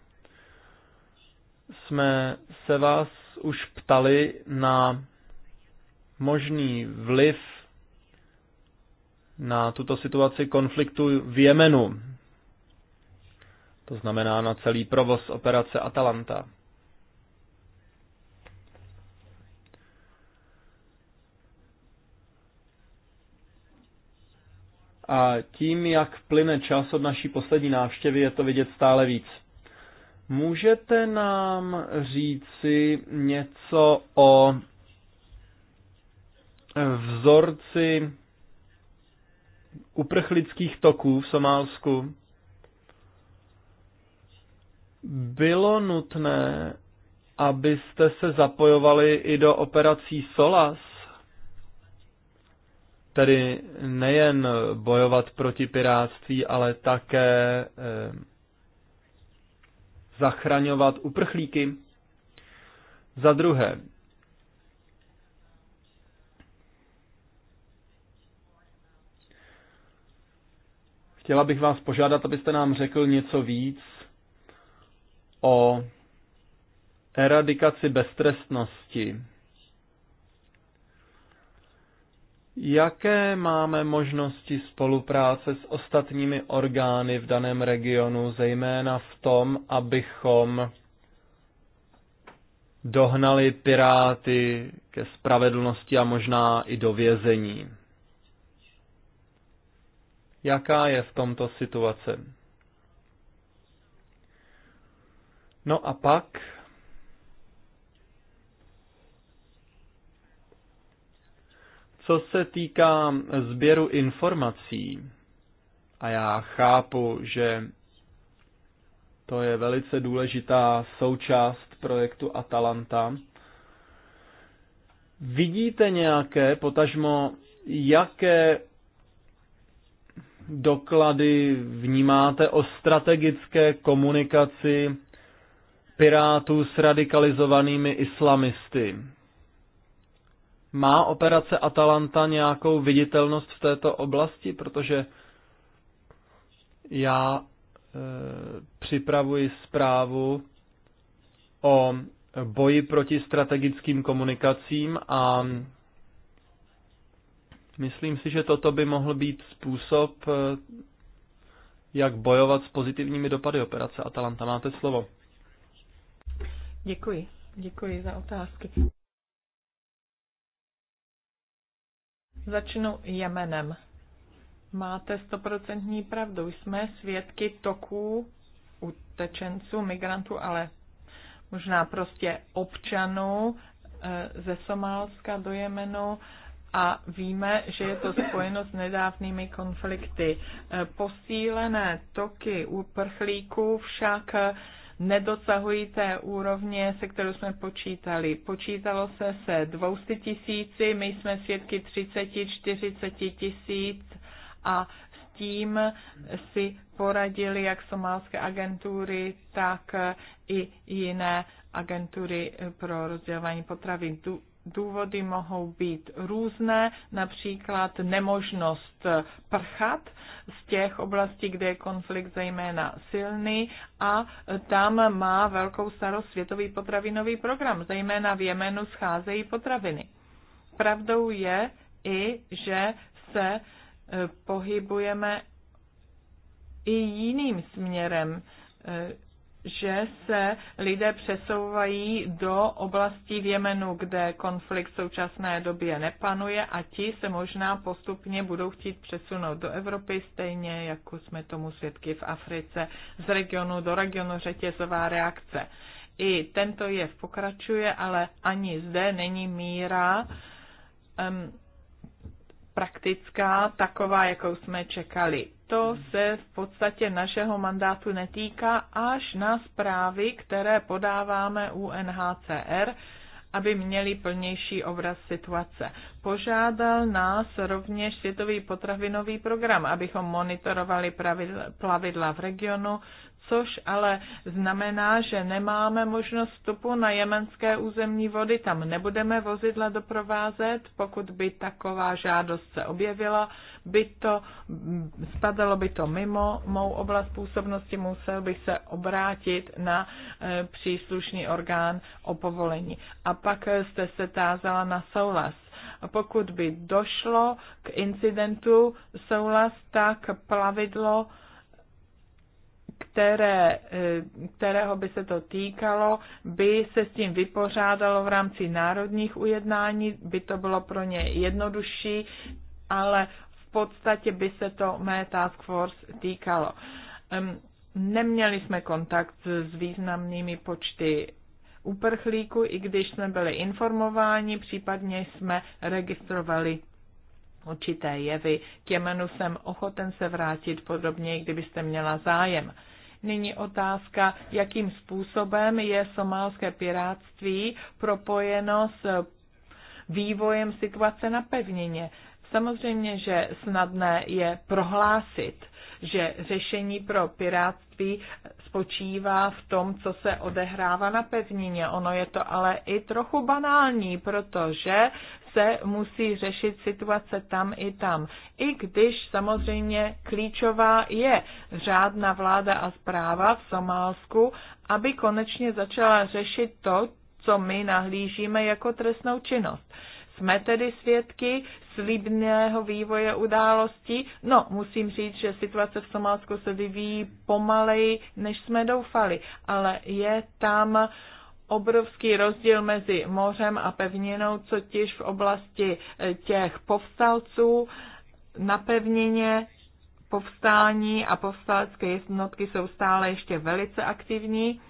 jsme se vás už ptali na možný vliv na tuto situaci konfliktu v Jemenu. To znamená na celý provoz operace Atalanta. a tím, jak plyne čas od naší poslední návštěvy, je to vidět stále víc. Můžete nám říci něco o vzorci uprchlických toků v Somálsku? Bylo nutné, abyste se zapojovali i do operací SOLAS? tedy nejen bojovat proti piráctví, ale také eh, zachraňovat uprchlíky. Za druhé, chtěla bych vás požádat, abyste nám řekl něco víc o eradikaci beztrestnosti Jaké máme možnosti spolupráce s ostatními orgány v daném regionu, zejména v tom, abychom dohnali piráty ke spravedlnosti a možná i do vězení? Jaká je v tomto situace? No a pak Co se týká sběru informací, a já chápu, že to je velice důležitá součást projektu Atalanta, vidíte nějaké, potažmo, jaké doklady vnímáte o strategické komunikaci pirátů s radikalizovanými islamisty? Má operace Atalanta nějakou viditelnost v této oblasti? Protože já e, připravuji zprávu o boji proti strategickým komunikacím a myslím si, že toto by mohl být způsob, e, jak bojovat s pozitivními dopady operace Atalanta. Máte slovo. Děkuji. Děkuji za otázky. Začnu Jemenem. Máte stoprocentní pravdu. Jsme svědky toků utečenců, migrantů, ale možná prostě občanů eh, ze Somálska do Jemenu a víme, že je to spojeno s nedávnými konflikty. Eh, posílené toky uprchlíků však nedosahují té úrovně, se kterou jsme počítali. Počítalo se se 200 tisíci, my jsme svědky 30, 40 tisíc a s tím si poradili jak somálské agentury, tak i jiné agentury pro rozdělování potravin. Důvody mohou být různé, například nemožnost prchat z těch oblastí, kde je konflikt zejména silný a tam má velkou starost Světový potravinový program. Zejména v Jemenu scházejí potraviny. Pravdou je i, že se e, pohybujeme i jiným směrem e, že se lidé přesouvají do oblastí v Jemenu, kde konflikt v současné době nepanuje a ti se možná postupně budou chtít přesunout do Evropy, stejně jako jsme tomu svědky v Africe, z regionu do regionu řetězová reakce. I tento jev pokračuje, ale ani zde není míra um, praktická, taková, jakou jsme čekali to se v podstatě našeho mandátu netýká až na zprávy, které podáváme UNHCR, aby měli plnější obraz situace. Požádal nás rovněž Světový potravinový program, abychom monitorovali pravidla, plavidla v regionu, což ale znamená, že nemáme možnost vstupu na jemenské územní vody, tam nebudeme vozidla doprovázet, pokud by taková žádost se objevila, by to, spadalo by to mimo mou oblast působnosti, musel bych se obrátit na eh, příslušný orgán o povolení. A pak eh, jste se tázala na souhlas pokud by došlo k incidentu souhlas, tak plavidlo které, eh, kterého by se to týkalo, by se s tím vypořádalo v rámci národních ujednání, by to bylo pro ně jednodušší, ale v podstatě by se to mé task force týkalo. Neměli jsme kontakt s významnými počty uprchlíků, i když jsme byli informováni, případně jsme registrovali určité jevy. K Jemenu jsem ochoten se vrátit podobně, kdybyste měla zájem. Nyní otázka, jakým způsobem je somálské pirátství propojeno s vývojem situace na pevnině. Samozřejmě, že snadné je prohlásit, že řešení pro pirátství spočívá v tom, co se odehrává na pevnině. Ono je to ale i trochu banální, protože se musí řešit situace tam i tam. I když samozřejmě klíčová je řádná vláda a zpráva v Somálsku, aby konečně začala řešit to, co my nahlížíme jako trestnou činnost. Jsme tedy svědky slibného vývoje událostí. No, musím říct, že situace v Somálsku se vyvíjí pomaleji, než jsme doufali, ale je tam uh, obrovský rozdíl mezi mořem a pevninou, co tiž v oblasti eh, těch povstalců na pevnině povstání a povstalecké jednotky jsou stále ještě velice aktivní.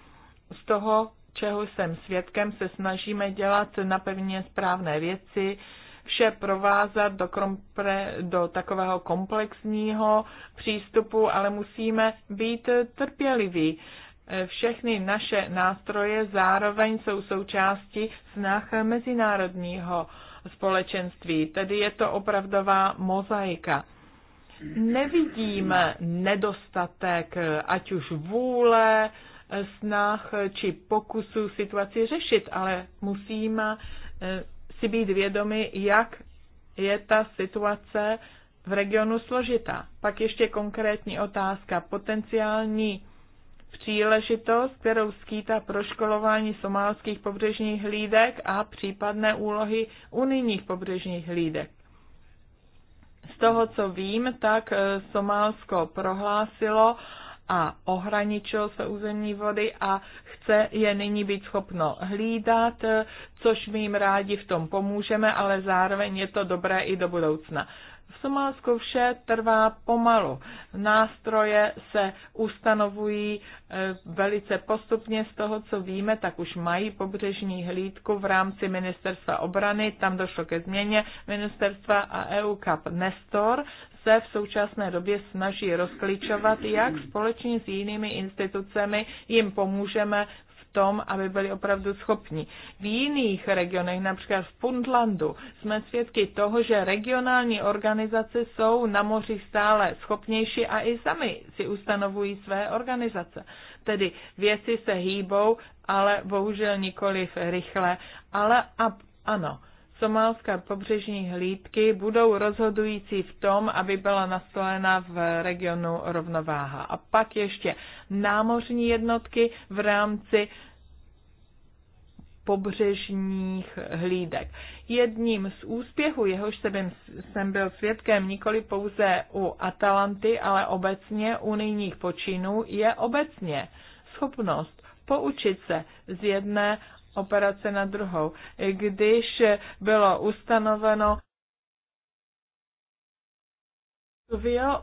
Z toho, čeho jsem svědkem, se snažíme dělat na pevně správné věci, vše provázat do, krompre, do takového komplexního přístupu, ale musíme být trpěliví. Eh, všechny naše nástroje zároveň jsou součástí snah mezinárodního společenství, tedy je to opravdová mozaika. Nevidím nedostatek ať už vůle, eh, snah či pokusu situaci řešit, ale musíme eh, si být vědomi, jak je ta situace v regionu složitá. Pak ještě konkrétní otázka. Potenciální příležitost, kterou skýtá proškolování somálských pobřežních hlídek a případné úlohy unijních pobřežních hlídek. Z toho, co vím, tak eh, Somálsko prohlásilo a ohraničilo své územní vody a chce je nyní být schopno hlídat, eh, což my jim rádi v tom pomůžeme, ale zároveň je to dobré i do budoucna. V Somálsku vše trvá pomalu. Nástroje se ustanovují e, velice postupně. Z toho, co víme, tak už mají pobřežní hlídku v rámci ministerstva obrany. Tam došlo ke změně ministerstva a EUCAP Nestor se v současné době snaží rozklíčovat, jak společně s jinými institucemi jim pomůžeme tom, aby byli opravdu schopni. V jiných regionech, například v Puntlandu, jsme svědky toho, že regionální organizace jsou na moři stále schopnější a i sami si ustanovují své organizace. Tedy věci se hýbou, ale bohužel nikoliv rychle, ale a, ano, somálské pobřežní hlídky budou rozhodující v tom, aby byla nastolena v regionu rovnováha. A pak ještě námořní jednotky v rámci pobřežních hlídek. Jedním z úspěchů, jehož jsem byl svědkem nikoli pouze u Atalanty, ale obecně unijních počinů, je obecně schopnost poučit se z jedné operace na druhou. Když bylo ustanoveno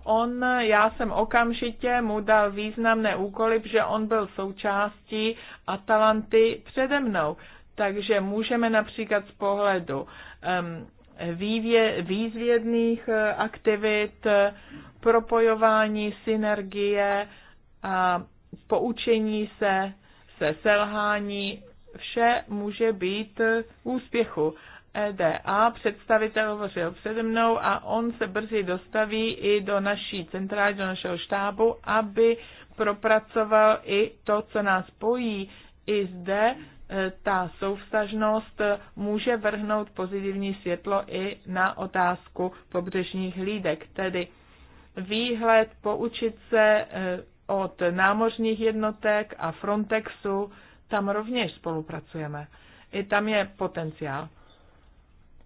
on, já jsem okamžitě mu dal významné úkoly, že on byl součástí Atalanty přede mnou. Takže můžeme například z pohledu um, vývě, výzvědných eh, aktivit, eh, propojování, synergie a poučení se, se selhání vše může být úspěchu. EDA, představitel hovořil přede mnou a on se brzy dostaví i do naší centrály, do našeho štábu, aby propracoval i to, co nás pojí. I zde e, ta souvstažnost může vrhnout pozitivní světlo i na otázku pobřežních hlídek, tedy výhled poučit se e, od námořních jednotek a Frontexu, tam rovněž spolupracujeme. I tam je potenciál.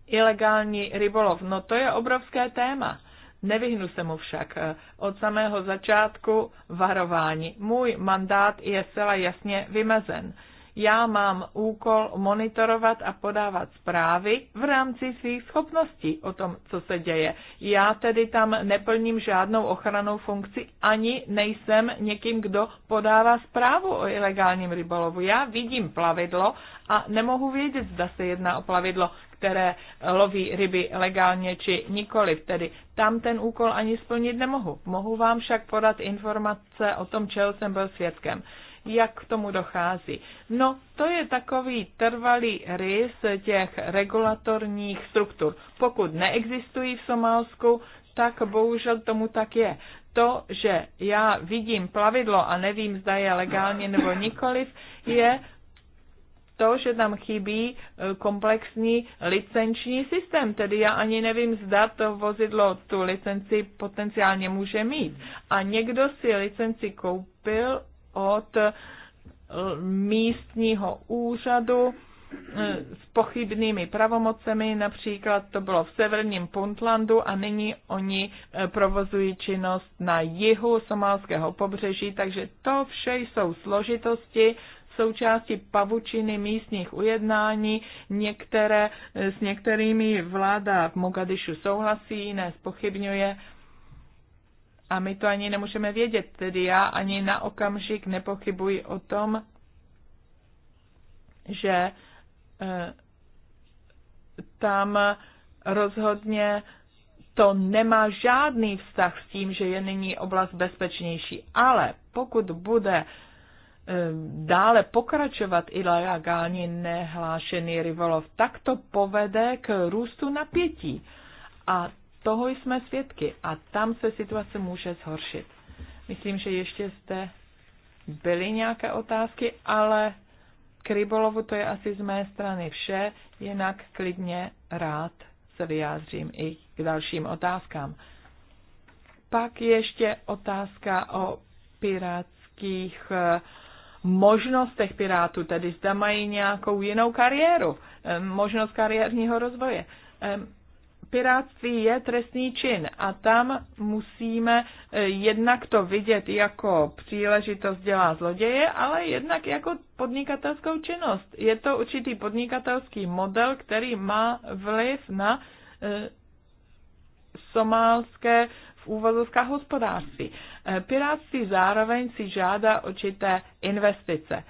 Ilegální rybolov, no to je obrovské téma. Nevyhnu se mu však. Od samého začátku varování. Můj mandát je zcela jasně vymezen. Já mám úkol monitorovat a podávat zprávy v rámci svých schopností o tom, co se děje. Já tedy tam neplním žádnou ochranou funkci, ani nejsem někým, kdo podává zprávu o ilegálním rybolovu. Já vidím plavidlo a nemohu vědět, zda se jedná o plavidlo, které loví ryby legálně či nikoliv. Tedy tam ten úkol ani splnit nemohu. Mohu vám však podat informace o tom, čeho jsem byl svědkem jak k tomu dochází. No, to je takový trvalý rys těch regulatorních struktur. Pokud neexistují v Somálsku, tak bohužel tomu tak je. To, že já vidím plavidlo a nevím, zda je legálně nebo nikoliv, je to, že tam chybí e, komplexní licenční systém. Tedy já ani nevím, zda to vozidlo tu licenci potenciálně může mít. A někdo si licenci koupil od eh, místního úřadu eh, s pochybnými pravomocemi, například to bylo v severním Puntlandu a nyní oni eh, provozují činnost na jihu somálského pobřeží, takže to vše jsou složitosti, součástí pavučiny místních ujednání. Některé, s některými vláda v Mogadišu souhlasí, jiné spochybňuje a my to ani nemůžeme vědět, tedy já ani na okamžik nepochybuji o tom, že e, tam rozhodně to nemá žádný vztah s tím, že je nyní oblast bezpečnější. Ale pokud bude e, dále pokračovat ilegálně nehlášený rivolov, tak to povede k růstu napětí. A toho jsme svědky a tam se situace může zhoršit. Myslím, že ještě zde byly nějaké otázky, ale k rybolovu to je asi z mé strany vše, jinak klidně rád se vyjádřím i k dalším otázkám. Pak ještě otázka o pirátských eh, možnostech pirátů, tedy zda mají nějakou jinou kariéru, eh, možnost kariérního rozvoje piráctví je trestný čin a tam musíme eh, jednak to vidět jako příležitost dělá zloděje, ale jednak jako podnikatelskou činnost. Je to určitý podnikatelský model, který má vliv na eh, somálské v úvozovkách hospodářství. Eh, piráctví zároveň si žádá určité investice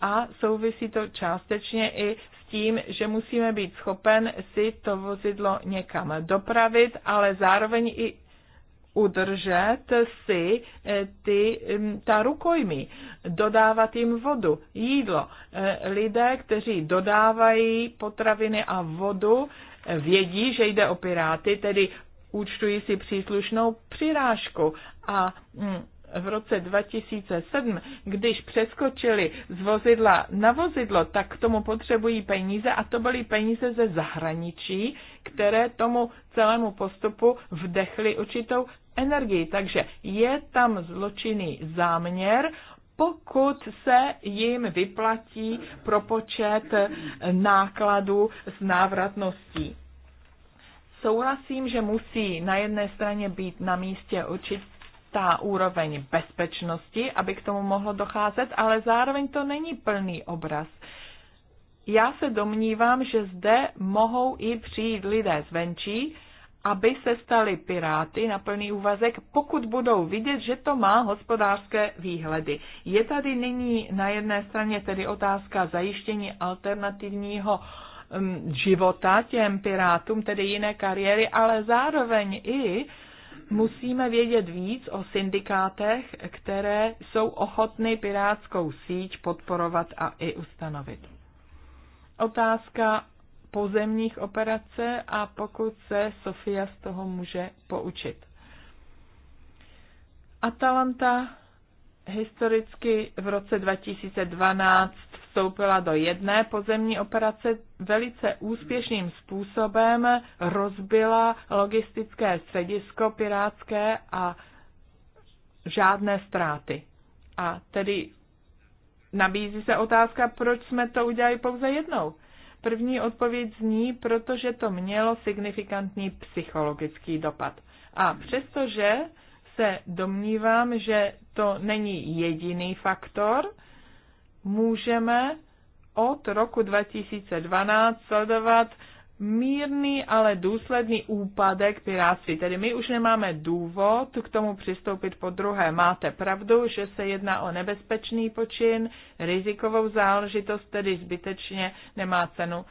a souvisí to částečně i tím, že musíme být schopen si to vozidlo někam dopravit, ale zároveň i udržet si eh, ty, mm, ta rukojmí, dodávat jim vodu, jídlo. Eh, lidé, kteří dodávají potraviny a vodu, eh, vědí, že jde o piráty, tedy účtují si příslušnou přirážku a mm, v roce 2007, když přeskočili z vozidla na vozidlo, tak k tomu potřebují peníze a to byly peníze ze zahraničí, které tomu celému postupu vdechly určitou energii. Takže je tam zločinný záměr, pokud se jim vyplatí propočet nákladů s návratností souhlasím, že musí na jedné straně být na místě určitý určitá úroveň bezpečnosti, aby k tomu mohlo docházet, ale zároveň to není plný obraz. Já se domnívám, že zde mohou i přijít lidé zvenčí, aby se stali piráty na plný úvazek, pokud budou vidět, že to má hospodářské výhledy. Je tady nyní na jedné straně tedy otázka zajištění alternativního um, života těm pirátům, tedy jiné kariéry, ale zároveň i musíme vědět víc o syndikátech, které jsou ochotny pirátskou síť podporovat a i ustanovit. Otázka pozemních operace a pokud se Sofia z toho může poučit. Atalanta historicky v roce 2012 vstoupila do jedné pozemní operace, velice úspěšným způsobem rozbila logistické středisko pirátské a žádné ztráty. A tedy nabízí se otázka, proč jsme to udělali pouze jednou. První odpověď zní, protože to mělo signifikantní psychologický dopad. A přestože se domnívám, že to není jediný faktor, můžeme od roku 2012 sledovat mírný, ale důsledný úpadek piráctví. Tedy my už nemáme důvod k tomu přistoupit po druhé. Máte pravdu, že se jedná o nebezpečný počin, rizikovou záležitost, tedy zbytečně nemá cenu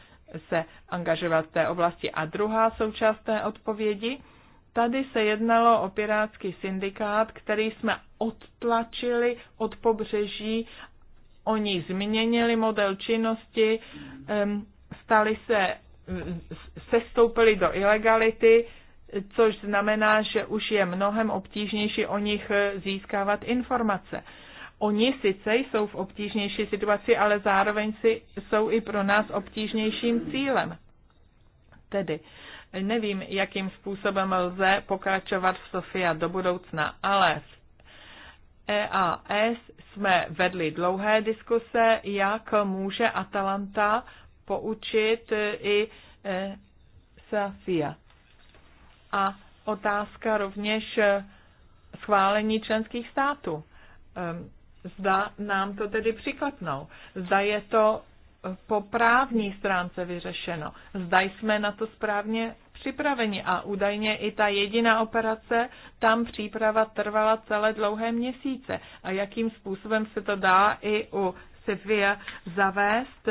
se angažovat v té oblasti. A druhá součást té odpovědi, tady se jednalo o pirátský syndikát, který jsme odtlačili od pobřeží Oni změnili model činnosti, stali se, sestoupili do ilegality, což znamená, že už je mnohem obtížnější o nich eh, získávat informace. Oni sice jsou v obtížnější situaci, ale zároveň si, jsou i pro nás obtížnějším cílem. Tedy nevím, jakým způsobem lze pokračovat v Sofia do budoucna, ale v EAS jsme vedli dlouhé diskuse, jak může Atalanta poučit i e, Safia. A otázka rovněž e, schválení členských států. Ehm, zda nám to tedy přiklepnou. Zda je to po právní stránce vyřešeno. Zda jsme na to správně připraveni a údajně i ta jediná operace, tam příprava trvala celé dlouhé měsíce a jakým způsobem se to dá i u Sivia zavést,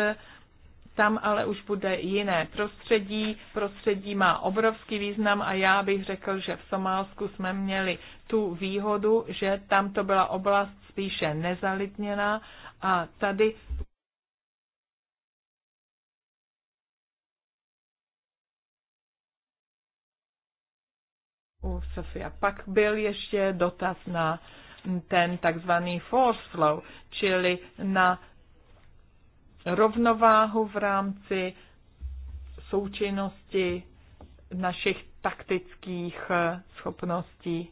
tam ale už bude jiné prostředí. Prostředí má obrovský význam a já bych řekl, že v Somálsku jsme měli tu výhodu, že tam to byla oblast spíše nezalitněná a tady u Sofia. Pak byl ještě dotaz na ten takzvaný force flow, čili na rovnováhu v rámci součinnosti našich taktických schopností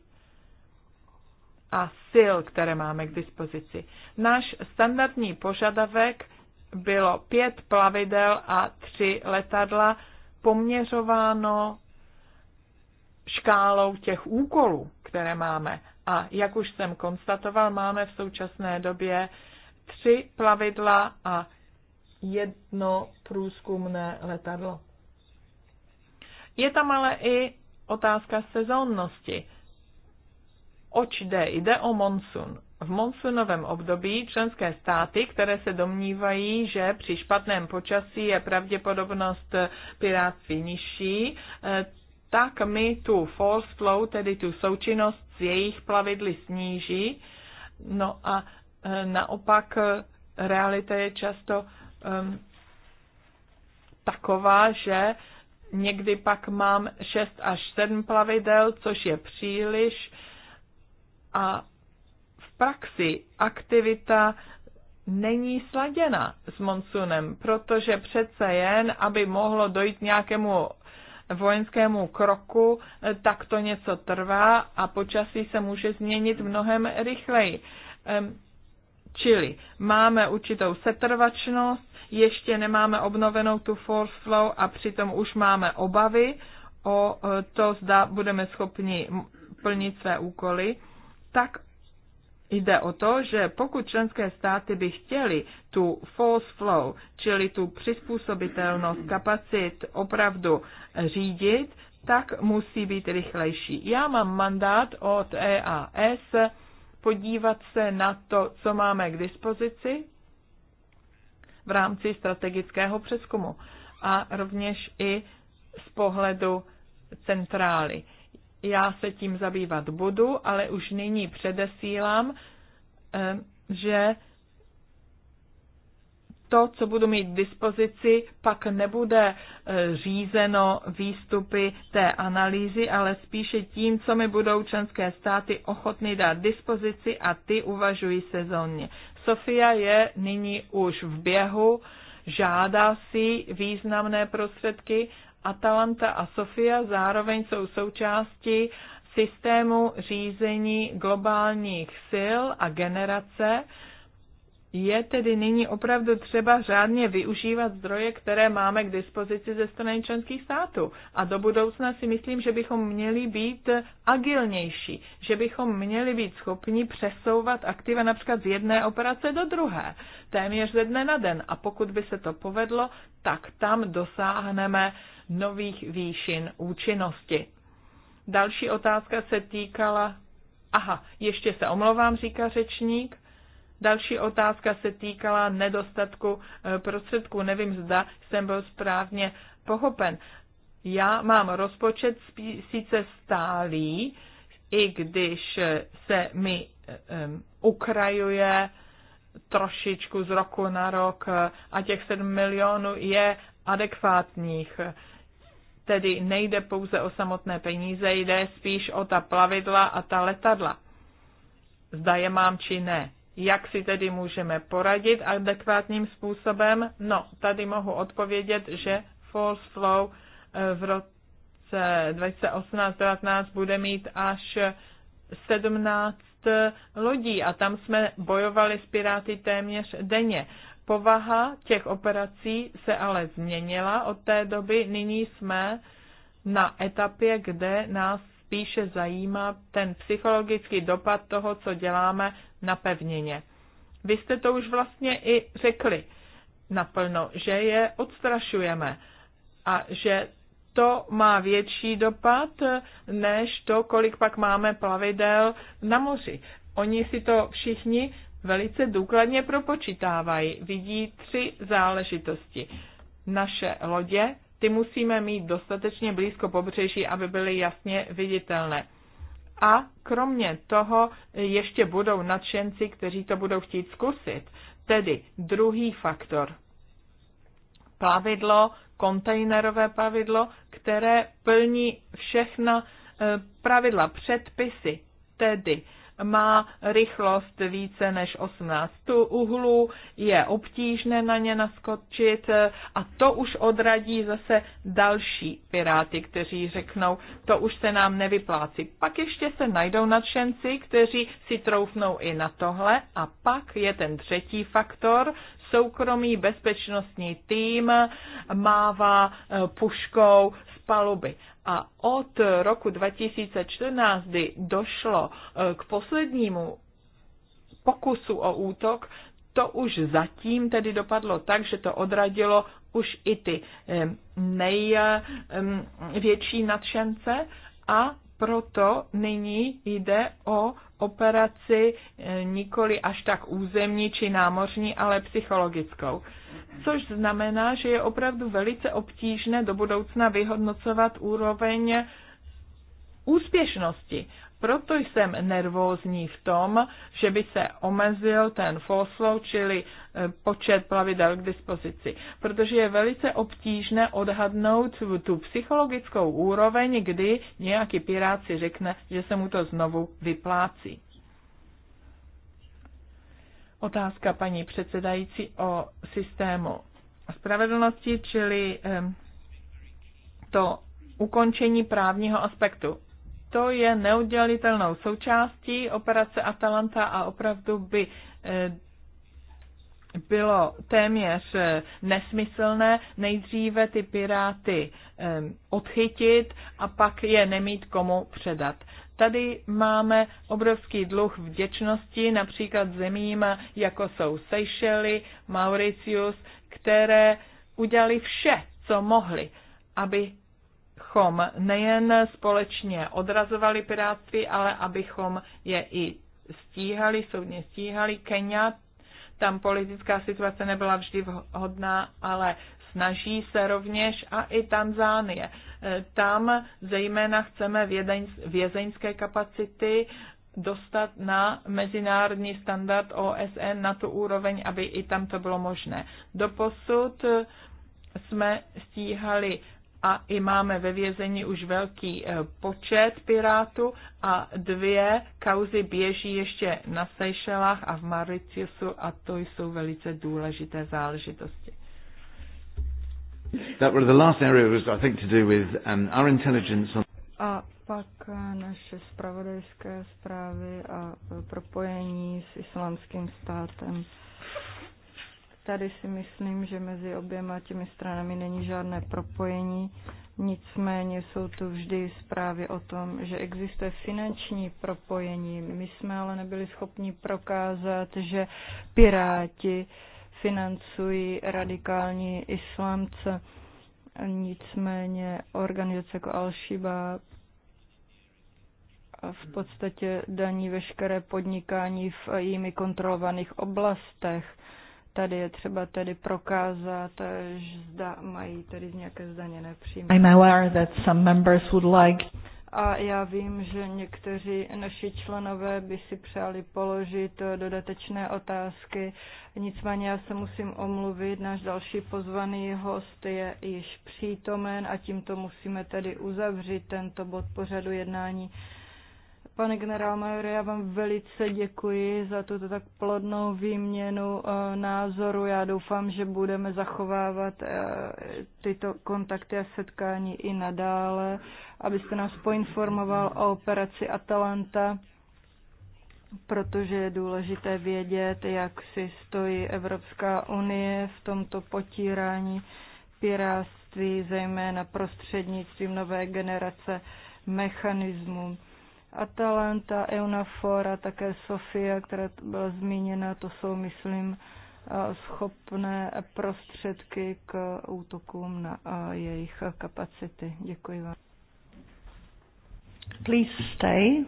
a sil, které máme k dispozici. Náš standardní požadavek bylo pět plavidel a tři letadla poměřováno škálou těch úkolů, které máme. A jak už jsem konstatoval, máme v současné době tři plavidla a jedno průzkumné letadlo. Je tam ale i otázka sezónnosti. Oč jde? Jde o monsun. V monsunovém období členské státy, které se domnívají, že při špatném počasí je pravděpodobnost pirátství nižší, tak my tu false flow, tedy tu součinnost s jejich plavidly sníží. No a e, naopak e, realita je často um, taková, že někdy pak mám 6 až 7 plavidel, což je příliš. A v praxi aktivita není sladěna s monsunem, protože přece jen, aby mohlo dojít nějakému vojenskému kroku, tak to něco trvá a počasí se může změnit mnohem rychleji. Čili máme určitou setrvačnost, ještě nemáme obnovenou tu force flow a přitom už máme obavy o e, to, zda budeme schopni plnit své úkoly, tak Jde o to, že pokud členské státy by chtěly tu false flow, čili tu přizpůsobitelnost kapacit opravdu řídit, tak musí být rychlejší. Já mám mandát od EAS podívat se na to, co máme k dispozici v rámci strategického přeskumu a rovněž i z pohledu centrály já se tím zabývat budu, ale už nyní předesílám, eh, že to, co budu mít k dispozici, pak nebude eh, řízeno výstupy té analýzy, ale spíše tím, co mi budou členské státy ochotny dát dispozici a ty uvažují sezónně. Sofia je nyní už v běhu, žádá si významné prostředky Atalanta a Sofia zároveň jsou součástí systému řízení globálních sil a generace, je tedy nyní opravdu třeba řádně využívat zdroje, které máme k dispozici ze strany členských států. A do budoucna si myslím, že bychom měli být agilnější, že bychom měli být schopni přesouvat aktiva například z jedné operace do druhé, téměř ze dne na den. A pokud by se to povedlo, tak tam dosáhneme nových výšin účinnosti. Další otázka se týkala. Aha, ještě se omlouvám, říká řečník Další otázka se týkala nedostatku eh, prostředků. Nevím, zda jsem byl správně pochopen. Já mám rozpočet sice stálý, i když se mi um, ukrajuje trošičku z roku na rok a těch 7 milionů je adekvátních. Tedy nejde pouze o samotné peníze, jde spíš o ta plavidla a ta letadla. Zda je mám či ne. Jak si tedy můžeme poradit adekvátním způsobem? No, tady mohu odpovědět, že false flow eh, v roce 2018-2019 bude mít až 17 lodí a tam jsme bojovali s piráty téměř denně. Povaha těch operací se ale změnila od té doby. Nyní jsme na etapě, kde nás spíše zajímá ten psychologický dopad toho, co děláme na pevnině. Vy jste to už vlastně i řekli naplno, že je odstrašujeme a že to má větší dopad než to, kolik pak máme plavidel na moři. Oni si to všichni velice důkladně propočítávají. Vidí tři záležitosti. Naše lodě ty musíme mít dostatečně blízko pobřeží, aby byly jasně viditelné. A kromě toho ještě budou nadšenci, kteří to budou chtít zkusit. Tedy druhý faktor. Plavidlo, kontejnerové plavidlo, které plní všechna eh, pravidla, předpisy. Tedy má rychlost více než 18 uhlů, je obtížné na ně naskočit a to už odradí zase další piráty, kteří řeknou, to už se nám nevyplácí. Pak ještě se najdou nadšenci, kteří si troufnou i na tohle a pak je ten třetí faktor, soukromý bezpečnostní tým mává eh, puškou s paluby. A od roku 2014, kdy došlo e, k poslednímu pokusu o útok, to už zatím tedy dopadlo tak, že to odradilo už i ty největší nadšence a proto nyní jde o operaci e, nikoli až tak územní či námořní, ale psychologickou. Což znamená, že je opravdu velice obtížné do budoucna vyhodnocovat úroveň úspěšnosti proto jsem nervózní v tom, že by se omezil ten foslou, čili e, počet plavidel k dispozici, protože je velice obtížné odhadnout tu psychologickou úroveň, kdy nějaký pirát si řekne, že se mu to znovu vyplácí. Otázka paní předsedající o systému spravedlnosti, čili to ukončení právního aspektu to je neudělitelnou součástí operace Atalanta a opravdu by eh, bylo téměř eh, nesmyslné nejdříve ty piráty eh, odchytit a pak je nemít komu předat. Tady máme obrovský dluh vděčnosti například zemím, jako jsou Seychely, Mauritius, které udělali vše, co mohli, aby abychom nejen společně odrazovali pirátství, ale abychom je i stíhali, soudně stíhali. Kenia, tam politická situace nebyla vždy vhodná, ale snaží se rovněž a i Tanzánie. Tam zejména chceme vězeňské kapacity dostat na mezinárodní standard OSN na tu úroveň, aby i tam to bylo možné. Doposud jsme stíhali a i máme ve vězení už velký eh, počet pirátů a dvě kauzy běží ještě na Seychelách a v Mauritiusu a to jsou velice důležité záležitosti. That the last area was, I think, to do with um, our intelligence on... A pak eh, naše spravodajské zprávy a eh, propojení s islámským státem. Tady si myslím, že mezi oběma těmi stranami není žádné propojení, nicméně jsou tu vždy zprávy o tom, že existuje finanční propojení. My jsme ale nebyli schopni prokázat, že piráti financují radikální islamce. Nicméně organizace jako Al-Shiba v podstatě daní veškeré podnikání v jimi kontrolovaných oblastech Tady je třeba tedy prokázat, že zda mají tedy nějaké zdaněné příjmy. I'm aware that some members would like a já vím, že někteří naši členové by si přáli položit dodatečné otázky. Nicméně já se musím omluvit, náš další pozvaný host je již přítomen a tímto musíme tedy uzavřít tento bod pořadu jednání. Pane generálmajore, já vám velice děkuji za tuto tak plodnou výměnu eh, názoru. Já doufám, že budeme zachovávat eh, tyto kontakty a setkání i nadále, abyste nás poinformoval o operaci Atalanta protože je důležité vědět, jak si stojí Evropská unie v tomto potírání piráctví, zejména prostřednictvím nové generace mechanismů. Atalanta, Eunafora, také Sofia, která byla zmíněna, to jsou, myslím, eh, schopné prostředky k útokům na eh, jejich kapacity. Děkuji vám. Please stay.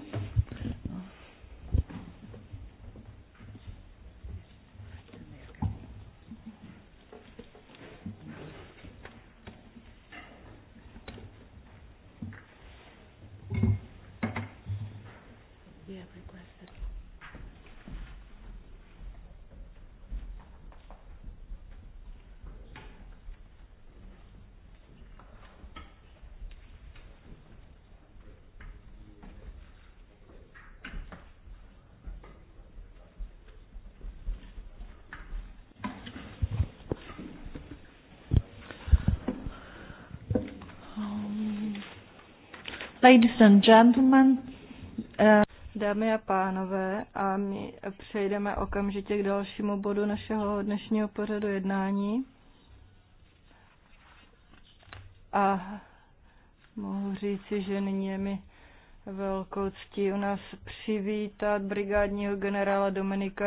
Ladies and gentlemen, eh, Dámy a pánové, a my přejdeme okamžitě k dalšímu bodu našeho dnešního pořadu jednání. A mohu říci, že nyní je mi velkou ctí u nás přivítat brigádního generála Dominika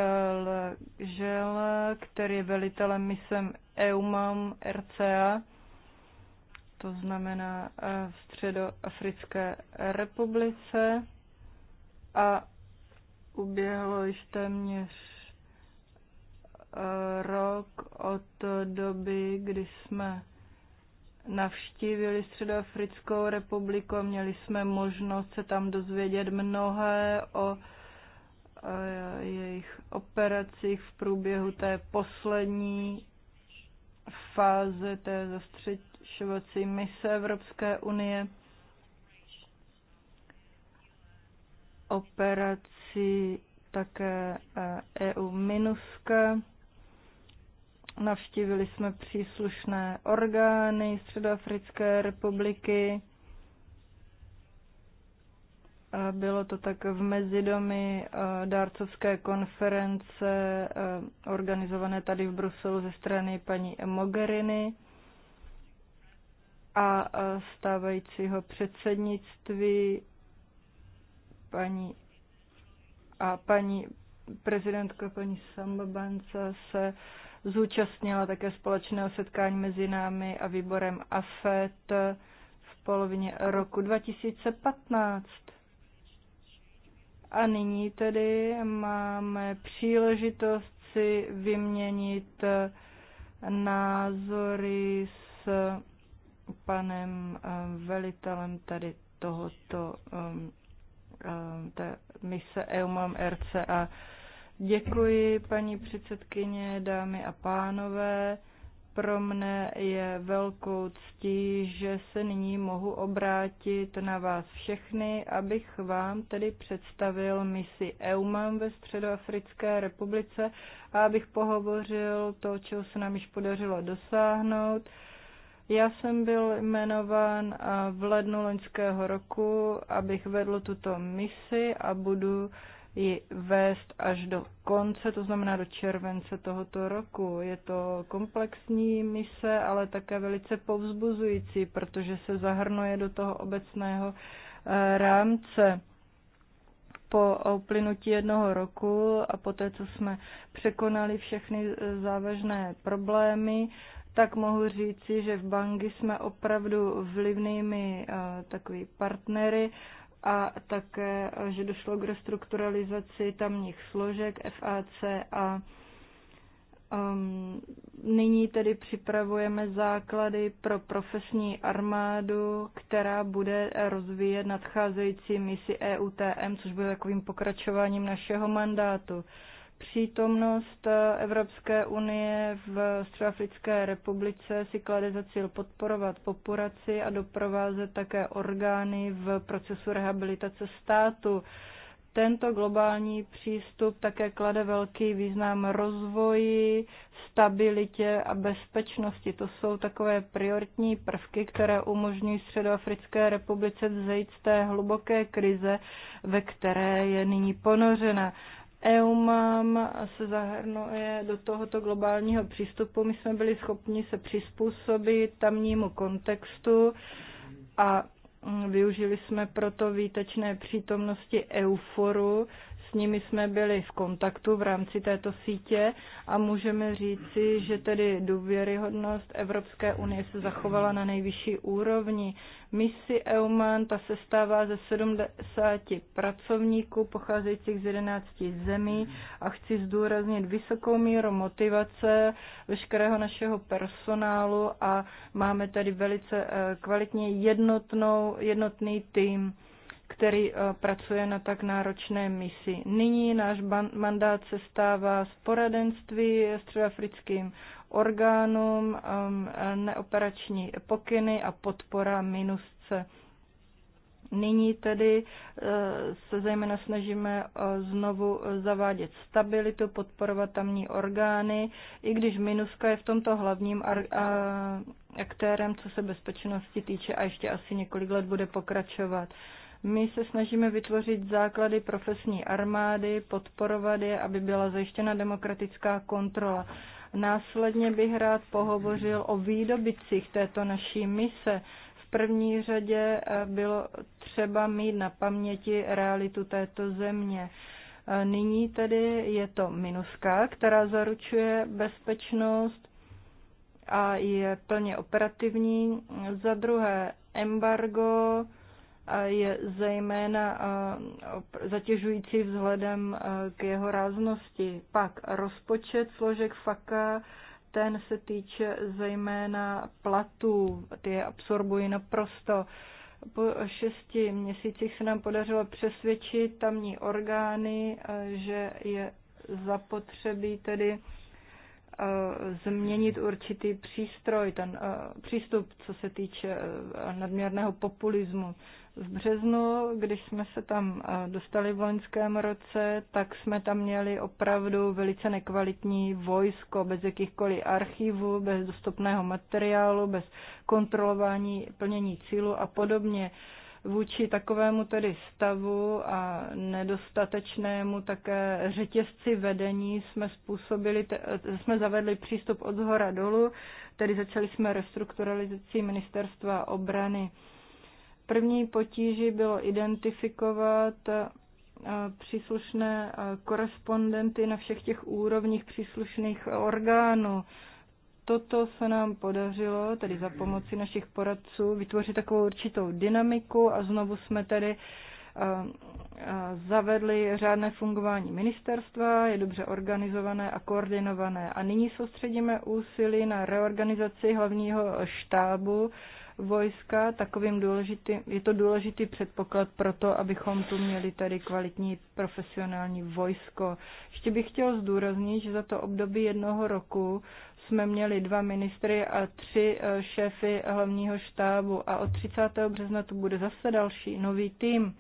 Žela, který je velitelem misem e EUMAM RCA to znamená eh, v Středoafrické republice a uběhlo již téměř eh, rok od doby, kdy jsme navštívili Středoafrickou republiku a měli jsme možnost se tam dozvědět mnohé o eh, jejich operacích v průběhu té poslední fáze té švocí mise Evropské unie, operací také EU eh, e Minuska. Navštívili jsme příslušné orgány Středoafrické republiky. Bylo to tak v mezidomy eh, dárcovské konference eh, organizované tady v Bruselu ze strany paní Mogherini a stávajícího předsednictví paní a paní prezidentka paní Sambabanca se zúčastnila také společného setkání mezi námi a výborem AFET v polovině roku 2015. A nyní tedy máme příležitost si vyměnit názory s panem eh, velitelem tady tohoto eh, eh, té mise EUMAM a Děkuji, paní předsedkyně, dámy a pánové. Pro mne je velkou ctí, že se nyní mohu obrátit na vás všechny, abych vám tedy představil misi EUMAM ve Středoafrické republice a abych pohovořil to, čeho se nám již podařilo dosáhnout já jsem byl jmenován v lednu loňského roku, abych vedl tuto misi a budu ji vést až do konce, to znamená do července tohoto roku. Je to komplexní mise, ale také velice povzbuzující, protože se zahrnuje do toho obecného eh, rámce po uplynutí jednoho roku a poté, co jsme překonali všechny eh, závažné problémy, tak mohu říci, že v Bangi jsme opravdu vlivnými eh, takový partnery a také, eh, že došlo k restrukturalizaci tamních složek FAC a Um, nyní tedy připravujeme základy pro profesní armádu, která bude rozvíjet nadcházející misi EUTM, což bude takovým pokračováním našeho mandátu. Uh, Přítomnost Evropské unie v Středoafrické republice si klade za cíl podporovat populaci a doprovázet také orgány v procesu rehabilitace státu. Tento globální přístup také klade velký význam rozvoji, stabilitě a bezpečnosti. To jsou takové prioritní prvky, které umožňují Středoafrické republice vzejít z té hluboké krize, ve které je nyní ponořena. EUMAM se zahrnuje do tohoto globálního přístupu. My jsme byli schopni se přizpůsobit tamnímu kontextu a využili jsme proto výtečné přítomnosti EUFORu, s nimi jsme byli v kontaktu v rámci této sítě a můžeme říci, že tedy důvěryhodnost Evropské unie se zachovala na nejvyšší úrovni. Misi EUMAN ta se stává ze 70 pracovníků pocházejících z 11 zemí a chci zdůraznit vysokou míru motivace veškerého našeho personálu a máme tady velice eh, kvalitně jednotnou, jednotný tým který eh, pracuje na tak náročné misi. Nyní náš mandát se stává z poradenství středoafrickým orgánům, neoperační pokyny a podpora minusce. Nyní tedy eh, se zejména snažíme eh, znovu zavádět stabilitu, podporovat tamní orgány, i když Minuska je v tomto hlavním aktérem, co se bezpečnosti týče a ještě asi několik let bude pokračovat. My se snažíme vytvořit základy profesní armády, podporovat je, aby byla zajištěna demokratická kontrola. Následně bych rád pohovořil o výdobicích této naší mise. V první řadě eh, bylo třeba mít na paměti realitu této země. Eh, nyní tedy je to MINUSKA, která zaručuje bezpečnost a je plně operativní. Za druhé embargo je zejména zatěžující vzhledem k jeho ráznosti. Pak rozpočet složek FAKA, ten se týče zejména platů, ty je absorbují naprosto. Po šesti měsících se nám podařilo přesvědčit tamní orgány, že je zapotřebí tedy změnit určitý přístroj, ten přístup, co se týče nadměrného populismu v březnu, když jsme se tam eh, dostali v loňském roce, tak jsme tam měli opravdu velice nekvalitní vojsko, bez jakýchkoliv archivů, bez dostupného materiálu, bez kontrolování plnění cílu a podobně. Vůči takovému tedy stavu a nedostatečnému také řetězci vedení jsme, způsobili, jsme zavedli přístup od zhora dolů, tedy začali jsme restrukturalizací ministerstva obrany. První potíží bylo identifikovat eh, příslušné eh, korespondenty na všech těch úrovních příslušných orgánů. Toto se nám podařilo, tedy za pomoci našich poradců, vytvořit takovou určitou dynamiku a znovu jsme tedy eh, zavedli řádné fungování ministerstva, je dobře organizované a koordinované. A nyní soustředíme úsilí na reorganizaci hlavního štábu, vojska, takovým důležitý, je to důležitý předpoklad pro to, abychom tu měli tady kvalitní profesionální vojsko. Ještě bych chtěl zdůraznit, že za to období jednoho roku jsme měli dva ministry a tři eh, šéfy hlavního štábu a od 30. března tu bude zase další nový tým.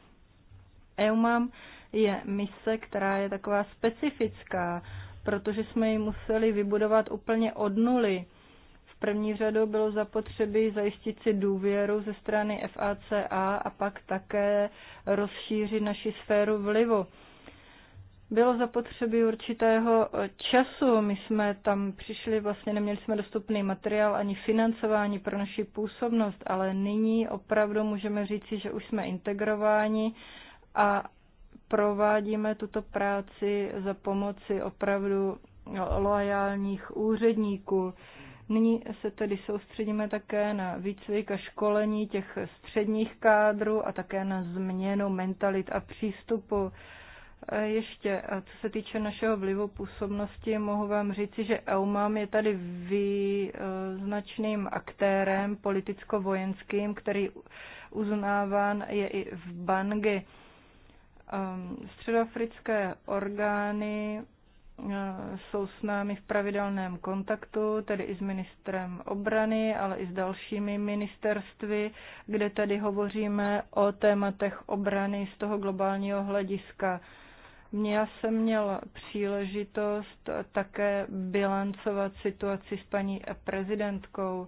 EUMAM je mise, která je taková specifická, protože jsme ji museli vybudovat úplně od nuly první řadu bylo zapotřebí zajistit si důvěru ze strany FACA a pak také rozšířit naši sféru vlivu. Bylo zapotřebí určitého času. My jsme tam přišli, vlastně neměli jsme dostupný materiál ani financování pro naši působnost, ale nyní opravdu můžeme říci, že už jsme integrováni a provádíme tuto práci za pomoci opravdu loajálních úředníků. Nyní se tedy soustředíme také na výcvik a školení těch středních kádrů a také na změnu mentalit a přístupu. Ještě, co se týče našeho vlivu působnosti, mohu vám říci, že EUMAM je tady význačným aktérem politicko-vojenským, který uznáván je i v Bangi. Ehm, středoafrické orgány jsou s námi v pravidelném kontaktu, tedy i s ministrem obrany, ale i s dalšími ministerstvy, kde tedy hovoříme o tématech obrany z toho globálního hlediska. Já jsem měl příležitost také bilancovat situaci s paní prezidentkou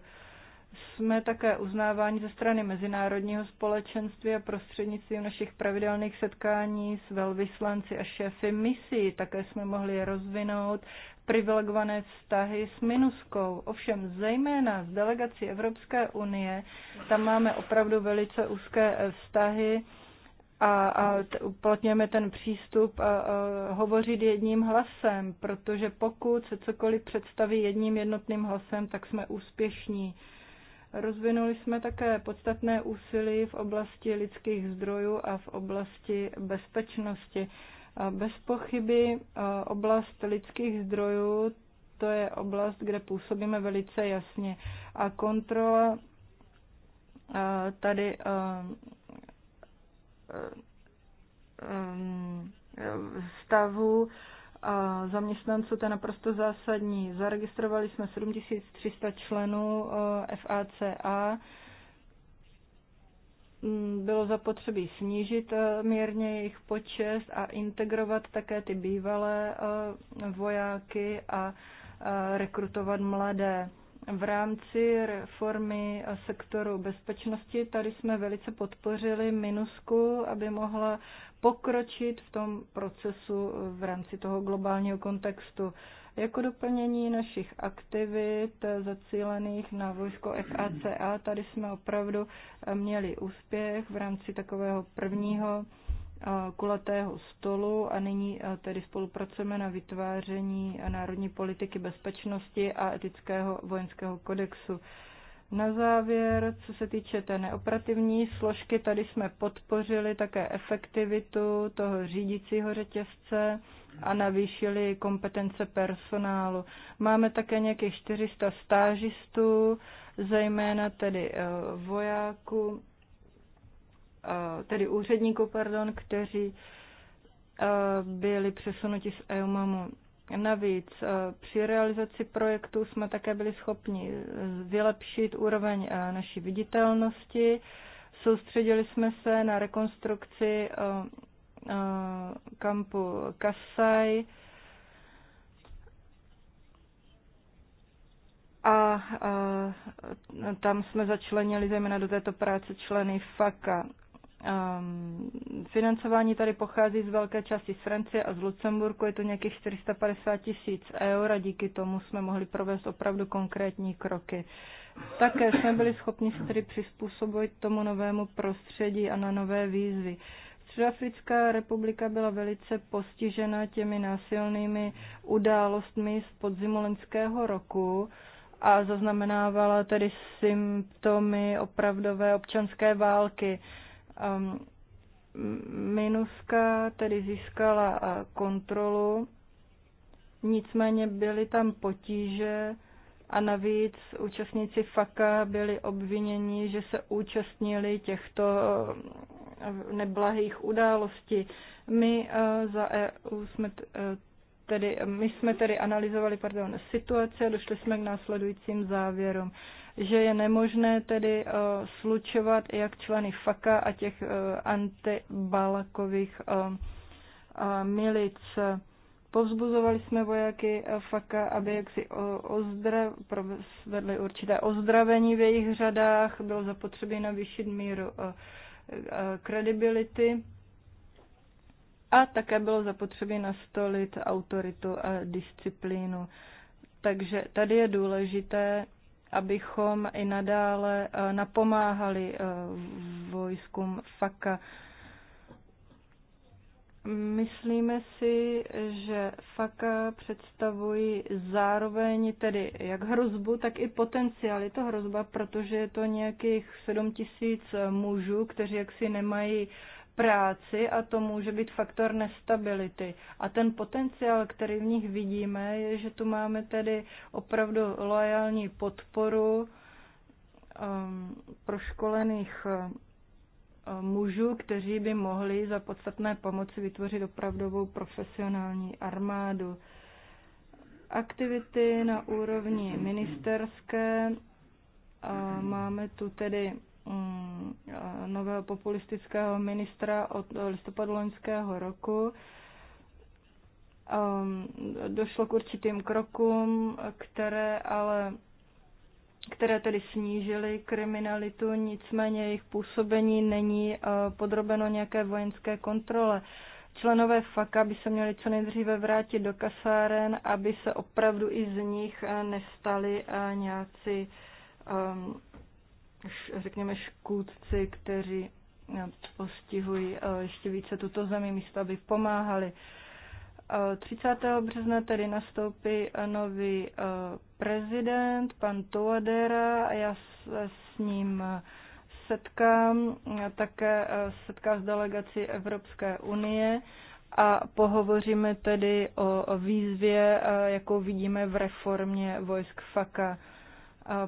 jsme také uznáváni ze strany mezinárodního společenství a prostřednictvím našich pravidelných setkání s velvyslanci a šéfy misí. Také jsme mohli rozvinout privilegované vztahy s Minuskou. Ovšem zejména s delegací Evropské unie, tam máme opravdu velice úzké vztahy a, a t, uplatňujeme ten přístup a, a hovořit jedním hlasem, protože pokud se cokoliv představí jedním jednotným hlasem, tak jsme úspěšní. Rozvinuli jsme také podstatné úsilí v oblasti lidských zdrojů a v oblasti bezpečnosti. Bez pochyby e, oblast lidských zdrojů to je oblast, kde působíme velice jasně. A kontrola e, tady e, stavu zaměstnanců, to je naprosto zásadní. Zaregistrovali jsme 7300 členů eh, FACA. Mm, bylo zapotřebí snížit eh, mírně jejich počest a integrovat také ty bývalé eh, vojáky a rekrutovat mladé v rámci reformy sektoru bezpečnosti. Tady jsme velice podpořili Minusku, aby mohla pokročit v tom procesu v rámci toho globálního kontextu. Jako doplnění našich aktivit zacílených na vojsko FACA, tady jsme opravdu měli úspěch v rámci takového prvního Eh, kulatého stolu a nyní eh, tedy spolupracujeme na vytváření národní politiky bezpečnosti a etického vojenského kodexu. Na závěr, co se týče té neoperativní složky, tady jsme podpořili také efektivitu toho řídícího řetězce a navýšili kompetence personálu. Máme také nějakých 400 stážistů, zejména tedy eh, vojáků Eh, tedy úředníků, pardon, kteří eh, byli přesunuti z EUMAMu. Navíc eh, při realizaci projektu jsme také byli schopni vylepšit úroveň naší viditelnosti. Soustředili jsme se na rekonstrukci kampu Kasaj a tam jsme začlenili zejména do této práce členy FAKA. Ehm, financování tady pochází z velké části z Francie a z Lucemburku, je to nějakých 450 tisíc eur a díky tomu jsme mohli provést opravdu konkrétní kroky. Také jsme byli schopni se tedy přizpůsobit tomu novému prostředí a na nové výzvy. Středoafrická republika byla velice postižena těmi násilnými událostmi z podzimu roku a zaznamenávala tedy symptomy opravdové občanské války. Ehm, Minuska tedy získala eh, kontrolu, nicméně byly tam potíže a navíc účastníci FAKA byli obviněni, že se účastnili těchto eh, neblahých událostí. My eh, za EU jsme tedy, my jsme tedy analyzovali pardon, situaci a došli jsme k následujícím závěrům, že je nemožné tedy uh, slučovat jak členy FAKA a těch uh, eh, antibalakových uh, eh, uh, milic. Povzbuzovali jsme vojáky FAKA, aby jaksi ozdrav, vedli určité ozdravení v jejich řadách, bylo zapotřebí navýšit míru kredibility. Uh, uh, a také bylo zapotřebí nastolit autoritu a disciplínu. Takže tady je důležité, abychom i nadále e, napomáhali e, vojskům FAKA. Myslíme si, že FAKA představují zároveň tedy jak hrozbu, tak i potenciál. Je to hrozba, protože je to nějakých 7 tisíc mužů, kteří jaksi nemají uh, práci a to může být faktor nestability. A ten potenciál, který v nich vidíme, je, že tu máme tedy opravdu loajální podporu um, proškolených um, mužů, kteří by mohli za podstatné pomoci vytvořit opravdovou profesionální armádu. Aktivity na úrovni ministerské. Máme tu tedy Mm, eh, nového populistického ministra od listopadu loňského roku. Ehm, došlo k určitým krokům, které ale které tedy snížily kriminalitu, nicméně jejich působení není eh, podrobeno nějaké vojenské kontrole. Členové FAKA by se měli co nejdříve vrátit do kasáren, aby se opravdu i z nich eh, nestali nějací um, řekněme, škůdci, kteří eh, postihují eh, ještě více tuto zemi, místo aby pomáhali. 30. Eh, března tedy nastoupí nový prezident, pan Tuadera, a já se s ním setkám, také setkám s delegací Evropské unie a pohovoříme tedy o výzvě, jakou vidíme v reformě vojsk FAKA.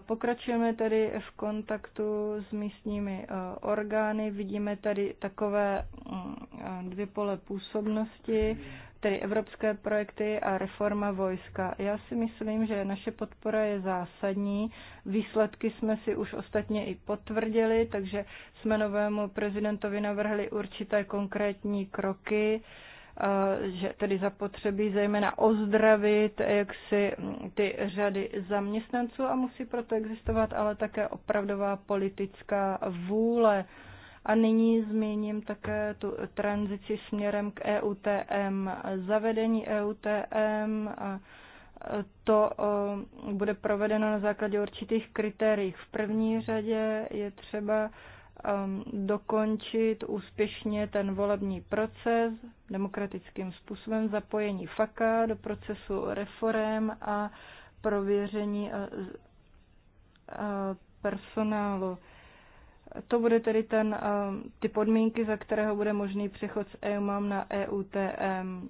Pokračujeme tedy v kontaktu s místními e, orgány. Vidíme tady takové mm, e, dvě pole působnosti, tedy evropské projekty a reforma vojska. Já si myslím, že naše podpora je zásadní. Výsledky jsme si už ostatně i potvrdili, takže jsme novému prezidentovi navrhli určité konkrétní kroky Eh, že tedy zapotřebí zejména ozdravit eh, jak si mm, ty řady zaměstnanců a musí proto existovat ale také opravdová politická vůle. A nyní zmíním také tu tranzici směrem k EUTM, zavedení EUTM a eh, to bude provedeno na základě určitých kritérií. V první řadě je třeba Um, dokončit úspěšně ten volební proces demokratickým způsobem zapojení FAKA do procesu reform a prověření uh, uh, personálu. To bude tedy ten, um, ty podmínky, za kterého bude možný přechod z EUMAM na EUTM.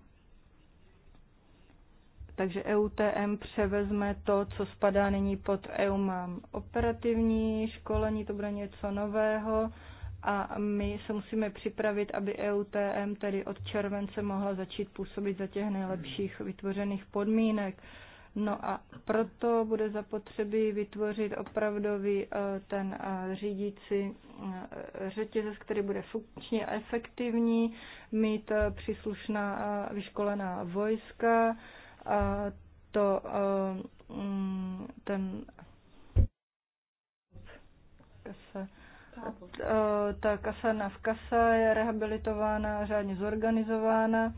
Takže EUTM převezme to, co spadá nyní pod EUMAM. Operativní školení to bude něco nového a my se musíme připravit, aby EUTM tedy od července mohla začít působit za těch nejlepších vytvořených podmínek. No a proto bude zapotřebí vytvořit opravdový eh, ten eh, řídící eh, řetězec, který bude funkčně efektivní, mít příslušná vyškolená vojska, to, mm, ten kase. Ta kasárna v Kasa je rehabilitována, řádně zorganizována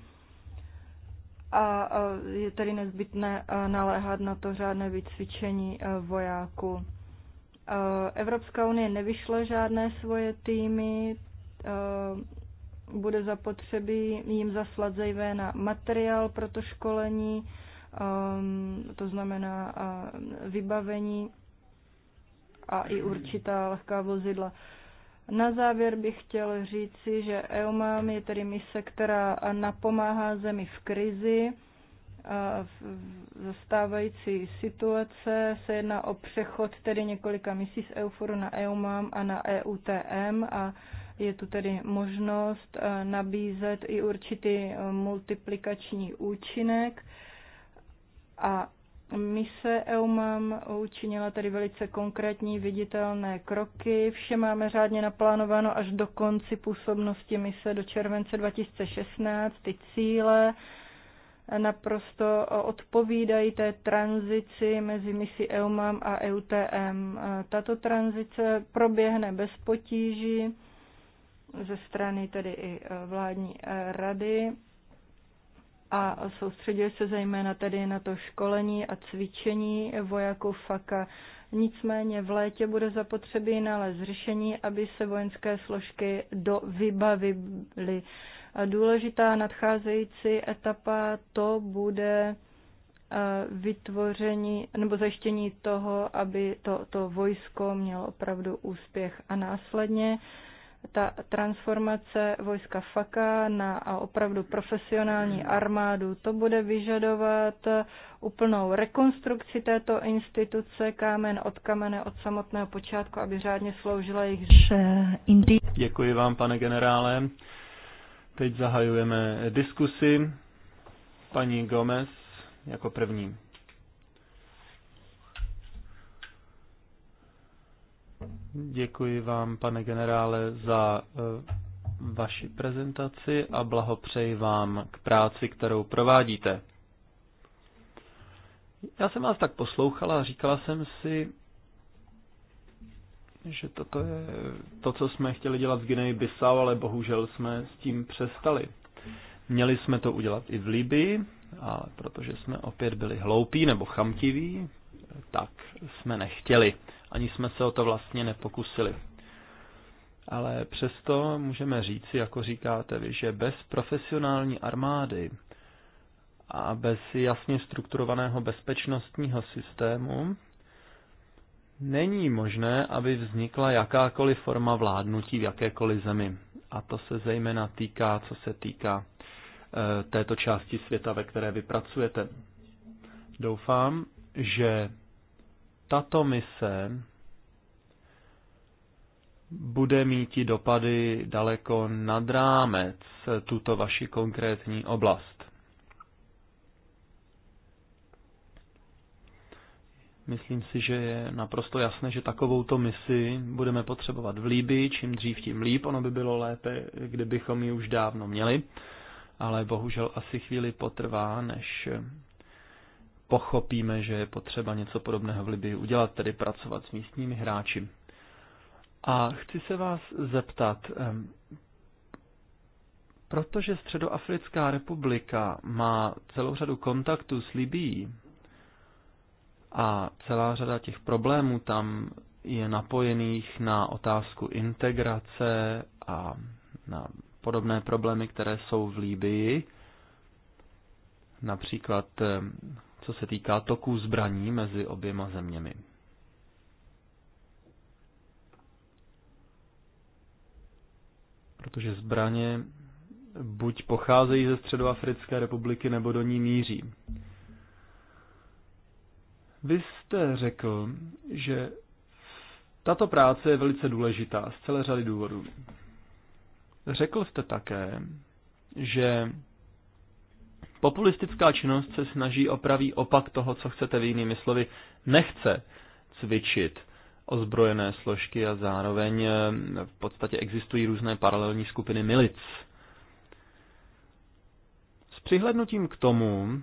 a je tedy nezbytné naléhat na to řádné vycvičení vojáků. Evropská unie nevyšle žádné svoje týmy, bude zapotřebí jim zaslat zejména materiál pro to školení, um, to znamená vybavení a i určitá lehká vozidla. Na závěr bych chtěl říci, že EOMAM je tedy mise, která napomáhá zemi v krizi, zastávající situace. Se jedná o přechod tedy několika misí z EUFORu na EOMAM a na EUTM a je tu tedy možnost eh, nabízet i určitý eh, multiplikační účinek a mise EUMAM učinila tedy velice konkrétní viditelné kroky. Vše máme řádně naplánováno až do konci působnosti mise do července 2016. Ty cíle naprosto eh, odpovídají té tranzici mezi misi EUMAM a EUTM. Tato tranzice proběhne bez potíží ze strany tedy i e, vládní e, rady a soustředil se zejména tedy na to školení a cvičení vojáků FAKA. Nicméně v létě bude zapotřebí nalézt řešení, aby se vojenské složky do dovybavily. Důležitá nadcházející etapa to bude e, vytvoření nebo zajištění toho, aby to, to vojsko mělo opravdu úspěch. A následně uh, ta transformace vojska FAKA na opravdu profesionální armádu, to bude vyžadovat úplnou rekonstrukci této instituce kámen od kamene od samotného počátku, aby řádně sloužila jejich Děkuji vám, pane generále. Teď zahajujeme diskusi. Paní Gomez jako první. Děkuji vám, pane generále, za eh, vaši prezentaci a blahopřeji vám k práci, kterou provádíte. Já jsem vás tak poslouchala a říkala jsem si, že toto je to, co jsme chtěli dělat v Guinea Bissau, ale bohužel jsme s tím přestali. Měli jsme to udělat i v Libii, ale protože jsme opět byli hloupí nebo chamtiví, tak jsme nechtěli ani jsme se o to vlastně nepokusili. Ale přesto můžeme říci, jako říkáte vy, že bez profesionální armády a bez jasně strukturovaného bezpečnostního systému není možné, aby vznikla jakákoliv forma vládnutí v jakékoliv zemi. A to se zejména týká, co se týká e, této části světa, ve které vy pracujete. Doufám, že tato mise bude mít dopady daleko nad rámec tuto vaši konkrétní oblast. Myslím si, že je naprosto jasné, že takovouto misi budeme potřebovat v Líbii, čím dřív, tím líp. Ono by bylo lépe, kdybychom ji už dávno měli, ale bohužel asi chvíli potrvá, než pochopíme, že je potřeba něco podobného v Libii udělat, tedy pracovat s místními hráči. A chci se vás zeptat, protože Středoafrická republika má celou řadu kontaktů s Libií a celá řada těch problémů tam je napojených na otázku integrace a na podobné problémy, které jsou v Libii, například co se týká toků zbraní mezi oběma zeměmi. Protože zbraně buď pocházejí ze Středoafrické republiky, nebo do ní míří. Vy jste řekl, že tato práce je velice důležitá z celé řady důvodů. Řekl jste také, že Populistická činnost se snaží o pravý opak toho, co chcete v jinými slovy. Nechce cvičit ozbrojené složky a zároveň eh, v podstatě existují různé paralelní skupiny milic. S přihlednutím k tomu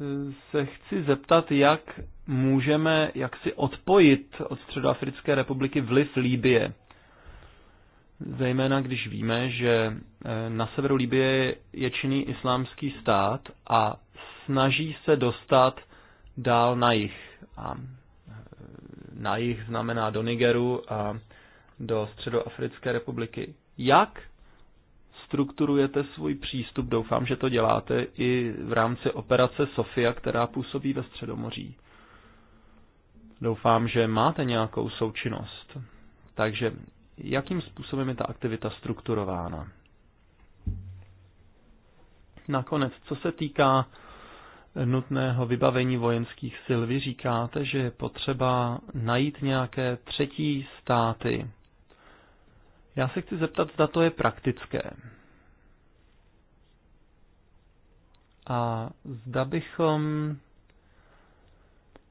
eh, se chci zeptat, jak můžeme jaksi odpojit od Středoafrické republiky vliv Líbie zejména když víme, že eh, na severu Libie je činný islámský stát a snaží se dostat dál na jich. A eh, na jich znamená do Nigeru a do Středoafrické republiky. Jak strukturujete svůj přístup? Doufám, že to děláte i v rámci operace Sofia, která působí ve Středomoří. Doufám, že máte nějakou součinnost. Takže jakým způsobem je ta aktivita strukturována. Nakonec, co se týká nutného vybavení vojenských sil, vy říkáte, že je potřeba najít nějaké třetí státy. Já se chci zeptat, zda to je praktické. A zda bychom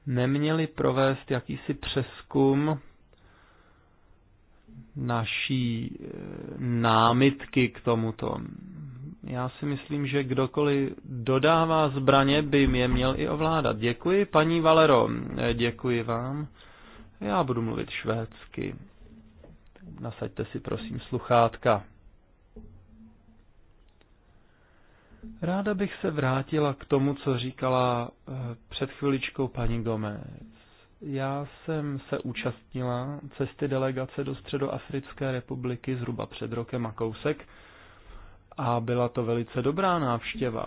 neměli provést jakýsi přeskum naší eh, námitky k tomuto. Já si myslím, že kdokoliv dodává zbraně, by je měl i ovládat. Děkuji, paní Valero. Eh, děkuji vám. Já budu mluvit švédsky. Nasaďte si prosím sluchátka. Ráda bych se vrátila k tomu, co říkala eh, před chviličkou paní Gomez. Já jsem se účastnila cesty delegace do Středoafrické republiky zhruba před rokem a kousek a byla to velice dobrá návštěva.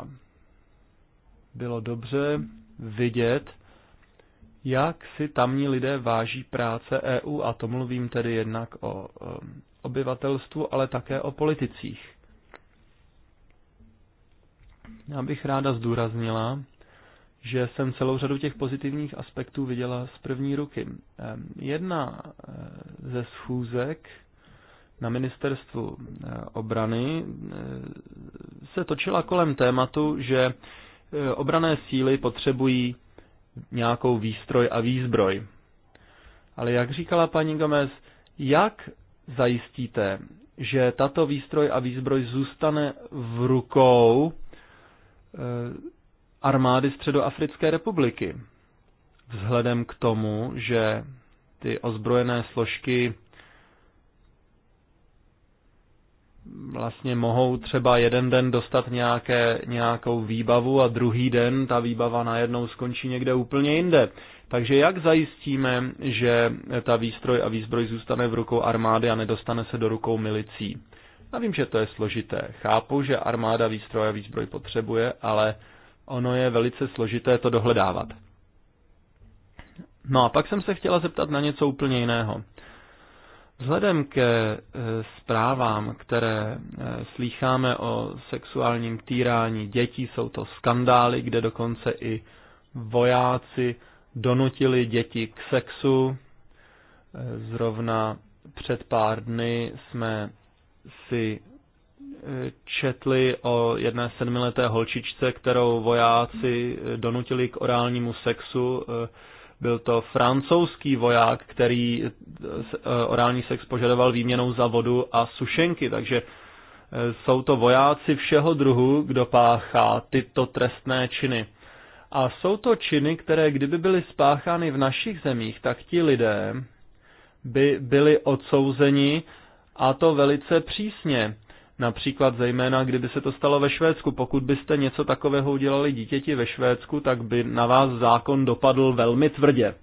Bylo dobře vidět, jak si tamní lidé váží práce EU, a to mluvím tedy jednak o obyvatelstvu, ale také o politicích. Já bych ráda zdůraznila, že jsem celou řadu těch pozitivních aspektů viděla z první ruky. Jedna eh, ze schůzek na ministerstvu eh, obrany eh, se točila kolem tématu, že obrané síly potřebují nějakou výstroj a výzbroj. Ale jak říkala paní Gomez, jak zajistíte, že tato výstroj a výzbroj zůstane v rukou armády Středoafrické republiky. Vzhledem k tomu, že ty ozbrojené složky vlastně mohou třeba jeden den dostat nějaké, nějakou výbavu a druhý den ta výbava najednou skončí někde úplně jinde. Takže jak zajistíme, že ta výstroj a výzbroj zůstane v rukou armády a nedostane se do rukou milicí? Já vím, že to je složité. Chápu, že armáda výstroj a výzbroj potřebuje, ale ono je velice složité to dohledávat. No a pak jsem se chtěla zeptat na něco úplně jiného. Vzhledem ke eh, zprávám, které eh, slýcháme o sexuálním týrání dětí, jsou to skandály, kde dokonce i vojáci donutili děti k sexu. Eh, zrovna před pár dny jsme si četli o jedné sedmileté holčičce, kterou vojáci donutili k orálnímu sexu. Byl to francouzský voják, který eh, eh, orální sex požadoval výměnou za vodu a sušenky, takže eh, jsou to vojáci všeho druhu, kdo páchá tyto trestné činy. A jsou to činy, které kdyby byly spáchány v našich zemích, tak ti lidé by byli odsouzeni a to velice přísně. Například zejména, kdyby se to stalo ve Švédsku. Pokud byste něco takového udělali dítěti ve Švédsku, tak by na vás zákon dopadl velmi tvrdě.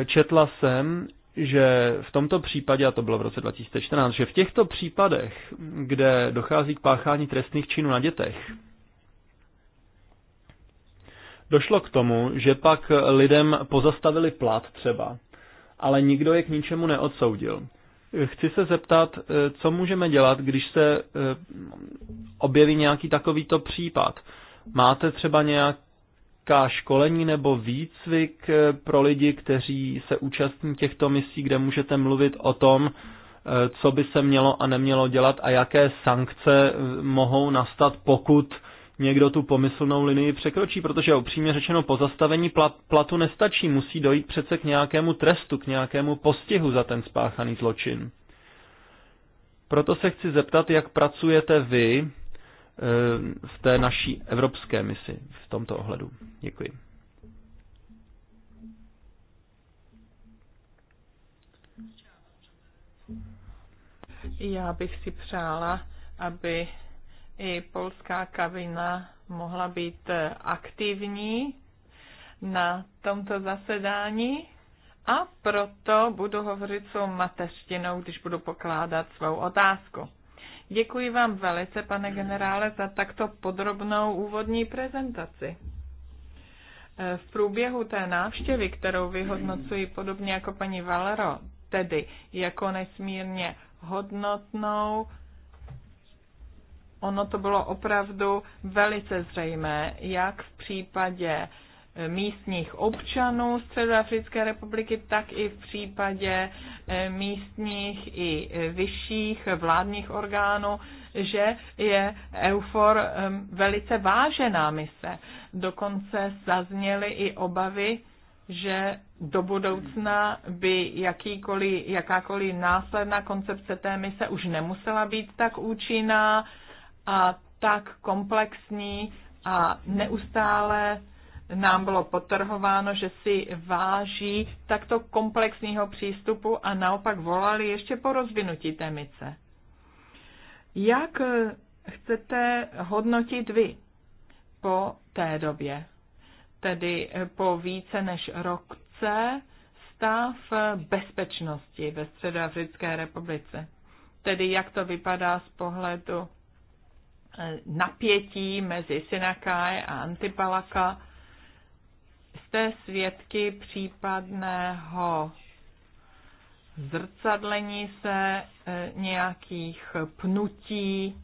Eh, četla jsem, že v tomto případě, a to bylo v roce 2014, že v těchto případech, kde dochází k páchání trestných činů na dětech, došlo k tomu, že pak lidem pozastavili plat třeba, ale nikdo je k ničemu neodsoudil. Chci se zeptat, eh, co můžeme dělat, když se eh, objeví nějaký takovýto případ. Máte třeba nějaká školení nebo výcvik eh, pro lidi, kteří se účastní těchto misí, kde můžete mluvit o tom, co by se mělo a nemělo dělat a jaké sankce mohou nastat, pokud někdo tu pomyslnou linii překročí, protože upřímně řečeno pozastavení platu nestačí, musí dojít přece k nějakému trestu, k nějakému postihu za ten spáchaný zločin. Proto se chci zeptat, jak pracujete vy e, v té naší evropské misi v tomto ohledu. Děkuji. Já bych si přála, aby i polská kabina mohla být e, aktivní na tomto zasedání a proto budu hovořit svou mateřštinou, když budu pokládat svou otázku. Děkuji vám velice, pane generále, za takto podrobnou úvodní prezentaci. E, v průběhu té návštěvy, kterou vyhodnocuji podobně jako paní Valero, tedy jako nesmírně hodnotnou, ono to bylo opravdu velice zřejmé, jak v případě eh, místních občanů Středoafrické republiky, tak i v případě eh, místních i eh, vyšších vládních orgánů, že je EUFOR ehm, velice vážená mise. Dokonce zazněly i obavy, že do budoucna by jakýkoliv, jakákoliv následná koncepce té mise už nemusela být tak účinná, a tak komplexní a neustále nám bylo potrhováno, že si váží takto komplexního přístupu a naopak volali ještě po rozvinutí té mice. Jak chcete hodnotit vy po té době, tedy po více než roce, stav bezpečnosti ve Středoafrické republice? Tedy jak to vypadá z pohledu napětí mezi Sinakai a Antipalaka. Jste svědky případného zrcadlení se e, nějakých pnutí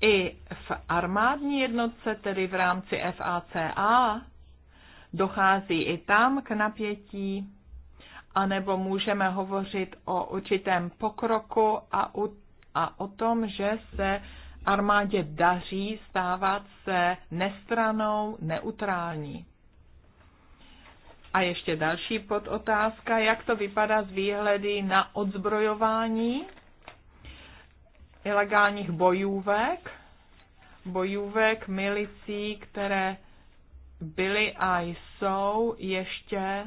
i v armádní jednotce, tedy v rámci FACA, dochází i tam k napětí, anebo můžeme hovořit o určitém pokroku a, u, a o tom, že se armádě daří stávat se nestranou, neutrální. A ještě další podotázka, jak to vypadá z výhledy na odzbrojování ilegálních bojůvek, bojůvek, milicí, které byly a jsou ještě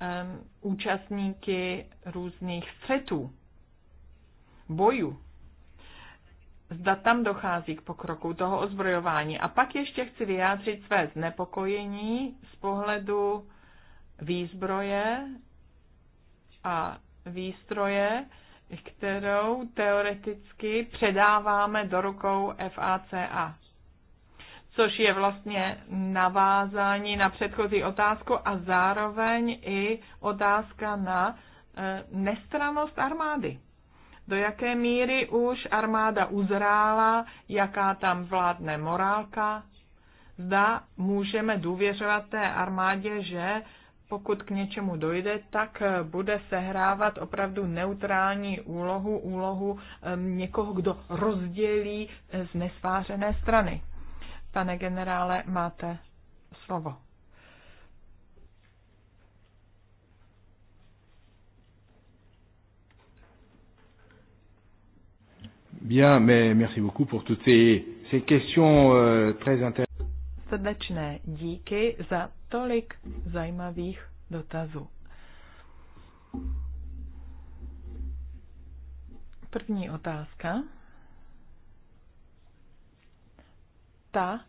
um, účastníky různých střetů, bojů zda tam dochází k pokroku toho ozbrojování. A pak ještě chci vyjádřit své znepokojení z pohledu výzbroje a výstroje, kterou teoreticky předáváme do rukou FACA. Což je vlastně navázání na předchozí otázku a zároveň i otázka na eh, nestranost armády do jaké míry už armáda uzrála, jaká tam vládne morálka, zda můžeme důvěřovat té armádě, že pokud k něčemu dojde, tak eh, bude sehrávat opravdu neutrální úlohu, úlohu ehm, někoho, kdo rozdělí eh, z nesvářené strany. Pane generále, máte slovo. Bien, mais merci beaucoup pour toutes ces, ces questions euh, très intéressantes. Srdečné díky za tolik zajímavých dotazů. První otázka. Ta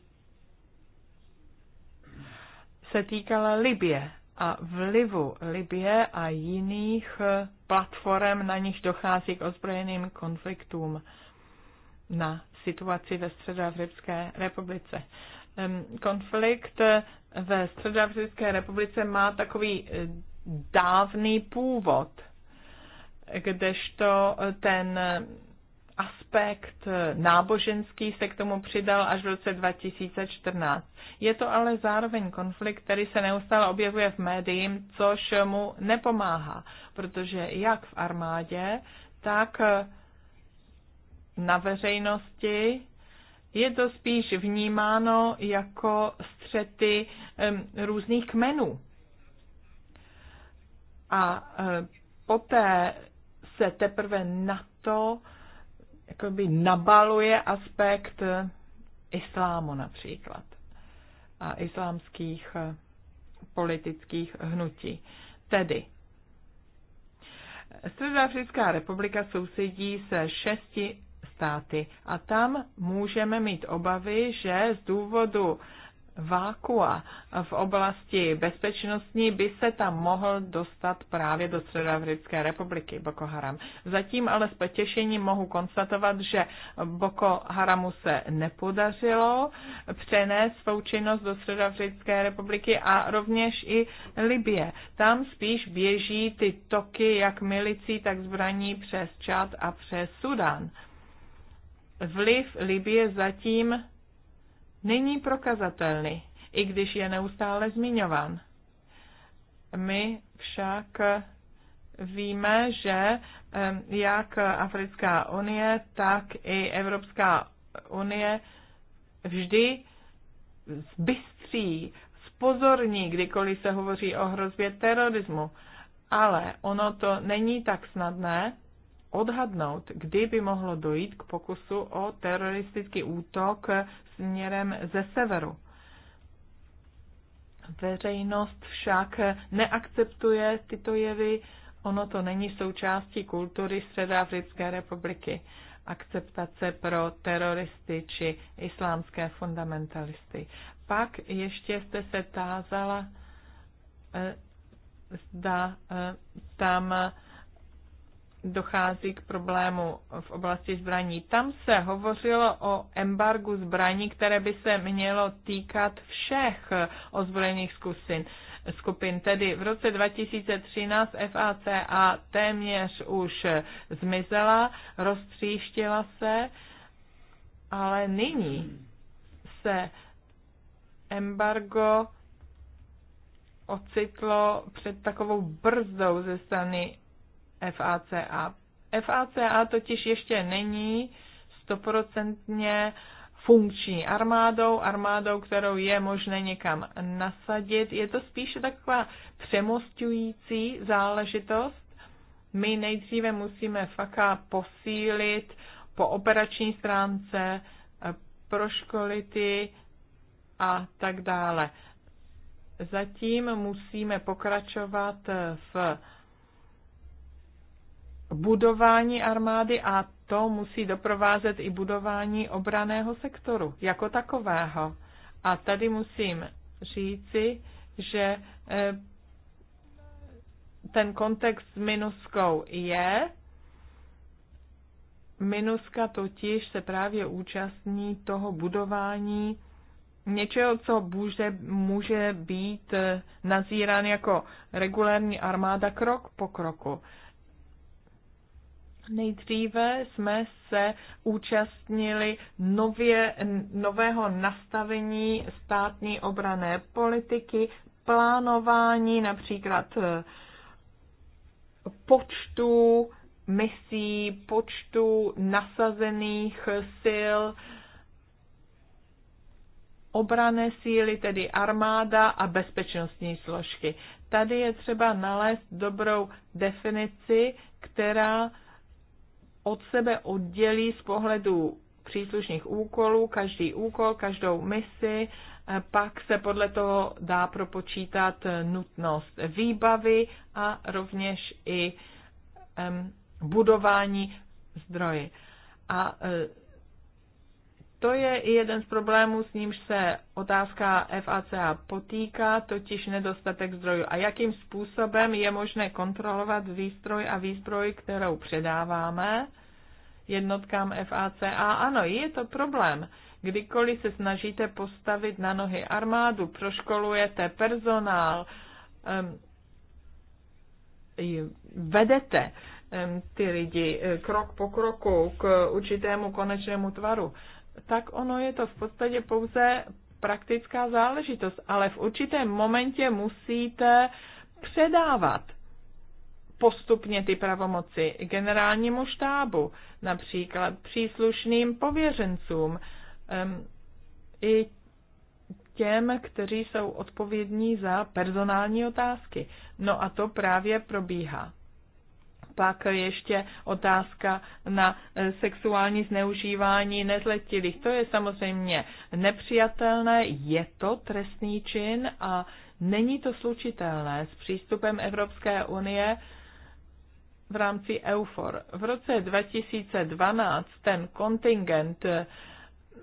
se týkala Libie a vlivu Libie a jiných platform, na nich dochází k ozbrojeným konfliktům na situaci ve Středoafrické republice. Konflikt eh, ve Středoafrické republice má takový eh, dávný původ, kdežto eh, ten aspekt náboženský se k tomu přidal až v roce 2014. Je to ale zároveň konflikt, který se neustále objevuje v médiím, což mu nepomáhá, protože jak v armádě, tak na veřejnosti, je to spíš vnímáno jako střety různých kmenů. A e, poté se teprve na to jakoby nabaluje aspekt e, islámu například a islámských e, politických hnutí. Tedy Středoafrická republika sousedí se šesti státy. A tam můžeme mít obavy, že z důvodu vákua v oblasti bezpečnostní by se tam mohl dostat právě do Středoafrické republiky Boko Haram. Zatím ale s potěšením mohu konstatovat, že Boko Haramu se nepodařilo přenést svou činnost do Středoafrické republiky a rovněž i Libie. Tam spíš běží ty toky jak milicí, tak zbraní přes Čad a přes Sudan vliv Libie zatím není prokazatelný, i když je neustále zmiňován. My však víme, že jak Africká unie, tak i Evropská unie vždy zbystří, zpozorní, kdykoliv se hovoří o hrozbě terorismu. Ale ono to není tak snadné, odhadnout, kdy by mohlo dojít k pokusu o teroristický útok směrem ze severu. Veřejnost však neakceptuje tyto jevy, ono to není součástí kultury Středoafrické republiky. Akceptace pro teroristy či islámské fundamentalisty. Pak ještě jste se tázala, eh, zda eh, tam dochází k problému v oblasti zbraní. Tam se hovořilo o embargu zbraní, které by se mělo týkat všech ozbrojených zkusin, skupin. Tedy v roce 2013 FACA téměř už zmizela, roztříštila se, ale nyní se embargo ocitlo před takovou brzdou ze strany FACA. FACA totiž ještě není stoprocentně funkční armádou, armádou, kterou je možné někam nasadit. Je to spíše taková přemostující záležitost. My nejdříve musíme FACA posílit po operační stránce, e, proškolity a tak dále. Zatím musíme pokračovat v budování armády a to musí doprovázet i budování obraného sektoru jako takového. A tady musím říci, že eh, ten kontext s minuskou je, Minuska totiž se právě účastní toho budování něčeho, co může, může být eh, nazírán jako regulární armáda krok po kroku. Nejdříve jsme se účastnili nově, nového nastavení státní obrané politiky, plánování například eh, počtu misí, počtu nasazených sil, obrané síly, tedy armáda a bezpečnostní složky. Tady je třeba nalézt dobrou definici, která od sebe oddělí z pohledu příslušných úkolů, každý úkol, každou misi, eh, pak se podle toho dá propočítat nutnost výbavy a rovněž i budování zdroje. A eh, to je i jeden z problémů, s nímž se otázka FACA potýká, totiž nedostatek zdrojů. A jakým způsobem je možné kontrolovat výstroj a výzbroj, kterou předáváme jednotkám FACA? Ano, je to problém. Kdykoliv se snažíte postavit na nohy armádu, proškolujete personál, vedete ty lidi eh, krok po kroku k určitému konečnému tvaru tak ono je to v podstatě pouze praktická záležitost, ale v určitém momentě musíte předávat postupně ty pravomoci generálnímu štábu, například příslušným pověřencům, i těm, kteří jsou odpovědní za personální otázky. No a to právě probíhá. Pak ještě otázka na eh, sexuální zneužívání nezletilých. To je samozřejmě nepřijatelné, je to trestný čin a není to slučitelné s přístupem Evropské unie v rámci EUFOR. V roce 2012 ten kontingent,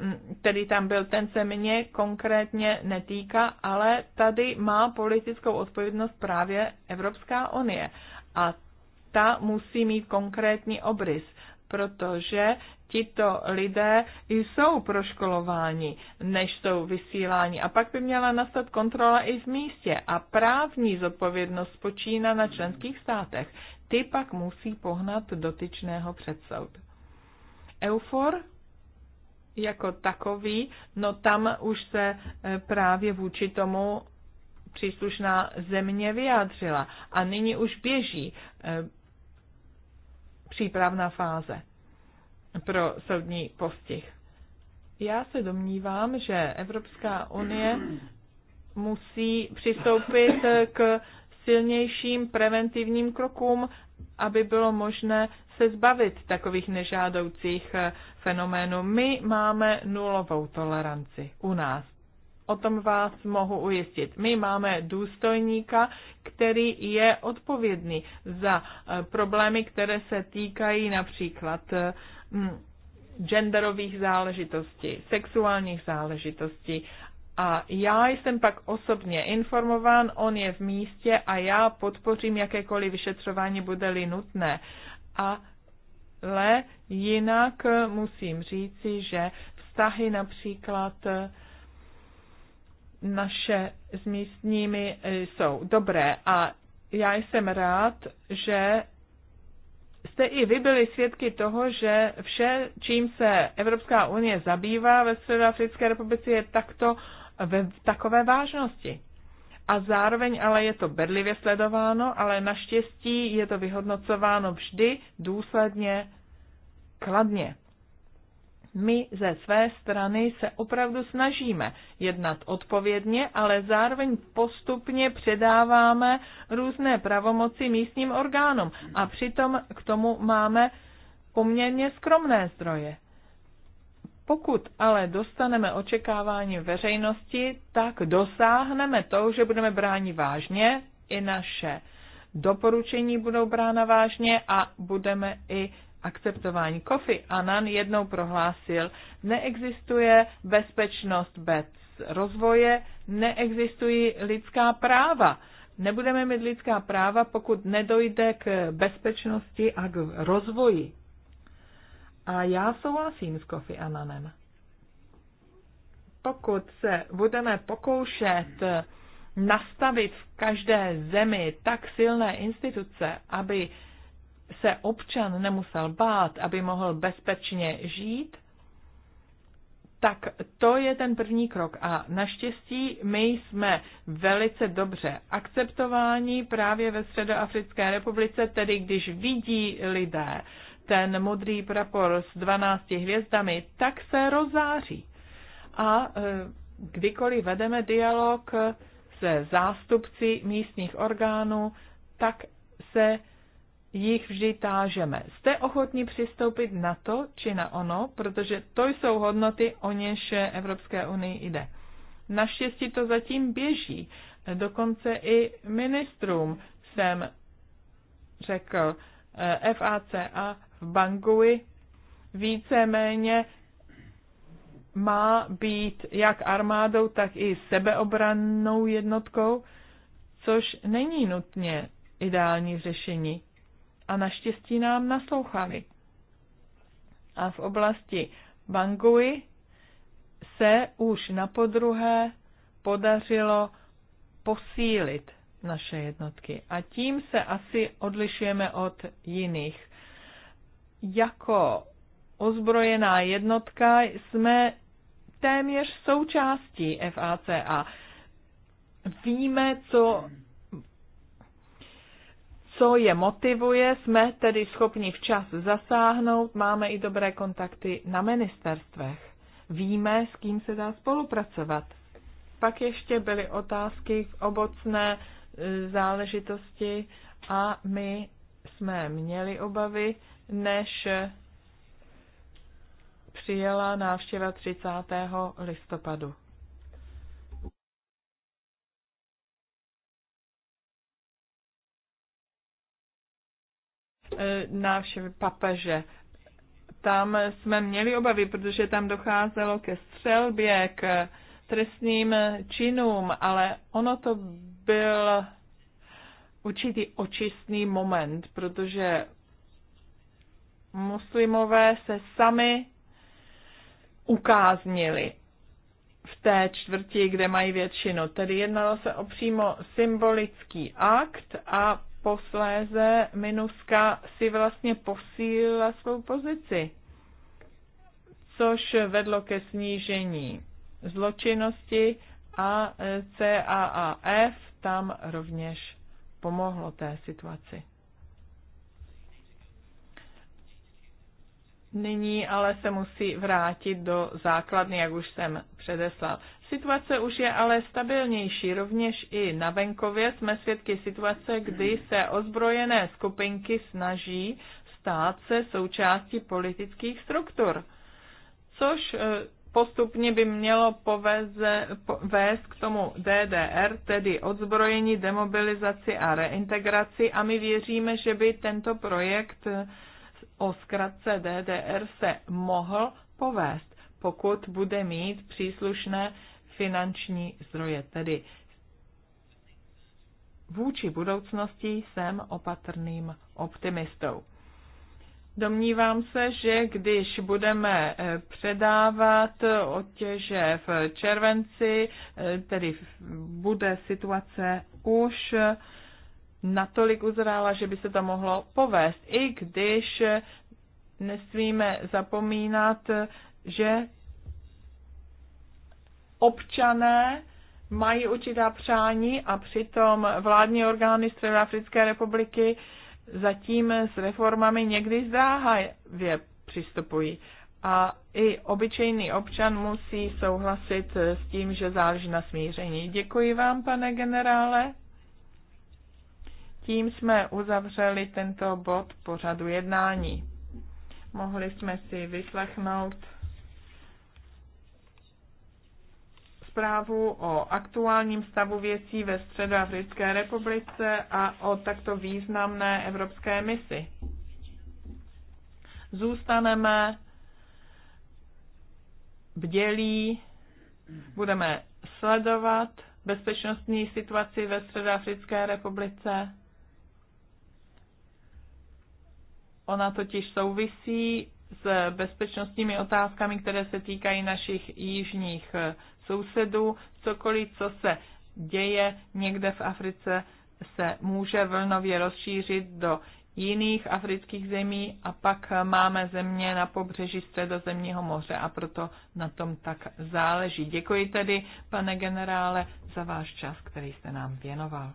mm, který tam byl, ten se mě konkrétně netýká, ale tady má politickou odpovědnost právě Evropská unie. A ta musí mít konkrétní obrys, protože tito lidé jsou proškolováni, než jsou vysíláni. A pak by měla nastat kontrola i v místě a právní zodpovědnost spočíná na členských státech. Ty pak musí pohnat dotyčného předsoud. Eufor jako takový, no tam už se e, právě vůči tomu příslušná země vyjádřila. A nyní už běží e, přípravná fáze pro soudní postih. Já se domnívám, že Evropská unie musí přistoupit k silnějším preventivním krokům, aby bylo možné se zbavit takových nežádoucích fenoménů. My máme nulovou toleranci u nás o tom vás mohu ujistit. My máme důstojníka, který je odpovědný za eh, problémy, které se týkají například eh, genderových záležitostí, sexuálních záležitostí. A já jsem pak osobně informován, on je v místě a já podpořím jakékoliv vyšetřování bude-li nutné. Ale jinak eh, musím říci, že vztahy například naše s místními eh, jsou dobré a já jsem rád, že jste i vy byli svědky toho, že vše, čím se Evropská unie zabývá ve Středoafrické republice, je takto ve takové vážnosti. A zároveň ale je to bedlivě sledováno, ale naštěstí je to vyhodnocováno vždy důsledně kladně. My ze své strany se opravdu snažíme jednat odpovědně, ale zároveň postupně předáváme různé pravomoci místním orgánům a přitom k tomu máme poměrně skromné zdroje. Pokud ale dostaneme očekávání veřejnosti, tak dosáhneme to, že budeme bráni vážně, i naše doporučení budou brána vážně a budeme i akceptování. Kofi Annan jednou prohlásil, neexistuje bezpečnost bez rozvoje, neexistují lidská práva. Nebudeme mít lidská práva, pokud nedojde k bezpečnosti a k rozvoji. A já souhlasím s Kofi Ananem. Pokud se budeme pokoušet nastavit v každé zemi tak silné instituce, aby se občan nemusel bát, aby mohl bezpečně žít, tak to je ten první krok a naštěstí my jsme velice dobře akceptováni právě ve Středoafrické republice, tedy když vidí lidé ten modrý prapor s 12 hvězdami, tak se rozáří. A e, kdykoliv vedeme dialog se zástupci místních orgánů, tak se jich vždy tážeme. Jste ochotní přistoupit na to či na ono, protože to jsou hodnoty, o něž Evropské unii jde. Naštěstí to zatím běží. Dokonce i ministrům jsem řekl eh, FACA v Bangui víceméně má být jak armádou, tak i sebeobrannou jednotkou, což není nutně ideální řešení a naštěstí nám naslouchali. A v oblasti Bangui se už na podruhé podařilo posílit naše jednotky. A tím se asi odlišujeme od jiných. Jako ozbrojená jednotka jsme téměř součástí FACA. Víme, co co je motivuje, jsme tedy schopni včas zasáhnout, máme i dobré kontakty na ministerstvech. Víme, s kým se dá spolupracovat. Pak ještě byly otázky v obocné e, záležitosti a my jsme měli obavy, než přijela návštěva 30. listopadu. E, návštěvy papeže. Tam jsme měli obavy, protože tam docházelo ke střelbě, k trestným činům, ale ono to byl určitý očistný moment, protože muslimové se sami ukáznili v té čtvrti, kde mají většinu. Tedy jednalo se o přímo symbolický akt a posléze Minuska si vlastně posílila svou pozici, což vedlo ke snížení zločinnosti a e, CAAF tam rovněž pomohlo té situaci. Nyní ale se musí vrátit do základny, jak už jsem předeslal. Situace už je ale stabilnější. Rovněž i na venkově jsme svědky situace, kdy se ozbrojené skupinky snaží stát se součástí politických struktur, což eh, postupně by mělo poveze, po, vést k tomu DDR, tedy odzbrojení, demobilizaci a reintegraci a my věříme, že by tento projekt eh, o zkratce DDR se mohl povést, pokud bude mít příslušné finanční zdroje. Tedy vůči budoucnosti jsem opatrným optimistou. Domnívám se, že když budeme eh, předávat otěže v červenci, eh, tedy bude situace už natolik uzrála, že by se to mohlo povést, i když eh, nesmíme zapomínat, že občané mají určitá přání a přitom vládní orgány Středoafrické republiky zatím s reformami někdy zdráhavě přistupují. A i obyčejný občan musí souhlasit s tím, že záleží na smíření. Děkuji vám, pane generále. Tím jsme uzavřeli tento bod pořadu jednání. Mohli jsme si vyslechnout zprávu o aktuálním stavu věcí ve Středoafrické republice a o takto významné evropské misi. Zůstaneme bdělí, budeme sledovat bezpečnostní situaci ve Středoafrické republice. Ona totiž souvisí s bezpečnostními otázkami, které se týkají našich jižních eh, sousedů. Cokoliv, co se děje někde v Africe, se může vlnově rozšířit do jiných afrických zemí a pak eh, máme země na pobřeží Středozemního moře a proto na tom tak záleží. Děkuji tedy, pane generále, za váš čas, který jste nám věnoval.